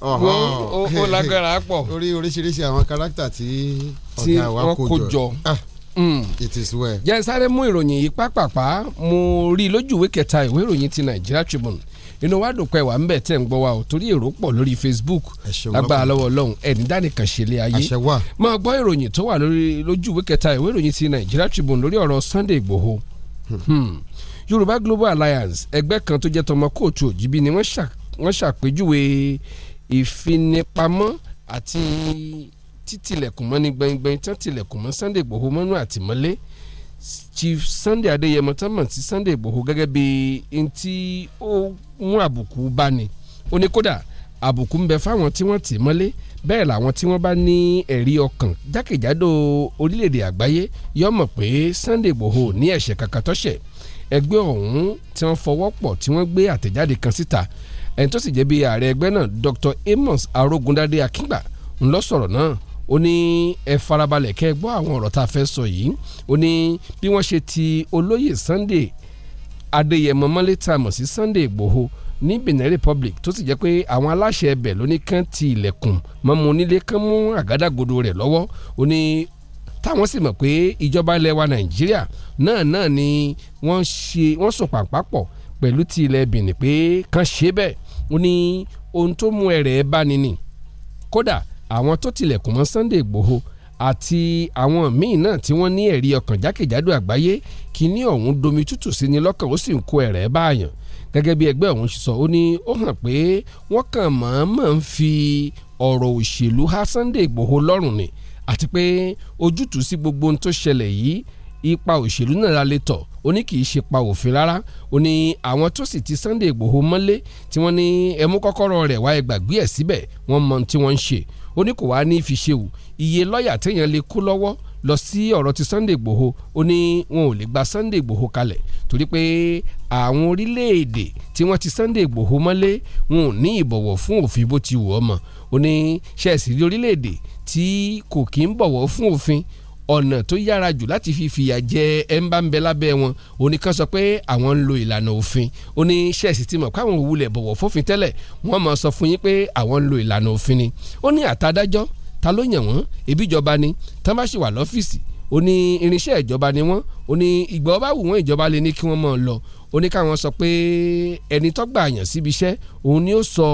Uh-huh. Well, ó lágbára pọ̀. orí oríṣiríṣi àwọn kárátà tí ọ̀gá wa kó jọ ah, mm. it is well. jẹ́ sáré mú ìròyìn yìí pápápá mo rí i lójú ìwé kẹta ìwé ìròyìn ti Nigeria Tribune inú wa dùn pé wà ń bẹ̀ tẹ̀ ń gbọ́ wa ò torí èrò pọ̀ lórí Facebook lágbára lọ́wọ́ ọlọ́run ẹ̀ní dánìkan ṣẹlẹ̀ ayé máa gbọ́ ìròyìn tó wà lójú ìwé kẹta ìwé ìròyìn ti Nigeria Tribune lórí ọ̀rọ̀ Sunday Igboho hmm. Hmm. Yorùbá Global Alliance ẹgbẹ́ kan tó jẹ́ tọmọ kóòtù òjìbí ni wọ́n ṣàpèjúwe ìfinipamọ́ àti títílẹ̀kùn mọ́ ní gbẹ̀ngbẹ̀ng tán tilẹ̀kùn mọ́ Sunday Igboho mọ́nú àtìmọ́lé Chief Sunday Adéyẹmọ tán mọ̀ sí Sunday Igboho gẹ́gẹ́ bí ntí ó mú àbùkù bá ni ó ní kódà àbùkù ń bẹ fáwọn tí wọ́n tì mọ́lé bẹ́ẹ̀ làwọn tí wọ́n bá ní ẹ̀rí ọkàn jákèjádò orílẹ̀-èdè àgbáyé yọ mọ̀ pé Sunday Igboho ní ẹ̀ṣẹ̀ kankan tọ́ṣẹ̀ ẹgbẹ́ ọ̀hún tí wọ́n fọwọ́ pọ̀ tí wọ́n gbé àtẹ̀jáde kan síta ẹni tó sì jẹ́ bí ààrẹ ẹgbẹ́ náà Dr Amos Arógundadé Akíngbà ńlọ sọ̀rọ̀ náà ó ní ẹ farabalẹ̀ kẹ́ ẹ gbọ́ àwọn ọ̀rọ̀ tá a fẹ́ sọ yìí ó ní bí wọ́n ṣe ti olóyè Sunday Adéyẹmọ mọ́lẹ́ tá a mọ̀ sí Sunday Ìgbòho ní Benin Republic tó sì jẹ́ pé àwọn aláṣẹ ẹbẹ̀ ló ní kán ti ilẹ̀kùn mọ́mú onílé kán mú àgádágodo rẹ̀ lọ́wọ́ ó ní táwọn sì mọ̀ pé ìjọba ilẹ̀ wa Nàìjíríà náà náà ni wọ́n ṣe wọ́n sọ pàǹpà pọ̀ pẹ̀lú ti ilẹ̀ Benin pé kán ṣe bẹ́ẹ̀ ó ní ohun tó mú ẹ̀rẹ̀ bá ni ni kódà àwọn tó tilẹ̀kùn mọ́ Sunday Igboho àti àwọn míì náà tí wọ́n ní ẹ̀rí ọkàn jákèjádò àgbáyé kíní ọ̀hún domi tútù sí ni lọ́kàn ó sì ń kó ẹ̀rẹ̀ báyàn gẹ́gẹ́ bí ẹgbẹ́ ọ̀hún sọ ó ní ó hàn pé wọ́n kàn mọ̀ọ́mọ̀ ń fi ọ̀rọ̀ òṣèlú há Sunday Igboho lọ́rùn ni àti pé ojútùú sí gbogbo ohun tó ṣẹlẹ̀ yìí ipa òṣèlú náà la tọ̀ ó ní kì í ṣe pa òfin rárá ó ní àwọn tó sì ti Sunday Ìgbòho mọ́lé tí wọ́n ní ẹmú kọ́kọ́rọ́ rẹ̀ wá gbàgbé ẹ̀ síbẹ̀ wọ́n mọ tí wọ́n ń ṣe ó ní kò wá ní fi ṣe wù iye lọ́ọ̀yà téèyàn lè kó lọ́wọ́ lọ sí ọ̀rọ̀ ti Sunday Igboho ó ní wọn ò lè gba Sunday Igboho kalẹ̀ torí pé àwọn orílẹ̀-èdè tí wọ́n ti Sunday Igboho mọ́lé wọn ò ní ìbọ̀wọ̀ fún òfin bó ti wù ọ́ mọ̀ ó ní ṣẹ̀sì orílẹ̀-èdè tí kò kí ń bọ̀wọ̀ fún òfin ọ̀nà tó yára jù láti fi fìyà jẹ ẹ̀ ń bá ń bẹ lábẹ́ sọ pé àwọn ń lo ìlànà òfin ó ní ṣẹ́ẹ̀sì ti mọ̀ káwọn òwúlẹ̀ bọ̀wọ̀ fófin tẹ́lẹ̀ wọ́n mọ̀ sọ fún yín pé àwọn ń lo ìlànà òfin ni ó ní àtàdájọ́ ta ló yàn wọ́n ẹbí ìjọba ni tán bá sì wà lọ́fíìsì ó ní irinṣẹ́ ìjọba ni wọ́n ó ní ìgbà ọba wù wọ́n ìjọba lè ní kí wọ́n mọ̀ lọ ó ní káwọn sọ pé ẹni tó gbà síbi iṣẹ́ òun ni ó sọ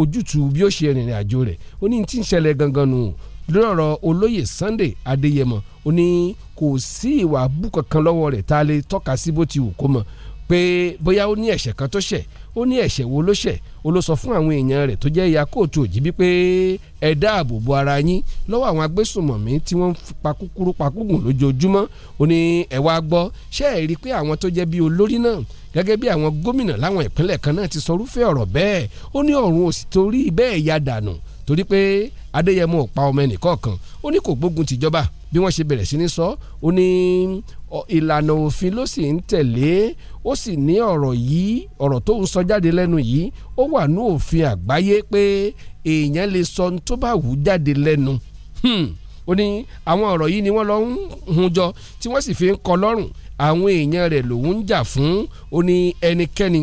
ojútùú bí ó ṣe rìnrìn àjò rẹ̀ ó tí ń ṣẹlẹ̀ gangan nù lórí ọ̀rọ̀ olóyè Sunday Adéyẹmọ ó ní kò sí ìwà abú kankan lọ́wọ́ rẹ̀ tá a lè tọ́ka sí bó ti wù kó mọ̀ pé bóyá ó ní ẹ̀ṣẹ̀ kan tó ṣẹ̀ ó ní ẹ̀ṣẹ̀ wo ló ṣẹ̀ ó ló sọ fún àwọn èèyàn rẹ̀ tó jẹ́ ìyá kóòtù òjìbí pé ẹ dáàbò bo ara yín lọ́wọ́ àwọn agbésùnmọ̀mí tí wọ́n ń pa kúkúrú pa kúgùn lójoojúmọ́ ó ní ẹ gbọ́ ṣé ẹ rí i pé àwọn tó jẹ́ bí olórí náà gẹ́gẹ́ bí àwọn gómìnà láwọn ìpínlẹ̀ kan náà ti sọ irúfẹ́ ọ̀rọ̀ bẹ́ẹ̀ ó ní ọ̀run òsì torí bẹ́ẹ̀ ya dànù torí pé adéyẹmú ò pa ọmọ ẹnì kọ̀ọ̀kan ó ní kò gbógun tìjọba bí wọ́n ṣe bẹ̀rẹ̀ sí ní sọ ó ní ìlànà òfin ló sì ń tẹ̀lé ó sì ní ọ̀rọ̀ yìí ọ̀rọ̀ tó ń sọ jáde lẹ́nu yìí ó wà ní òfin àgbáyé pé èèyàn lè sọ tó bá wù jáde lẹ́nu hmm. ó ní àwọn ọ̀rọ̀ yìí ni wọ́n lọ ń hun jọ tí wọ́n sì fi ń kọ lọ́rùn àwọn èèyàn rẹ̀ lòun ń jà fún ó ní ẹnikẹ́ni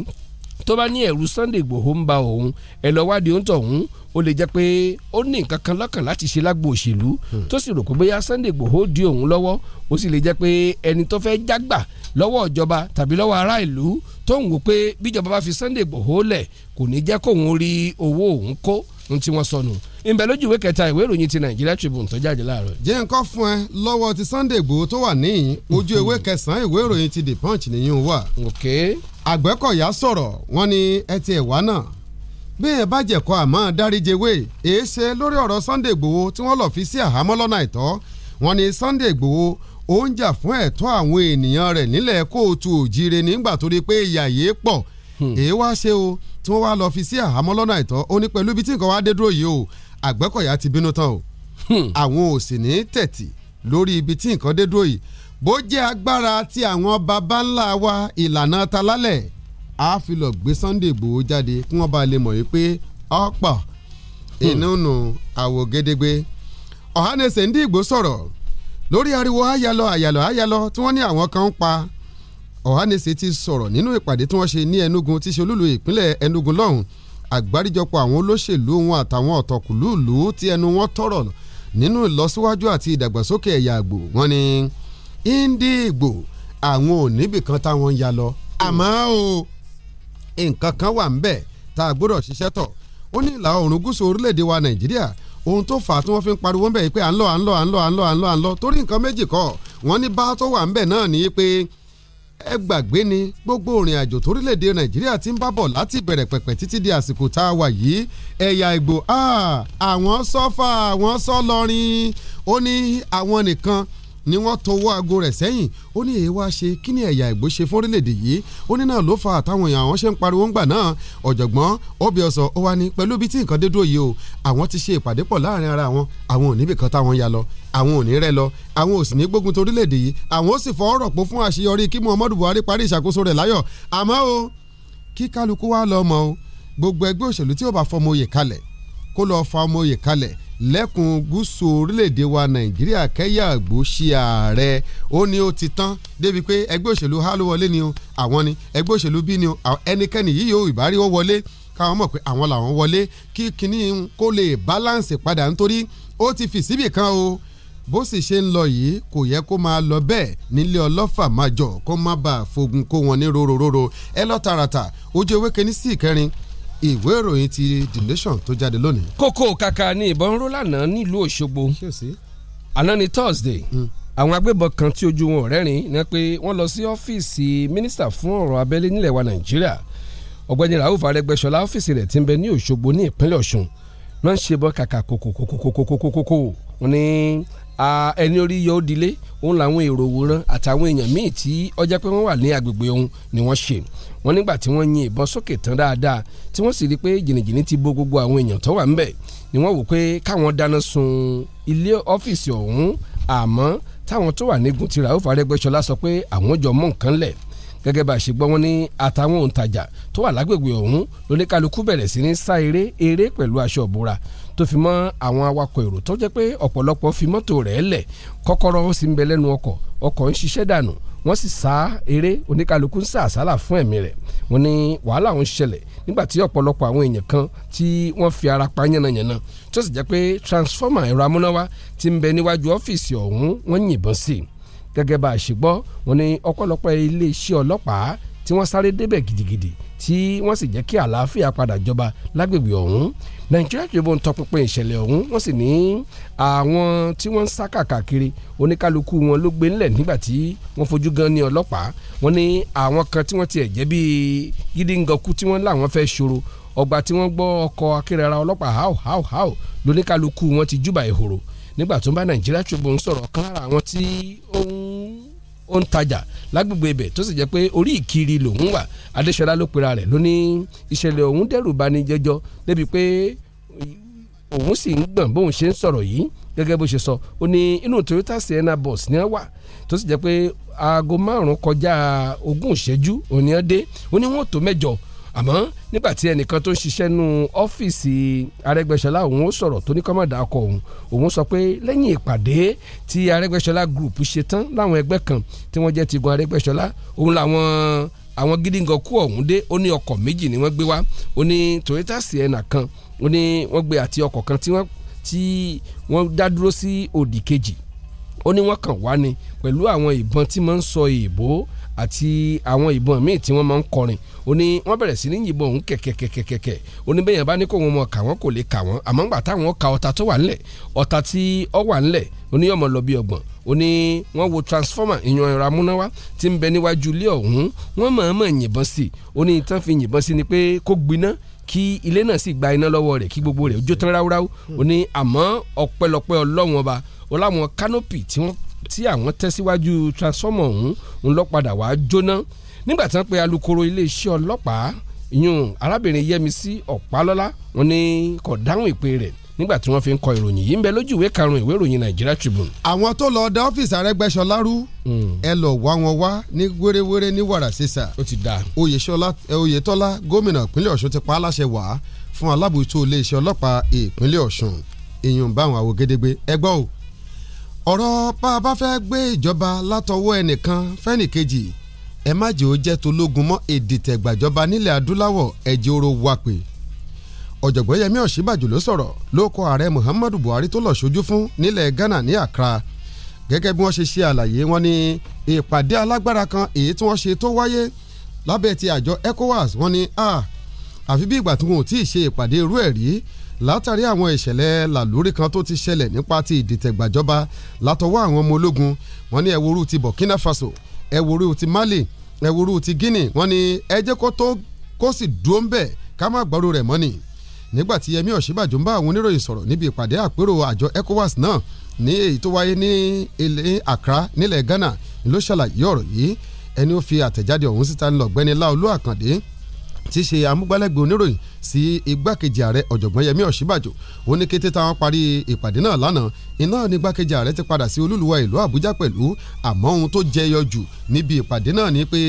tó bá ní ẹ̀rù Sunday Igboho ń ba òun ẹ̀ lọ́wádìí ó ń tọ̀ òun ó lè jẹ́ pé ó ní nǹkan kan lọ́kàn láti ṣe lágbo òṣèlú hmm. tó sì rò pé bóyá Sunday Igboho di òun lọ́wọ́ ó sì lè jẹ́ pé ẹni tó fẹ́ jágbà lọ́wọ́ ìjọba tàbí lọ́wọ́ ará ìlú tóun wò pé bíjọba bá fi Sunday Igboho lẹ̀ kò ní jẹ́ kóun rí owó òun kó ohun tí wọ́n sọnù ìbẹ̀ lójú ìwé kẹta ìwé ìròyìn ti Nigeria Tribune tó jáde láàárọ̀. jẹ́ nǹkan fún ẹ lọ́wọ́ ti Sunday Igboho tó wà níyìn ojú ìwé kẹsàn-án ìwé ìròyìn ti The Punch nìyí wà. Àgbẹ̀kọ̀yà sọ̀rọ̀ wọ́n ní ẹ ti ẹ̀ wá náà bẹ́ẹ̀ bá jẹ̀kọ́ àmọ́ dáríjewé èéṣe lórí ọ̀rọ̀ Sunday Igboho tí wọ́n lọ fi sí àhámọ́ lọ́nà àìtọ́ wọ́n ní Sunday Igboho ó ń jà fún ẹ̀tọ́ àwọn ènìyàn rẹ̀ nílẹ̀ kóòtù òjire nígbà tó rí pé ìyà yìí pọ̀ hmm. èé wá ṣe o tí wọ́n wá lọ fi sí àhámọ́ lọ́nà àìtọ́ ó ní pẹ̀lú ibi tí nǹkan wá dé dúró yìí o Àgbẹ̀kọ̀yà ti bínú tán o hmm. àwọn ò sì ní tẹ̀tì lórí ibi tí nǹkan dé dúró yìí bó jẹ́ agbára ti àwọn baba ńlá wa ìlànà találẹ̀ a fi lọ gbé Sunday Igboho jáde kí wọ́n bá lè mọ̀ yìí pé ọ̀pọ̀ inú hmm. nù àwò gédégbé Ọ̀hánẹsẹ̀ ndí Ìgbò sọ̀rọ̀ lórí ariwo ayalọ ayalọ ayalọ tí wọ́n ní àwọn kan ń pa Ọ̀hánẹsẹ̀ ti sọ̀rọ̀ nínú ìpàdé tí wọ́n ṣe ní Enugu tí ṣe olúlu ìpínlẹ̀ Enugu lọ́hùn àgbáríjọpọ̀ àwọn olóṣèlú wọn àtàwọn ọ̀tọ̀kùlúùlú tí ẹnu wọn tọ̀rọ̀ nínú ìlọsíwájú àti ìdàgbàsókè ẹ̀yà àgbò wọn ni Ndí Ìgbò àwọn ò níbìkan táwọn ń ya lọ àmọ́ o. Mm nǹkan kan wà ńbẹ̀ tá a gbọ́dọ̀ ṣiṣẹ́ tọ̀ ó ní ìlà oòrùn gúúsù orílẹ̀-èdè wa nàìjíríà ohun tó fà á tí wọ́n fi ń pariwo ń bẹ̀ yìí pé à ń lọ à ń lọ à ń lọ à ń lọ à ń lọ à ń lọ torí nǹkan méjì kọ́ wọ́n ní bá tó wà ń náà ní pé ẹ gbàgbé ni gbogbo òrìn àjò torílẹ̀-èdè nàìjíríà ti ń bá bọ̀ láti bẹ̀rẹ̀ pẹ̀pẹ̀ títí di àsìkò tá a wà yìí ẹ̀yà ìgbò ah, àwọn sọ́fà àwọn sọ́lọ́rin ó ní àwọn nìkan ni wọ́n tọwọ́ aago rẹ̀ sẹ́yìn ó ní èyí wá ṣe kí ni ẹ̀yà Ìgbò ṣe fórílẹ̀-èdè yìí ó ní náà ló fa àtàwọn èèyàn àwọn ṣe ń pariwo ńgbà náà ọ̀jọ̀gbọ́n Obiọ̀sọ̀ ó wá ní pẹ̀lú ibi tí nǹkan dé dúró yìí o àwọn ti ṣe ìpàdé pọ̀ láàrin ara wọn àwọn ò níbì kan táwọn ya lọ àwọn ò ní rẹ lọ àwọn ò sì ní gbógun torílẹ̀-èdè yìí àwọn ó sì fọwọ́ rọ̀pọ̀ fún àṣeyọrí kí Muhammadu Buhari parí ìṣàkóso rẹ̀ láyọ̀ àmọ́ o kí kálukú wá lọ lẹ́kùn gúúsù orílẹ̀-èdè wa nàìjíríà kẹ́yà gbòṣì ààrẹ ó ní ó ti tán débi pé ẹgbẹ́ òṣèlú a ló wọlé ni o àwọn ni ẹgbẹ́ òṣèlú b ni o ẹnikẹ́ni yìí yóò ìbárí ó wọlé káwọn mọ̀ pé àwọn làwọn wọlé kí kinní kó lè balance padà nítorí ó ti fi síbì kan o bó sì ṣe ń lọ yìí kò yẹ kó máa lọ bẹ́ẹ̀ nílé ọlọ́fà máa jọ kó má bàa fogun kó wọn ní rorororo ẹ lọ tààràtà ojú ewé kẹni sí ìkẹrin ìwé ìròyìn ti The Nation tó jáde lónìí. kókó kàkà ni ìbọn ró lánàá nílùú Òṣogbo àná ni Thursday hmm. àwọn agbébọn kan tí ojú wọn rẹ́rìn ni pé wọ́n lọ sí ọ́fíìsì mínísítà fún ọ̀rọ̀ abẹ́lé nílẹ̀ wa Nàìjíríà ọ̀gbẹ́ni Rauf Arẹ́gbẹ́ṣọlá ọ́fíìsì rẹ̀ ti ń bẹ ní Òṣogbo ní ìpínlẹ̀ Ọ̀ṣun náà ń ṣe bọ́ kàkà kòkòkòkòkòkòkòkò wọ́n ní ẹni orí yọ ó dilé òun làwọn èrò wòran àtàwọn èèyàn míì tí ọjà pé wọ́n wà ní agbègbè ọ̀hún ni wọ́n ṣe wọ́n nígbà tí wọ́n yin ìbọn sókè tán dáadáa tí wọ́n sì rí i pé jìnnìjìnnì ti bo gbogbo àwọn èèyàn tó wà ń bẹ̀ ni wọ́n wò pé káwọn dáná sun ilé ọ́fíìsì ọ̀hún àmọ́ táwọn tó wà nígun tìrà ó fàrẹ́gbẹ́sọlá sọ pé àwọn jọ mọ́ nǹkan lẹ̀ gẹ́gẹ́ bá a ṣe gbọ́ wọn ní àtàwọn òǹtajà tó wà lágbègbè ọ̀hún lóníkálukú bẹ̀rẹ̀ sí ní sá eré eré pẹ̀lú aṣọ òbúra tó fi mọ́ àwọn awakọ̀ èrò tó jẹ́ pé ọ̀pọ̀lọpọ̀ fi mọ́tò rẹ̀ lẹ̀ kọ́kọ́rọ́ ó sì ń bẹ lẹ́nu ọkọ̀ ọkọ̀ ń ṣiṣẹ́ dànù wọ́n sì sá eré oníkálukú ń sá àsálà fún ẹ̀mí rẹ̀ wọ́n ní wàhálà òun ṣẹlẹ̀ nígbà tí ọ̀pọ̀lọpọ̀ àwọn èèyàn kan tí wọ́n fi ara pa yánnayànna tó sì jẹ́ pé transformer ẹ̀rọ amúnáwá ti ń bẹ níwájú ọ́fíìsì ọ̀hún wọ́n yìnbọn sí i gẹ́gẹ́ bá a ṣe gbọ́ wọ́n ní ọ̀pọ̀lọpọ̀ iléeṣẹ́ ọlọ́pàá tí wọ́n sáré débẹ̀ gidigidi tí wọ́n sì jẹ́ kí àlàáfíà padà jọba lágbègbè ọ̀hún Nigeria Tribune tọpinpin ìṣẹ̀lẹ̀ ọ̀hún wọ́n sì ní àwọn tí wọ́n ń sá kàkiri oníkálukú wọn ló gbé ńlẹ̀ nígbà tí wọ́n fojú gan ní ọlọ́pàá wọ́n ní àwọn kan tí wọ́n tiẹ̀ jẹ́ bíi gídíngankú tí wọ́n láwọn fẹ́ ṣòro ọgbà tí wọ́n gbọ́ ọkọ̀ akérèrà ọlọ́pàá háò háò háò lóníkálukú wọn ti júbà ìhòrò nígbà tó ń bá nàìjíríà Tribune sọ̀rọ̀ kan lára àwọn tí ó ń ó ń tajà lágbègbè ibẹ̀ tó sì jẹ́ pé orí ìkiri lòun wà adéṣọlá ló pera rẹ̀ ló ní ìṣẹ̀lẹ̀ ọ̀hún dẹ́rù bani jọjọ débi pé òun sì ń gbọ̀n bóun ṣe ń sọ̀rọ̀ yìí gẹ́gẹ́ bó ṣe sọ ó ní inú Toyota Sienna bus ni wọ́n wà tó sì jẹ́ pé aago márùn-ún kọjá ogún ìṣẹ́jú òní ọdẹ ó ní wọ́n tó mẹ́jọ àmọ́ nígbà tí ẹnìkan tó ń ṣiṣẹ́ nu ọ́fíìsì Arẹ́gbẹ́ṣọlá òun ó sọ̀rọ̀ tó ní kọ́mọ̀dà akọ òun òun sọ pé lẹ́yìn ìpàdé tí Arẹ́gbẹ́ṣọlá group ṣe tán láwọn ẹgbẹ́ kan tí wọ́n jẹ́ tigun Arẹ́gbẹ́ṣọlá òun làwọn àwọn gidigan kú ọ̀hún dé ó ní ọkọ̀ méjì ni wọ́n gbé wá ó ní Toyota Sienna kan ó ní wọ́n gbé àti ọkọ̀ kan tí wọ́n tí wọ́n dá dúró sí òdì kejì ó ní wọ́n kàn wá ni pẹ̀lú àwọn ìbọn tí wọ́n ń sọ èèbó àti àwọn ìbọn míì tí wọ́n máa ń kọrin ó ní wọ́n bẹ̀rẹ̀ sí ní yìnbọn òun kẹ̀kẹ̀kẹ̀kẹ̀kẹ̀ ó ní bẹ́yẹn bá ní kó wọn mọ kà wọ́n kò lè kà wọ́n àmọ́ ńgbà táwọn ka ọta tó wà ńlẹ̀ ọta tí ọ wà ńlẹ̀ ó ní ọmọ lọ bí ọgbọ̀n ó ní wọ́n wo transformer ìyan ẹ̀rọ amúnáwá tí ń bẹ níwájú ilé ọ̀hún wọ́n mọ̀ọ́mọ̀ yìnbọn sí i ó ní tán fi yìnbọn sí ni pé kó gbiná kí ilé náà sì gba iná lọ́wọ́ rẹ̀ kí gbogbo rẹ̀ ó jó tán ráúráú ó ní àmọ́ ọpẹ́lọpẹ́ ọlọ́run ọba ó láwọn kánópì tí wọ́n tí àwọn tẹ́ síwájú transformer ọ̀hún ń lọ padà wá jóná nígbà tí wọ́n pe alukoro iléeṣẹ́ ọlọ́pàá yún arábìnrin Yẹmisí Ọ̀pálọ́lá wọ́n ní kò dáhùn ìpè rẹ̀ nígbà tí wọ́n fi ń kọ ìròyìn yìí ń bẹ lójú ìwé karùn-ún ìwé ìròyìn Nigeria Tribune. àwọn tó lọ da ọ́fíìsì Arẹ́gbẹ́ṣọlá rú hmm. ẹ lọ wá wọn wá ní wéréwéré ní wàrà sísà. ó ti da. Oyètọ́lá gómìnà ìpínlẹ̀ Ọ̀ṣun ti pa á láṣẹ wàá fún alábòójútó iléeṣẹ́ ọlọ́pàá ìpínlẹ̀ Ọ̀ṣun èèyàn báwọn àwògedegbe ẹgbọ́ o ọ̀rọ̀ bá a bá fẹ́ gbé ìjọba látọwọ́ ẹnìkan fẹ́nìkejì ẹ má jẹ́ ó jẹ́ tológun mọ́ èdè tẹ̀gbàjọba nílẹ̀ adúláwọ̀ ẹ̀jẹ̀ oró wa pè ọ̀jọ̀gbọ́n yẹmí ọ̀ṣínbàjò ló sọ̀rọ̀ ló kọ ààrẹ muhammadu buhari tó lọ ṣojú fún nílẹ̀ ghana ní accra gẹ́gẹ́ bí wọ́n ṣe ṣe àlàyé wọn ní ìpàdé alágbára kan èyí tí wọ́n ṣe tó wáyé lábẹ́ ti àjọ ecowas wọ́n ní a àfi bí ìgbà tí wọn ò tí ṣe ìpàdé irú ẹ̀ rí látàrí àwọn ìṣẹ̀lẹ̀ làlórí kan tó ti ṣẹlẹ̀ nípa ti ìdìtẹ̀gbàjọba látọwọ́ àwọn ọmọ ológun wọ́n ní ẹ̀wòrú ti Burkina Faso ẹ̀wòrú ti Mali ẹ̀wòrú ti Guinea wọ́n ní ẹjẹ́ kó tó kó sì dúró ń bẹ̀ ká má gbọ́rọ̀ rẹ̀ mọ́ni ni tí Yẹmí Ọ̀ṣínbàjò ń bá àwọn oníròyìn sọ̀rọ̀ níbi ìpàdé àpérò àjọ ECOWAS náà ní èyí tó wáyé ní ilé Accra nílẹ̀ Ghana ló ṣàlàyé ọ̀rọ̀ yìí ẹni ó fi àtẹ̀jáde ọ̀hún síta ńlọ̀gbẹ́ni Láolú Àkàndé tí í ṣe amúgbálẹ́gbẹ̀ẹ́ oníròyìn sí igbákejì ààrẹ ọ̀jọ̀gbọ́n yẹmí ọ̀ṣíbàjò ó ní kété táwọn parí ìpàdé náà lánàá iná ní igbákejì ààrẹ ti padà sí olúluwa ìlú àbújá pẹ̀lú àmọ́ ohun tó jẹyọ jù níbi ìpàdé náà ni pé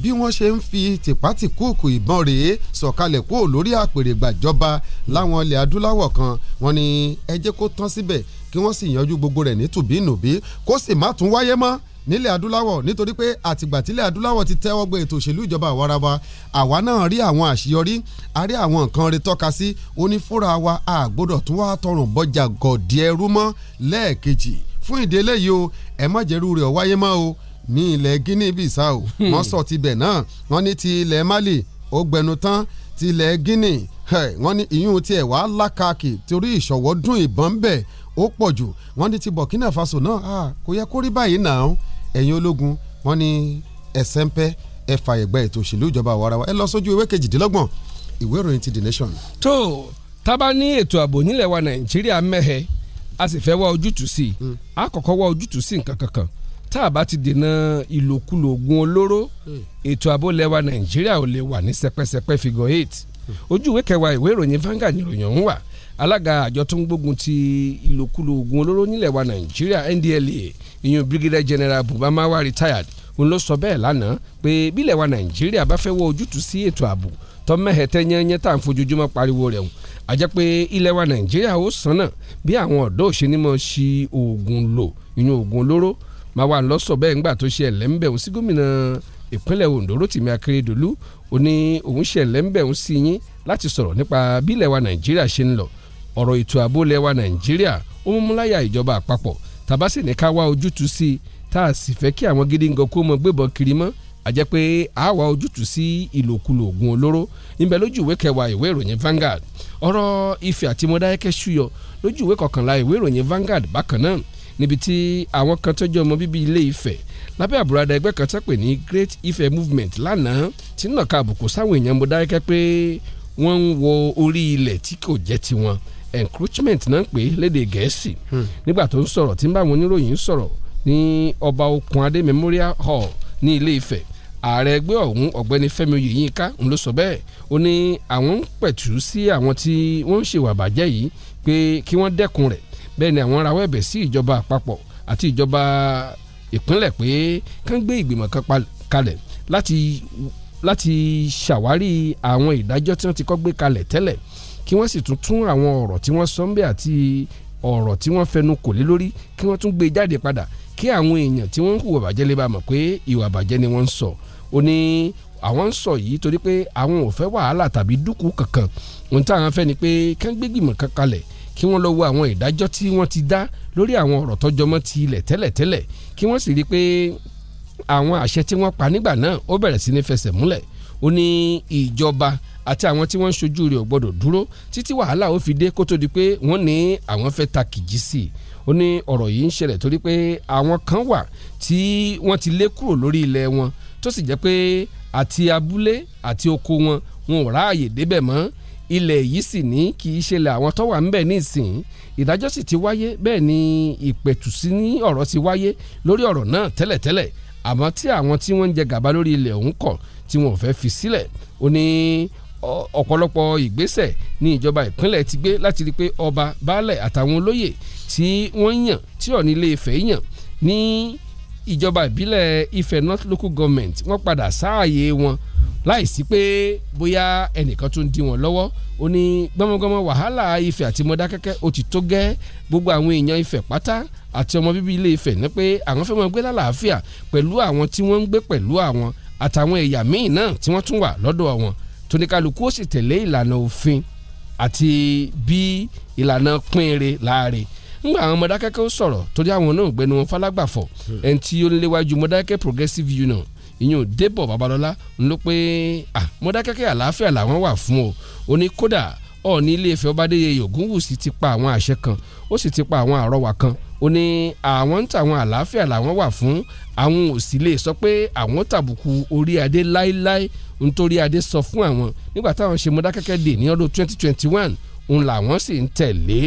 bí wọ́n ṣe ń fi tìpátìkúùkù ìbọn rèé sọ̀kalẹ̀ kúrò lórí àpèrè gbàjọba láwọn ilẹ̀ adúláwọ̀ kan wọ́n ní ẹ jẹ́ kó tán síbẹ̀ kí wọ́n sì yanjú gbogbo rẹ̀ ní tùbínùbí kó sì má tún wáyé mọ́ nílẹ̀ adúláwọ̀ nítorí pé àtìgbà tílẹ̀ adúláwọ̀ ti tẹ́wọ́ gbé ètò òṣèlú ìjọba àwarawa àwa náà rí àwọn àṣeyọrí a rí àwọn nǹkan rí tọ́ka sí ó ní fúnra wa a gbọ́dọ̀ tún wá tọrùn bọ́jà gọ̀dí ẹrú mọ́ lẹ́ẹ̀kejì fún ìdí eléyìí o ẹ má jẹ́rú rẹ̀ wáyé mọ́ o ní ilẹ̀ Guinea Bissau wọ́n sọ tibẹ̀ náà wọ́n ní ti ilẹ̀ Mali ó gbẹnu tán ti ilẹ̀ Guinea wọ́n ní ìyún tiẹ̀ wá lákàkì torí ìṣọ̀wọ́ dún ìbọn bẹ́ẹ̀ ó pọ̀ jù wọ́n ti Burkina Faso ẹ̀yin ológun wọ́n ní ẹsẹ̀ ń pẹ́ ẹ fa ẹ̀gbẹ́ ètò òṣèlú ìjọba àwa ara wa ẹ lọ sójú ewé kejìdínlọ́gbọ̀n ìwé ìròyìn ti the nation. tó tábà ní ètò ààbò nílẹ̀ wa nàìjíríà mẹ́hẹ̀ a sì fẹ́ wá ojútùú sí i hmm. a kọ́kọ́ wá ojútùú sí nǹkan kankan tá a bá ti dènà ìlòkulò oògùn olóró hmm. ètò ààbò lẹ́wà nàìjíríà ò lè wà ní sẹpẹsẹpẹ figure eight hmm. ojú ìwé kẹwàá ìwé ìròyìn Vanguard ìròyìn ọ̀hún wà alága àjọ tó ń gbógun ti ìlòkulò oògùn olóró nílẹ̀ wa nàìjíríà ndla ìyún brigadier general buba mawa retired òun ló sọ bẹ́ẹ̀ lánàá pé bílẹ̀ wa nàìjíríà bá fẹ́ wọ ojútùú sí ètò ààbò tó mẹ́hẹ̀tẹ́ yẹnyẹ́ tá à ń fojoojúmọ́ pariwo rẹ̀ hùn àjẹ́ pé ilẹ̀ wa nàìjíríà ó sànnà bí àwọn ọ̀dọ́ òṣèlímọ̀ ṣi oògùn lò ìyún oògùn olóró máa wà lọ́sọ̀ bẹ́ẹ̀ ńgbà tó ṣe ẹ̀lẹ́ńbẹ̀ òun sí gómìnà ìpínlẹ̀ Ondo Rotimi Akeredolu ó òun ṣe ẹ̀lẹ́ńbẹ̀ òun sí yín láti sọ̀rọ̀ nípa bí ilẹ̀ wa nàìjíríà ṣe ń lọ ọ̀rọ̀ ètò ààbò lẹ́wà nàìjíríà ó mú láyà ìjọba àpapọ̀ tàbá sì ní ká wá ojútùú sí i tá a sì fẹ́ kí àwọn gidi nǹkan kó mọ gbébọn kiri mọ́ àjẹ́ pé a wá ojútùú sí ìlòkulò oògùn olóró níbẹ̀ lójú ìwé kẹwàá ìwé ìròyìn Vanguard ọ̀rọ̀ ife, àti Mọdákẹ́kẹ́ ṣúyọ lójú ìwé kọkànlá ìwé ìròyìn Vanguard bákan náà níbi tí àwọn kan tó jẹ́ ọmọ bíbí ilé Ifẹ̀ lábẹ́ àbúradà ẹgbẹ́ kan tó pè ní Great ife Movement lánàá tí ń nàka àbùkù sáwọn èèyàn Mọdákẹ́kẹ́ pé wọ́n ń wọ orí ilẹ̀ tí kò jẹ́ tiwọn encroachment náà ń pè é léde gẹ̀ẹ́sì hmm. nígbà tó ń sọ̀rọ̀ tí ń bá àwọn oníròyìn sọ̀rọ̀ ní ọba okùn adé memorial hall ní ilé Ifẹ̀ ààrẹ ẹgbẹ́ ọ̀hún ọ̀gbẹ́ni Fẹ́mi Oyèyínká ń ló sọ bẹ́ẹ̀ ó ní àwọn ń pẹ̀tù sí àwọn tí wọ́n ń ṣèwà bàjẹ́ yìí pé kí wọ́n dẹ́kun rẹ̀ bẹ́ẹ̀ ni àwọn rawọ́ ẹ̀bẹ̀ sí ìjọba àpapọ̀ àti ìjọba ìpínlẹ̀ pé kán gbé ìgbìmọ̀ kan kalẹ̀ láti ṣàwárí àwọn ìdájọ́ tí wọ́n ti kọ́ gbé kalẹ̀ tẹ́lẹ̀ kí wọ́n sì tún tún àwọn ọ̀rọ̀ tí wọ́n sọ ń bẹ̀ àti ọ̀rọ̀ tí wọ́n fẹnu kò lé lórí kí wọ́n tún gbé e jáde padà kí àwọn èèyàn tí wọ́n ń hùwà bàjẹ́ lè bá mọ̀ pé ìwà bàjẹ́ ni wọ́n ń sọ ó ní àwọn ń sọ yìí torí pé àwọn ò fẹ́ wàhálà tàbí dúkù kankan ohun táwọn fẹ́ ni pé kí wọ́n gbégbìmọ̀ kan kalẹ̀ kí wọ́n lọ wo àwọn ìdájọ́ tí wọ́n ti dá lórí àwọn ọ̀rọ̀ tọ́jọ́ mọ́ ti ilẹ̀ tẹ́lẹ̀tẹ́lẹ̀ kí wọ́n sì rí pé àwọn àṣẹ tí wọ́n pa nígbà náà ó bẹ̀rẹ̀ sí ní fẹsẹ̀ múlẹ̀ ó ní ìjọba àti àwọn tí wọ́n ń ṣojú rẹ̀ ò gbọ́dọ̀ dúró títí wàhálà ó fi dé kó tó di pé wọ́n ní àwọn fẹ́ ta kìjì sí i ó ní ọ̀rọ̀ yìí ń ṣẹlẹ̀ torí pé àwọn kan wà tí wọ́n ti lé kúrò lórí ilẹ̀ wọn tó sì jẹ́ pé àti abúlé àti oko wọn wọn ò ráàyè débẹ̀ mọ́ ilẹ̀ yìí sì ní kì í ṣẹlẹ̀ àwọn tó wà ńbẹ̀ nísìn ìdájọ́ sì ti wáyé bẹ́ẹ̀ ni ìpẹ̀tùsí ní ọ̀rọ̀ ti wáyé lórí ọ̀rọ̀ náà tẹ́lẹ̀tẹ́lẹ̀ àmọ́ tí àwọn tí wọ́n ń jẹ gàba lórí ilẹ̀ ọ̀hún kọ̀ tí wọn ò fẹ́ fi sílẹ̀ ó ní ọ̀pọ̀lọpọ̀ ìgbésẹ̀ ní ìjọba ìpínlẹ̀ ti gbé láti rí i pé ọba baálẹ̀ àtàwọn olóyè tí wọ́n yàn tí Ọọ̀ni Ilé-Ifẹ̀ yàn ní ìjọba ìbílẹ̀ Ifẹ̀ North Local Government wọ́n padà sáàyè wọn láìsí pé bóyá ẹnìkan tún dí wọn lọ́wọ́ ó ní gbọ́mọgbọ́mọ wàhálà Ifẹ̀ àti Mọdákẹ́kẹ́ ó ti tó gẹ́ gbogbo àwọn èèyàn Ifẹ̀ pátá àti ọmọ bíbí ilé Ifẹ̀ ní pé àwọn fẹ́ máa gbé lálàáfíà pẹ̀lú àwọn tí wọ́n ń gbé pẹ̀lú àwọn àtàwọn ẹ̀yà míì náà tí wọ́n tún wà lọ́dọ̀ wọn tóníkàlùkù ó sì tẹ̀lé ìlànà òfin àti bí ìlànà pínre láàrin ngba àwọn mọdákẹ́kẹ́ sọ̀rọ̀ torí àwọn náà gbẹnu wọn falágbàfọ̀ hmm. ẹni tí ó léwájú mọdákẹ́ progressive union ìyẹn ò débọ̀ babalọ́lá ń lọ pé mọdákẹ́kẹ́ àlàáfíà làwọn wà fún o ó ní kódà ọ̀ọ́ni iléèfẹ́ ọbadéyẹ ògúnwùsì ti pa àwọn àṣẹ kan ó sì ti pa àwọn àrọwà kan ó ní àwọn ń tàwọn àlàáfíà làwọn wà fún àwọn ò sì lè sọ pé àwọn tàbùkù orí adé láéláé nítorí adé sọ fún àwọn nígbà táwọn ṣe Mọdákẹ́kẹ́ dè ní ọdún 2021 òun làwọn sì ń tẹ̀lé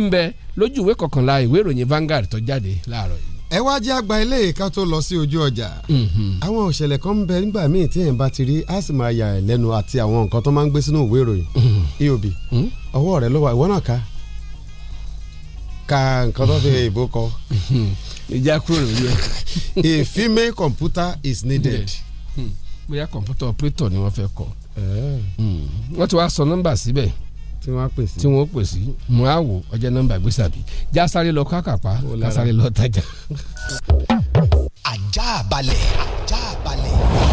ń bẹ lójú ìwé kọkànlá ìwé ìròyìn Vanguard tó jáde láàárọ̀ yìí ẹ wá jẹ́ àgbà ilé ìka tó lọ sí ojú ọjà mhm. àwọn òṣèlè kan ń bẹ nígbà míì tí èèyàn bá ti rí a sì máa yà ẹ́ lẹ́nu àti àwọn nǹkan tó máa ń gbé sínú ìwé ìròyìn mhm. eob hmm? ọwọ́ rẹ ló wà ìwọ náà ká ka nǹkan tó fi ìbò hmm. kọ. Hmm. ìjà kúrò lórí a female computer is needed. bóyá computer operator ni wọ́n fẹ́ kọ ah. wọ́n ti wá sọ nọ́mbà síbẹ̀ tí wọ́n pè sí tí wọ́n pè sí mo á wò ọjọ́ nọ́mbà gbèsè àbí já sáré lọ kákàpá ká sáré lọ tajà. ajá balẹ̀ ajá balẹ̀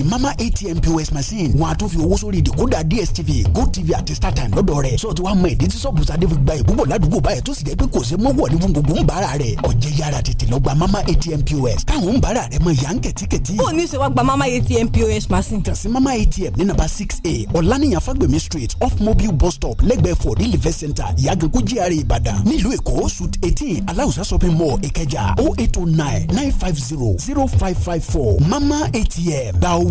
lórí mama atm pos machine wọn a tún fi owó sórí ìdìkúdà dstv gotv àti startime lọ́dọ̀ rẹ̀ sọ ti wá mọ ìdí tí sọ́ọ̀bù sadé fi gba ìbúbọ̀ ládùúgbò báyìí tó sì jẹ́ pé kò sí mọ́wọ́ ní gbogbo ń bára rẹ̀ ọ̀jẹ̀ yára tètè lọ gba mama atm pos táwọn ń bára rẹ̀ mọ yàn kẹ̀tíkẹ̀tí. ó ní ìṣèwà gba mama atm pos machine. kàn sí mama atm ní nàbà six a ọ̀lànìyàn fagbemi street off mobile bus stop lẹ́gbẹ̀ẹ́ for the live center ìyàgànkú gra ìbàdàn nílùú èkó suit eighteen aláùsá shopping mall ìkẹjà o oh eight o oh nine nine five zero zero five five four mama atm gba owó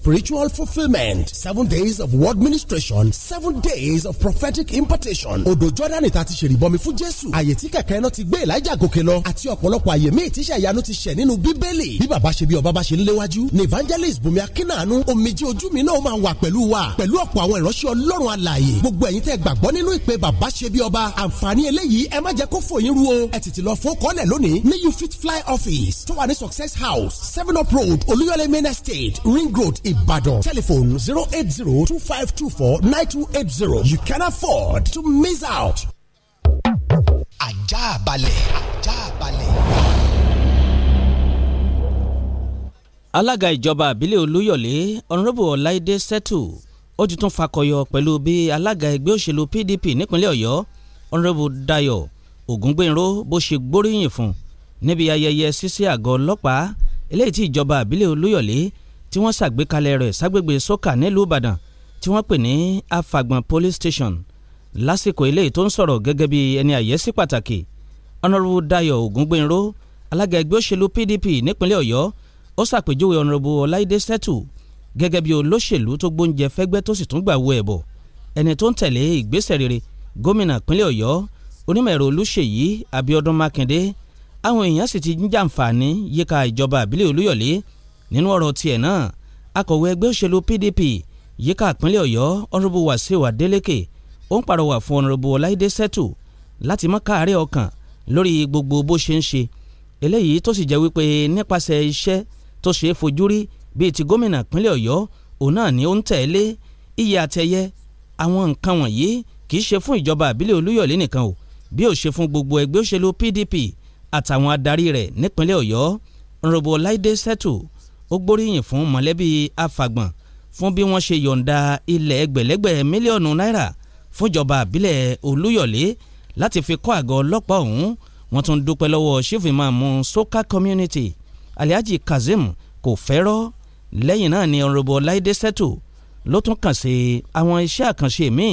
spiritual fulfillment seven days of word ministration seven days of prophetic impartation odò jordan ta ti ṣèrìbọmi fún jésù àyè tí kẹ̀kẹ́ náà ti gbé elijah gòkè lọ àti ọ̀pọ̀lọpọ̀ àyè míì tíṣà ìyanu ti ṣẹ̀ nínú bíbélì bí bàbá ṣe bí ọba bá ṣe ń léwájú ni evangelist bùnmi akínàánú omijì ojú mi náà máa wà pẹ̀lú wa pẹ̀lú ọ̀pọ̀ àwọn ìránṣẹ́ ọlọ́run alààyè gbogbo ẹ̀yin tẹ́ fly office tó wà success house seven up road olúyọlé main estate ring road Ibadan. Telephone 08025249280. You can afford to miss out. Ajabale, Ajabale. Ajá balẹ̀. Alága ìjọba àbílẹ̀ Olúyọ̀lé ọ̀nrọ́bù Ọláìdé Sẹ́tù ó ti tún fakọyọ pẹ̀lú bí alága ẹgbẹ́ òṣèlú PDP nípínlẹ̀ Ọ̀yọ́ ọ̀nrọ́bù Dayọ̀ Ògúngbẹ̀nró bó ṣe gbóríyìn fún níbi ayẹyẹ ṣíṣí àgọ́ ọlọ́pàá eléyìí tí ìjọba àbílẹ̀ Olúyọ̀lé tí wọ́n ṣàgbékalẹ̀ rẹ̀ ságbègbè sọ́kà nílùú ìbàdàn tí wọ́n pè ní afagbọn police station lásìkò eléyìí tó ń sọ̀rọ̀ gẹ́gẹ́ bí ẹni àyẹ́sí pàtàkì ọ̀nàrúbù dayọ̀ ògúngbẹ̀nró alága ẹgbẹ́ òṣèlú pdp nípínlẹ̀ ọ̀yọ́ ó ṣàpèjúwe ọ̀nàrúbù ọláìdé sẹ́tù gẹ́gẹ́ bí olóṣèlú tó gbóúnjẹ fẹ́gbẹ́ tó sì tún gbà wo ẹ̀bọ̀ ẹni tó ń tẹ̀lé ìgbésẹ̀ rere gómìnà pínlẹ̀ ọ̀yọ́ onímọ̀ ẹ̀rọ olúṣèyí abiodun makinde àwọn èèyàn sì ti ń jàǹfààní yíká ìjọba àbílẹ̀ olúyọ̀lé nínú ọ̀rọ̀ tiẹ̀ náà akọ̀wé ẹgbẹ́ òṣèlú PDP yíká ìpínlẹ̀ Ọ̀yọ́ ọ̀rọ̀bù Wàsíù Adélékè ó ń pàrọwà fún ọ̀rọ̀bù Ọláìdé Sẹ́tù láti má káàárẹ̀ ọkàn lórí gbogbo bó ṣe ń ṣe eléyìí tó sì jẹ́ wípé nípasẹ̀ iṣẹ́ tó ṣe é fojú rí bíi ti gómìnà ìpínlẹ̀ Ọ̀yọ́ òun náà ni ó ń tẹ̀lé iye àtẹ̀yẹ àwọn nǹkan wọ̀nyí kì í ṣe fún ìjọba àbílẹ̀ Olúyọ̀lé nìkan o bí ó ṣe fún gbogbo ẹgbẹ́ òṣèlú PDP àtàwọn adarí rẹ̀ nípínlẹ̀ Ọ̀yọ́ ọ̀rọ̀bù Ọláìdé Sẹ́tù ó gbóríyìn fún mọ̀lẹ́bí afàgbọ̀n fún bí wọ́n ṣe yọ̀ǹda ilẹ̀ ẹgbẹ̀lẹ́gbẹ̀ mílíọ̀nù náírà fúnjọba àbílẹ̀ olúyọ̀lé láti fi kọ́ àgọ́ ọlọ́pàá ọ̀hún wọ́n tún dúpẹ́ lọ́wọ́ sífìmọ̀mù soka community alhaji kazeem kò fẹ́rọ́ lẹ́yìn náà ni ọ̀rọ̀bọ̀ láìdé sẹ́tù ló tún kàn sí àwọn iṣẹ́ àkànṣe míì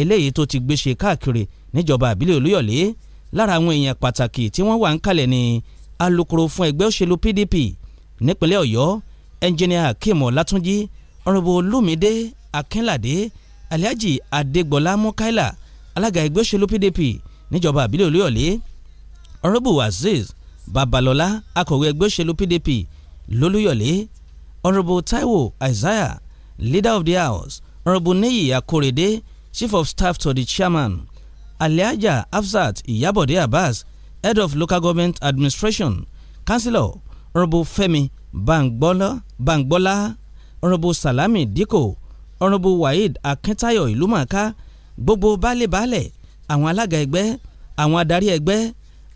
eléyìí tó ti gbé ṣe káàkiri níjọba àbílẹ̀ olúyọ̀lé lára àwọn èèyàn pàtàkì tí wọ́n wà ń kalẹ̀ ni alukoro fún ẹgbẹ́ òṣèlú pdp nípínlẹ̀ ọ̀yọ́ ẹnjìnìà akeem ọlátúnjì ọ̀rọ̀bù olúmídé akínládé alhaji adégbọlá mukaila alága ẹgbẹ́ òṣèlú pdp níjọba àbílẹ̀ olúyọ̀lé ọ̀rọ̀bù azeez babalọ́lá akọ̀wé ẹgbẹ́ òṣèlú pdp lólúyọ̀lé ọ̀rọ̀bù taiwo isaiah leader of the house ọ̀rọ̀bù níyì Akorede chief of staff to the chairman Aliaja afzat iyabode abbas head of local government administration councillor honourable Fẹ́mi Báńgbọ́lá Báńgbọ́lá honourable Salami Dikko honourable Waheed Akíntáyọ̀ Ìlúmọ̀ọ́ká gbogbo baálé baálẹ̀ àwọn alága ẹgbẹ́ àwọn adarí ẹgbẹ́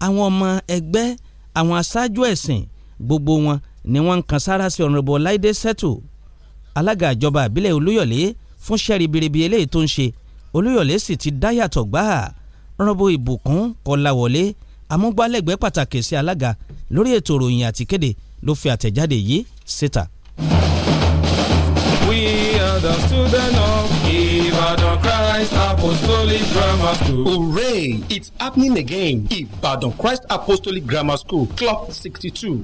àwọn ọmọ ẹgbẹ́ àwọn aṣáájú ẹ̀sìn gbogbo wọn ni wọ́n ń kan sára sí honourable Láìdé Sẹ́tù alága ìjọba àbílẹ̀ Olúyọ̀lé fún sẹ́ẹ̀rì biribi eléyìí tó ń ṣe Olúyọ̀lé sì ti dá yàtọ̀ gbáà honourable Ìbùkún Kọláwọlé amúgbálẹ́gbẹ́ pàtàkì sí alága lórí ètò ìròyìn àtikéde ló fi àtẹ̀jáde yìí síta. We are the students of Ibadan Christ Apostolic Grammar School. Hooray! It's happening again. Ibadan Christ Apostolic Grammar School, Clock 62.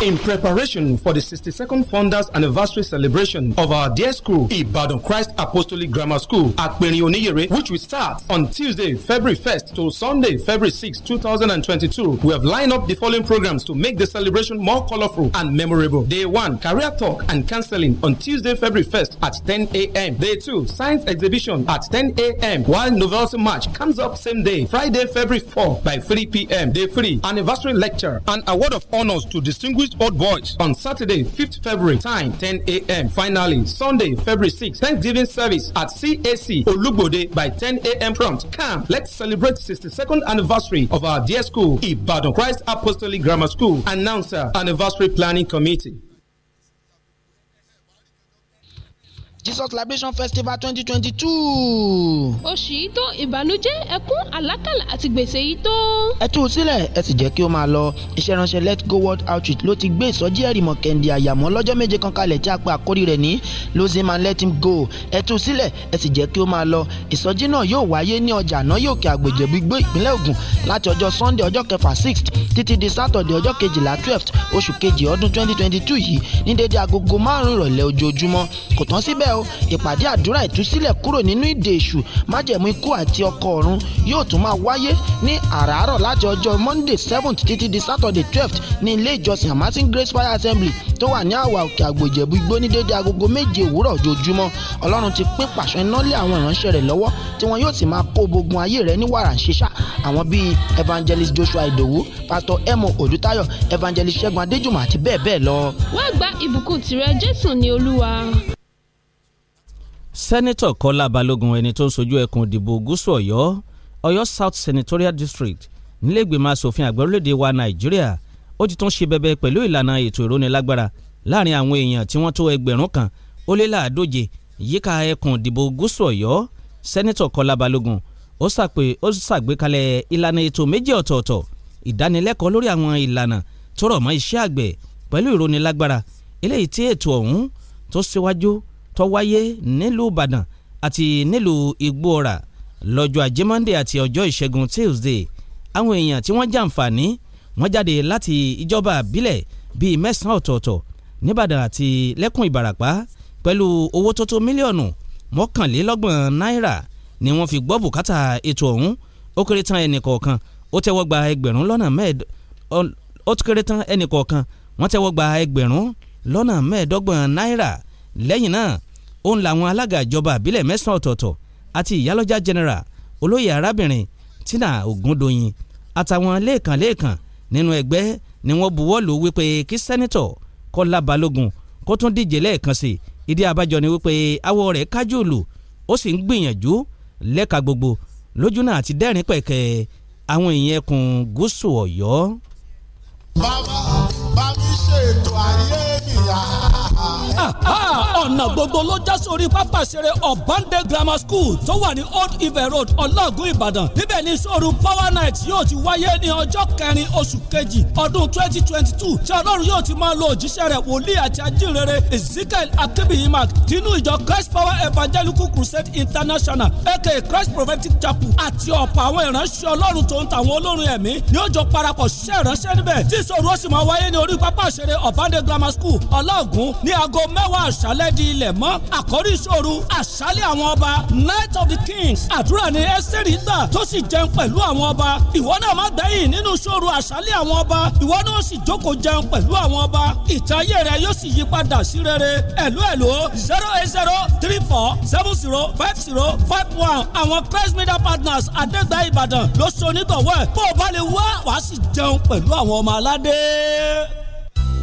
In preparation for the 62nd Founders Anniversary celebration of our dear school, Ibadan Christ Apostolic Grammar School at Perin Oniyere, which will start on Tuesday, February 1st to Sunday, February 6, 2022, we have lined up the following programs to make the celebration more colorful and memorable. Day 1, Career Talk and Counseling on Tuesday, February 1st at 10 a.m. Day 2, Science Exhibition at 10 a.m. While Novelty March comes up same day, Friday, February 4 by 3 p.m. Day 3, Anniversary Lecture and Award of Honors to distinguished Bridgeport Boys on Saturday, 5th February, time 10 a.m. Finally, Sunday, February 6 Thanksgiving service at CAC Olugbode by 10 a.m. prompt. Come, let's celebrate 62nd anniversary of our dear school, Ibadan Christ Apostolic Grammar School. Announcer, Anniversary Planning Committee. Jesus Liberation Festival twenty twenty two. oṣù yìí tó ìbànújẹ́ ẹkún àlákàlà àti gbèsè yìí tó. ẹ tú u sílẹ̀ ẹ sì jẹ́ kí ó máa lọ iṣẹ́ ìránṣẹ́ Let Go World Outreach ló ti gbé ìsọjí ẹ̀rìmọ̀ kẹ̀ǹdì àyàmọ́ lọ́jọ́ méje kan kalẹ̀ tí a pe àkórí rẹ̀ ní losing man let him go ẹ tú u sílẹ̀ ẹ sì jẹ́ kí ó máa lọ ìsọjí náà yóò wáyé ní ọjà náà yóò kí àgbèjẹ gbígbé ìpínlẹ̀ Ògùn láti ọjọ́ Sunday ọjọ́ kẹfà sixth títí di Saturday ọjọ́ kejìlá twelfth oṣù kejì ọdún twenty twenty two yìí ní dédé agogo márùn-ún ìrọ̀lẹ́ ojoojúmọ́ kò tán síbẹ̀ o ìpàdé àdúrà ìtúsílẹ̀ kúrò nínú ìdè èṣù májẹ̀mú ikú àti ọkọ̀ ọ̀run yóò tún máa wáyé ní àràárọ̀ láti ọjọ́ Monday seventh títí di Saturday twelfth ní ilé ìjọsìn Amasin Grace Fire Assembly tó wà ní àwà òkè àgbòjẹ̀bú igbó ní dédé agogo méje òwúrọ̀ ojoojúmọ́ ọlọ́run ti pín pàṣẹ iná lé àwọn ìránṣẹ́ rẹ̀ lọ́wọ́ tí wọn yóò sì máa kó bogun ayé rẹ̀ ní wàrà ṣíṣá àwọn bíi evangelist Joshua Idowu pastor Emo Odutayo evangelist Ṣẹ́gun Adéjùmọ̀ àti bẹ́ẹ̀ bẹ́ẹ̀ lọ. wá gba ìbùkún tìrẹ Jésù ní Olúwa sẹ́nitọ̀ kọ́lá balógun ẹni tó ń sojú ẹkùn ìdìbò gúúsù ọ̀yọ́ ọ̀yọ́ south senatorial district nílẹ̀gbẹ̀mọ asòfin àgbà orílẹ̀-èdè wa nàìjíríà ó ti tún ṣe bẹbẹ pẹ̀lú ìlànà ètò ìrónilágbára láàrin àwọn èèyàn tí wọ́n tó ẹgbẹ̀rún kan ó lé láàdóje yíká ẹkùn ìdìbò gúúsù ọ̀yọ́ sẹ́nitọ̀ kọ́lá balógun ó ṣàgbékalẹ̀ ìlànà ètò méjì ọ̀tọ̀ọ̀tọ̀ ìdánilẹ́kọ̀ọ́ lórí àwọn ìlànà tó rọ̀ mọ́ iṣẹ́ àgbẹ̀ pẹ̀lú ìrónilágbára eléyìí tí ètò ọ̀hún tó síwájú tó wáyé nílùú ìbàdàn àti nílùú igbóọ̀rà lọ́jọ́ ajé monde àti ọjọ́ ìṣẹ́gun tuesday àwọn èèyàn tí wọ́n jàǹfààní wọ́n jáde láti ìjọba àbílẹ̀ bíi mẹ́sàn-án ọ̀tọ̀ọ̀tọ̀ níbàdàn àti lẹ́kùn ìbàràpá pẹ̀lú owó tó tó mílíọ̀nù mọ́kànlélọ́gbọ̀n náírà ni wọ́n fi gbọ́ bùkátà ètò ọ̀hún ó kéré tán ẹnì kọ̀ọ̀kan ó tẹ́wọ́ gba ẹgbẹ̀rún lọ́nà mẹ́ẹ̀d ó kéré tán ẹnì wọ́n tẹ́wọ́ gba ẹgbẹ̀rún lọ́nà mẹ́ẹ̀ẹ́dọ́gbọ̀n náírà lẹ́yìn náà òun làwọn alága ìjọba àbílẹ̀ mẹ́sàn-án ọ̀tọ̀ọ̀tọ̀ àti ìyálọ́jà general olóyè arábìnrin tina ogundoyin àtàwọn lẹ́ẹ̀kan lẹ́ẹ̀kan nínú ẹgbẹ́ ni wọ́n buwọ́ lù wípé kí sẹ́nitọ̀ kọ́lá balógun kó tún díje lẹ́ẹ̀kan sí ìdí abájọ ni wípé awọ rẹ̀ kájú lù ó sì ń gbìyànjú lẹ́ka gbogbo lójú náà àti dẹ́rìn pẹ̀kẹ́ àwọn ìyẹn kùn gúúsù ọ̀yọ́ bá mi ṣètò ayé nìyà. ọ̀nà gbogbo ló já sórí pápá ìṣeré ọ̀bánde grammar school tó wà ní old ife road ọlọ́ọ̀gùn ìbàdàn níbẹ̀ ni sóòrù power night yóò ti wáyé ní ọjọ́ kẹrin oṣù kejì ọdún twenty twenty two tí ọlọ́run yóò ti máa lo òjíṣẹ́ rẹ̀ wòlíì àti ajínrere ezekiel akébíyìmá tinú ìjọ christ power evangelical crusade international aka christ prophetic chapel àti ọ̀pọ̀ àwọn ìránṣẹ́ ọlọ́run tó ń tàwọn olórin ẹ̀mí ni ó jọ parapọ̀ ṣiṣẹ́ ìránṣẹ́ níbẹ̀ tí ìṣòro ó sì lórí pápá ìṣeré ọ̀bánde grammar school ọlọ́ọ̀gùn ní aago mẹ́wàá àṣálẹ́ di ilẹ̀ mọ́ àkórí ìṣòro àṣálẹ́ àwọn ọba night of the kings àdúrà ni ẹ́sẹ̀rì gbà tó sì jẹun pẹ̀lú àwọn ọba ìwọ náà má gbẹ̀yìn nínú ìṣòro àṣálẹ́ àwọn ọba ìwọ náà sì jókòó jẹun pẹ̀lú àwọn ọba ìtayé rẹ yóò sì yí padà sí rere ẹ̀lú ẹ̀lú zero eight zero three four seven zero five zero five one àwọn christ media partners àdẹ́gbà ìbàdàn ló ṣonítọ̀wọ́ ẹ̀ bó o bá lè wá wàá sì jẹun pẹ̀lú àwọn ọmọ aládé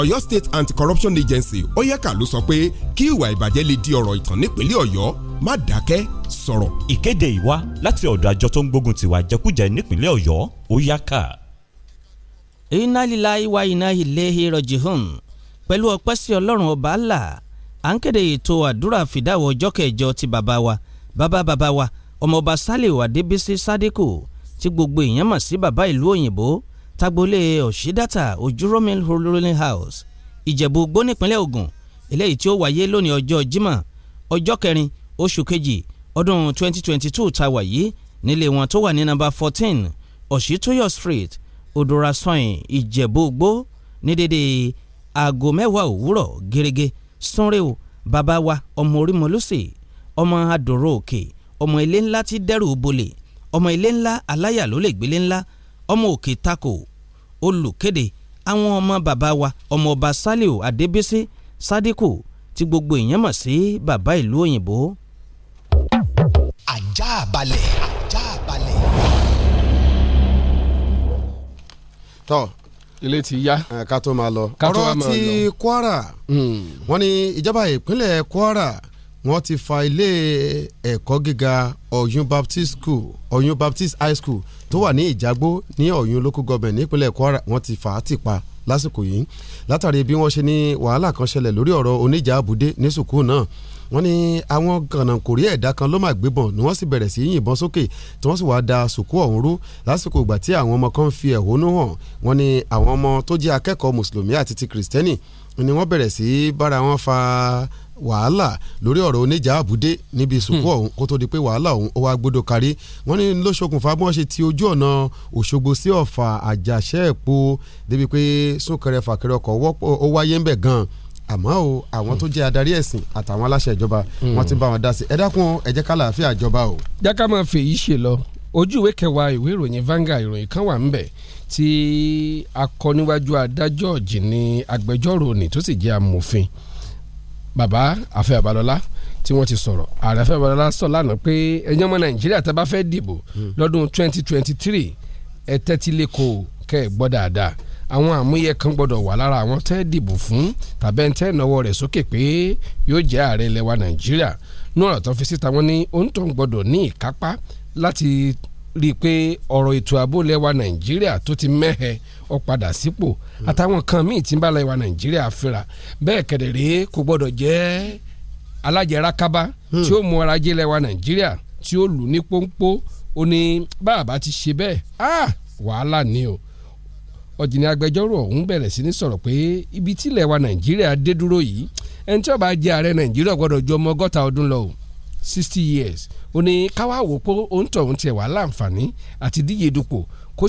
Ọ̀yọ́ State Anti-Corruption Agency oyeka ló sọ pé kí ìwà ìbàjẹ́ lè di ọ̀rọ̀ ìtàn nípínlẹ̀ Ọ̀yọ́ má dákẹ́ sọ̀rọ̀. Ìkéde ìwá láti ọ̀dọ̀ àjọ tó ń gbógun tiwa jẹkújẹ nípínlẹ̀ Ọ̀yọ́ oyeka. Inna lillahi wa inna ilaihi raji'un pẹ̀lú ọpẹ́ sí Ọlọ́run ọba Allah à ń kéde ètò àdúrà fìdáwọ̀ ọjọ́ kẹjọ ti bàbá wa bàbá bàbá wa ọmọọba Sálíù Adébísí Sádíkù tí gbogbo èèyàn mọ̀ sí bàbá ìlú òyìnbó tagbolé ọ̀ṣídàtà ojúròmí rolling house ìjẹ̀bú gbó nípínlẹ̀ Ògùn eléyìí tí ó wáyé lónìí ọjọ́ Jímọ̀ ọjọ́ kẹrin oṣù kejì ọdún 2022 ta wáyé nílé wọn tó wà ní nọ́mbà 14 ọ̀ṣítóyọ̀ street odorasoin ìjẹ̀bú gbó ní dédé aago mẹ́wàá òwúrọ̀ gẹ́gẹ́ sùnrẹ́ o bàbá wa ọmọ orí mọ́lúsì ọmọ adòrò òkè ọmọ ilé ńlá ti dẹ́rù bolè ọmọ ilé ńlá aláyà ló lè gbélé ńlá ọmọ òkè tako olùkéde àwọn ọmọ bàbá wa ọmọ ọba saliu adébísí sadiku tí gbogbo èèyàn mọ̀ sí bàbá ìlú òyìnbó. ajá balẹ̀ ajá balẹ̀. tọ́ ilé ti yá. ká tó máa lọ. ọ̀rọ̀ ti kwara hmm. wọ́n ní ìjọba ìpínlẹ̀ kwara. Mm wọ́n ti fa ilé ẹ̀kọ́ gíga ọ̀yún baptist school ọ̀yún baptist high school tó wà ní ìjágbó ní ọ̀yún local government nípínlẹ̀ kwara wọ́n ti fà á ti pa lásìkò yìí látàrí bí wọ́n ṣe ní wàhálà kan ṣẹlẹ̀ lórí ọ̀rọ̀ oníjà àbúdé ní sùkúù náà wọ́n ní àwọn gànàkórí ẹ̀dá kan ló máa gbébọn ni wọ́n sì bẹ̀rẹ̀ sí yìnbọn sókè tí wọ́n sì wáá da sùkú ọ̀hún rú lásìkò ìgbà tí àwọn ọmọ kan fi ẹ̀hónú hàn wọ́n ní àwọn ọmọ tó jẹ́ akẹ́kọ̀ọ́ mùsùlùmí àti ti kìrìsìtẹ́nì ni wọ́n bẹ̀rẹ̀ sí bára wọn fa wàhálà lórí ọ̀rọ̀ oníjà àbúdé níbi ìsìnkú hmm. ọ̀hún kó tó di pé wàhálà ọ̀hún ó wá gbọ́dọ̀ kárí wọ́n ní ló ṣokùnfà bí wọ́n ṣe ti ojú ọ̀nà Òṣogbo sí Ọ̀fà àjàṣẹ́ èpo débi pé súnkẹrẹ fàkẹrẹ ọkọ̀ ó wáyé ńbẹ̀ gan-an àmọ́ o àwọn tó hmm. jẹ́ adarí ẹ̀sìn àtàwọn aláṣẹ ìjọba hmm. wọ́n ti bá wọn dá sí ẹ dákun ẹ jẹ́ ká làáfíà ìjọba o. jákà máa fèyí ṣe lọ ojú kẹwàá ìwé ìròyìn Vanguard ìròyìn kan wà ńbẹ̀ tí akọniwájú adájọ́ ọ̀jìn ni agbẹjọ́rò ni tó sì jẹ́ amòfin Baba, Afẹ́ Babalọ́lá tí wọ́n ti sọ̀rọ̀ ààrẹ Afẹ́ Babalọ́lá sọ lánàá pé ẹ̀yin ọmọ Nàìjíríà tẹ́ bá fẹ́ dìbò lọ́dún twenty twenty three ẹ tẹ́tí lẹ́kọ̀ọ́ kẹ́ ẹ gbọ́ dáadáa àwọn àmúyẹ kan gbọ́dọ̀ wà lára àwọn tẹ́ dìbò fún tàbí ẹni tẹ́ náwó rẹ̀ sókè pé yóò jẹ́ ààrẹ ilẹ̀ Nàìjíríà nú ọ̀rọ̀ tó fi síta wọn ní òǹtọ̀ gbọ́dọ̀ ní ìkápá láti rí i pé ọ̀rọ̀ ètò ààbò lẹ́wà nàìjíríà tó ti mẹ́hẹ ọ padà sípò hmm. àtàwọn kan míì tí ń bá lẹ́wà nàìjíríà fira bẹ́ẹ̀ kẹ̀dẹ̀rẹ́ kò gbọ́dọ̀ jẹ́ alájẹrákábá hmm. tí ó mú ara jẹ lẹ́wà nàìjíríà tí ó lù ní pọ́npọ́ ó ní bàbá ti ṣe bẹ́ẹ̀ ah wàhálà ni o ọ̀jìnì agbẹjọ́rò ọ̀hún bẹ̀rẹ̀ sí ní sọ̀rọ̀ pé ibi tí lẹ́wà nàìjíríà dé dúró yìí ẹni tí ó jẹ ààrẹ nàìjíríà gbọ́dọ̀ ju ọmọ ọgọ́ta ọdún lọ o sixty years ó ní káwá wò pé òun tọ̀ òun tiẹ̀ wà láǹfààní àti díje dupò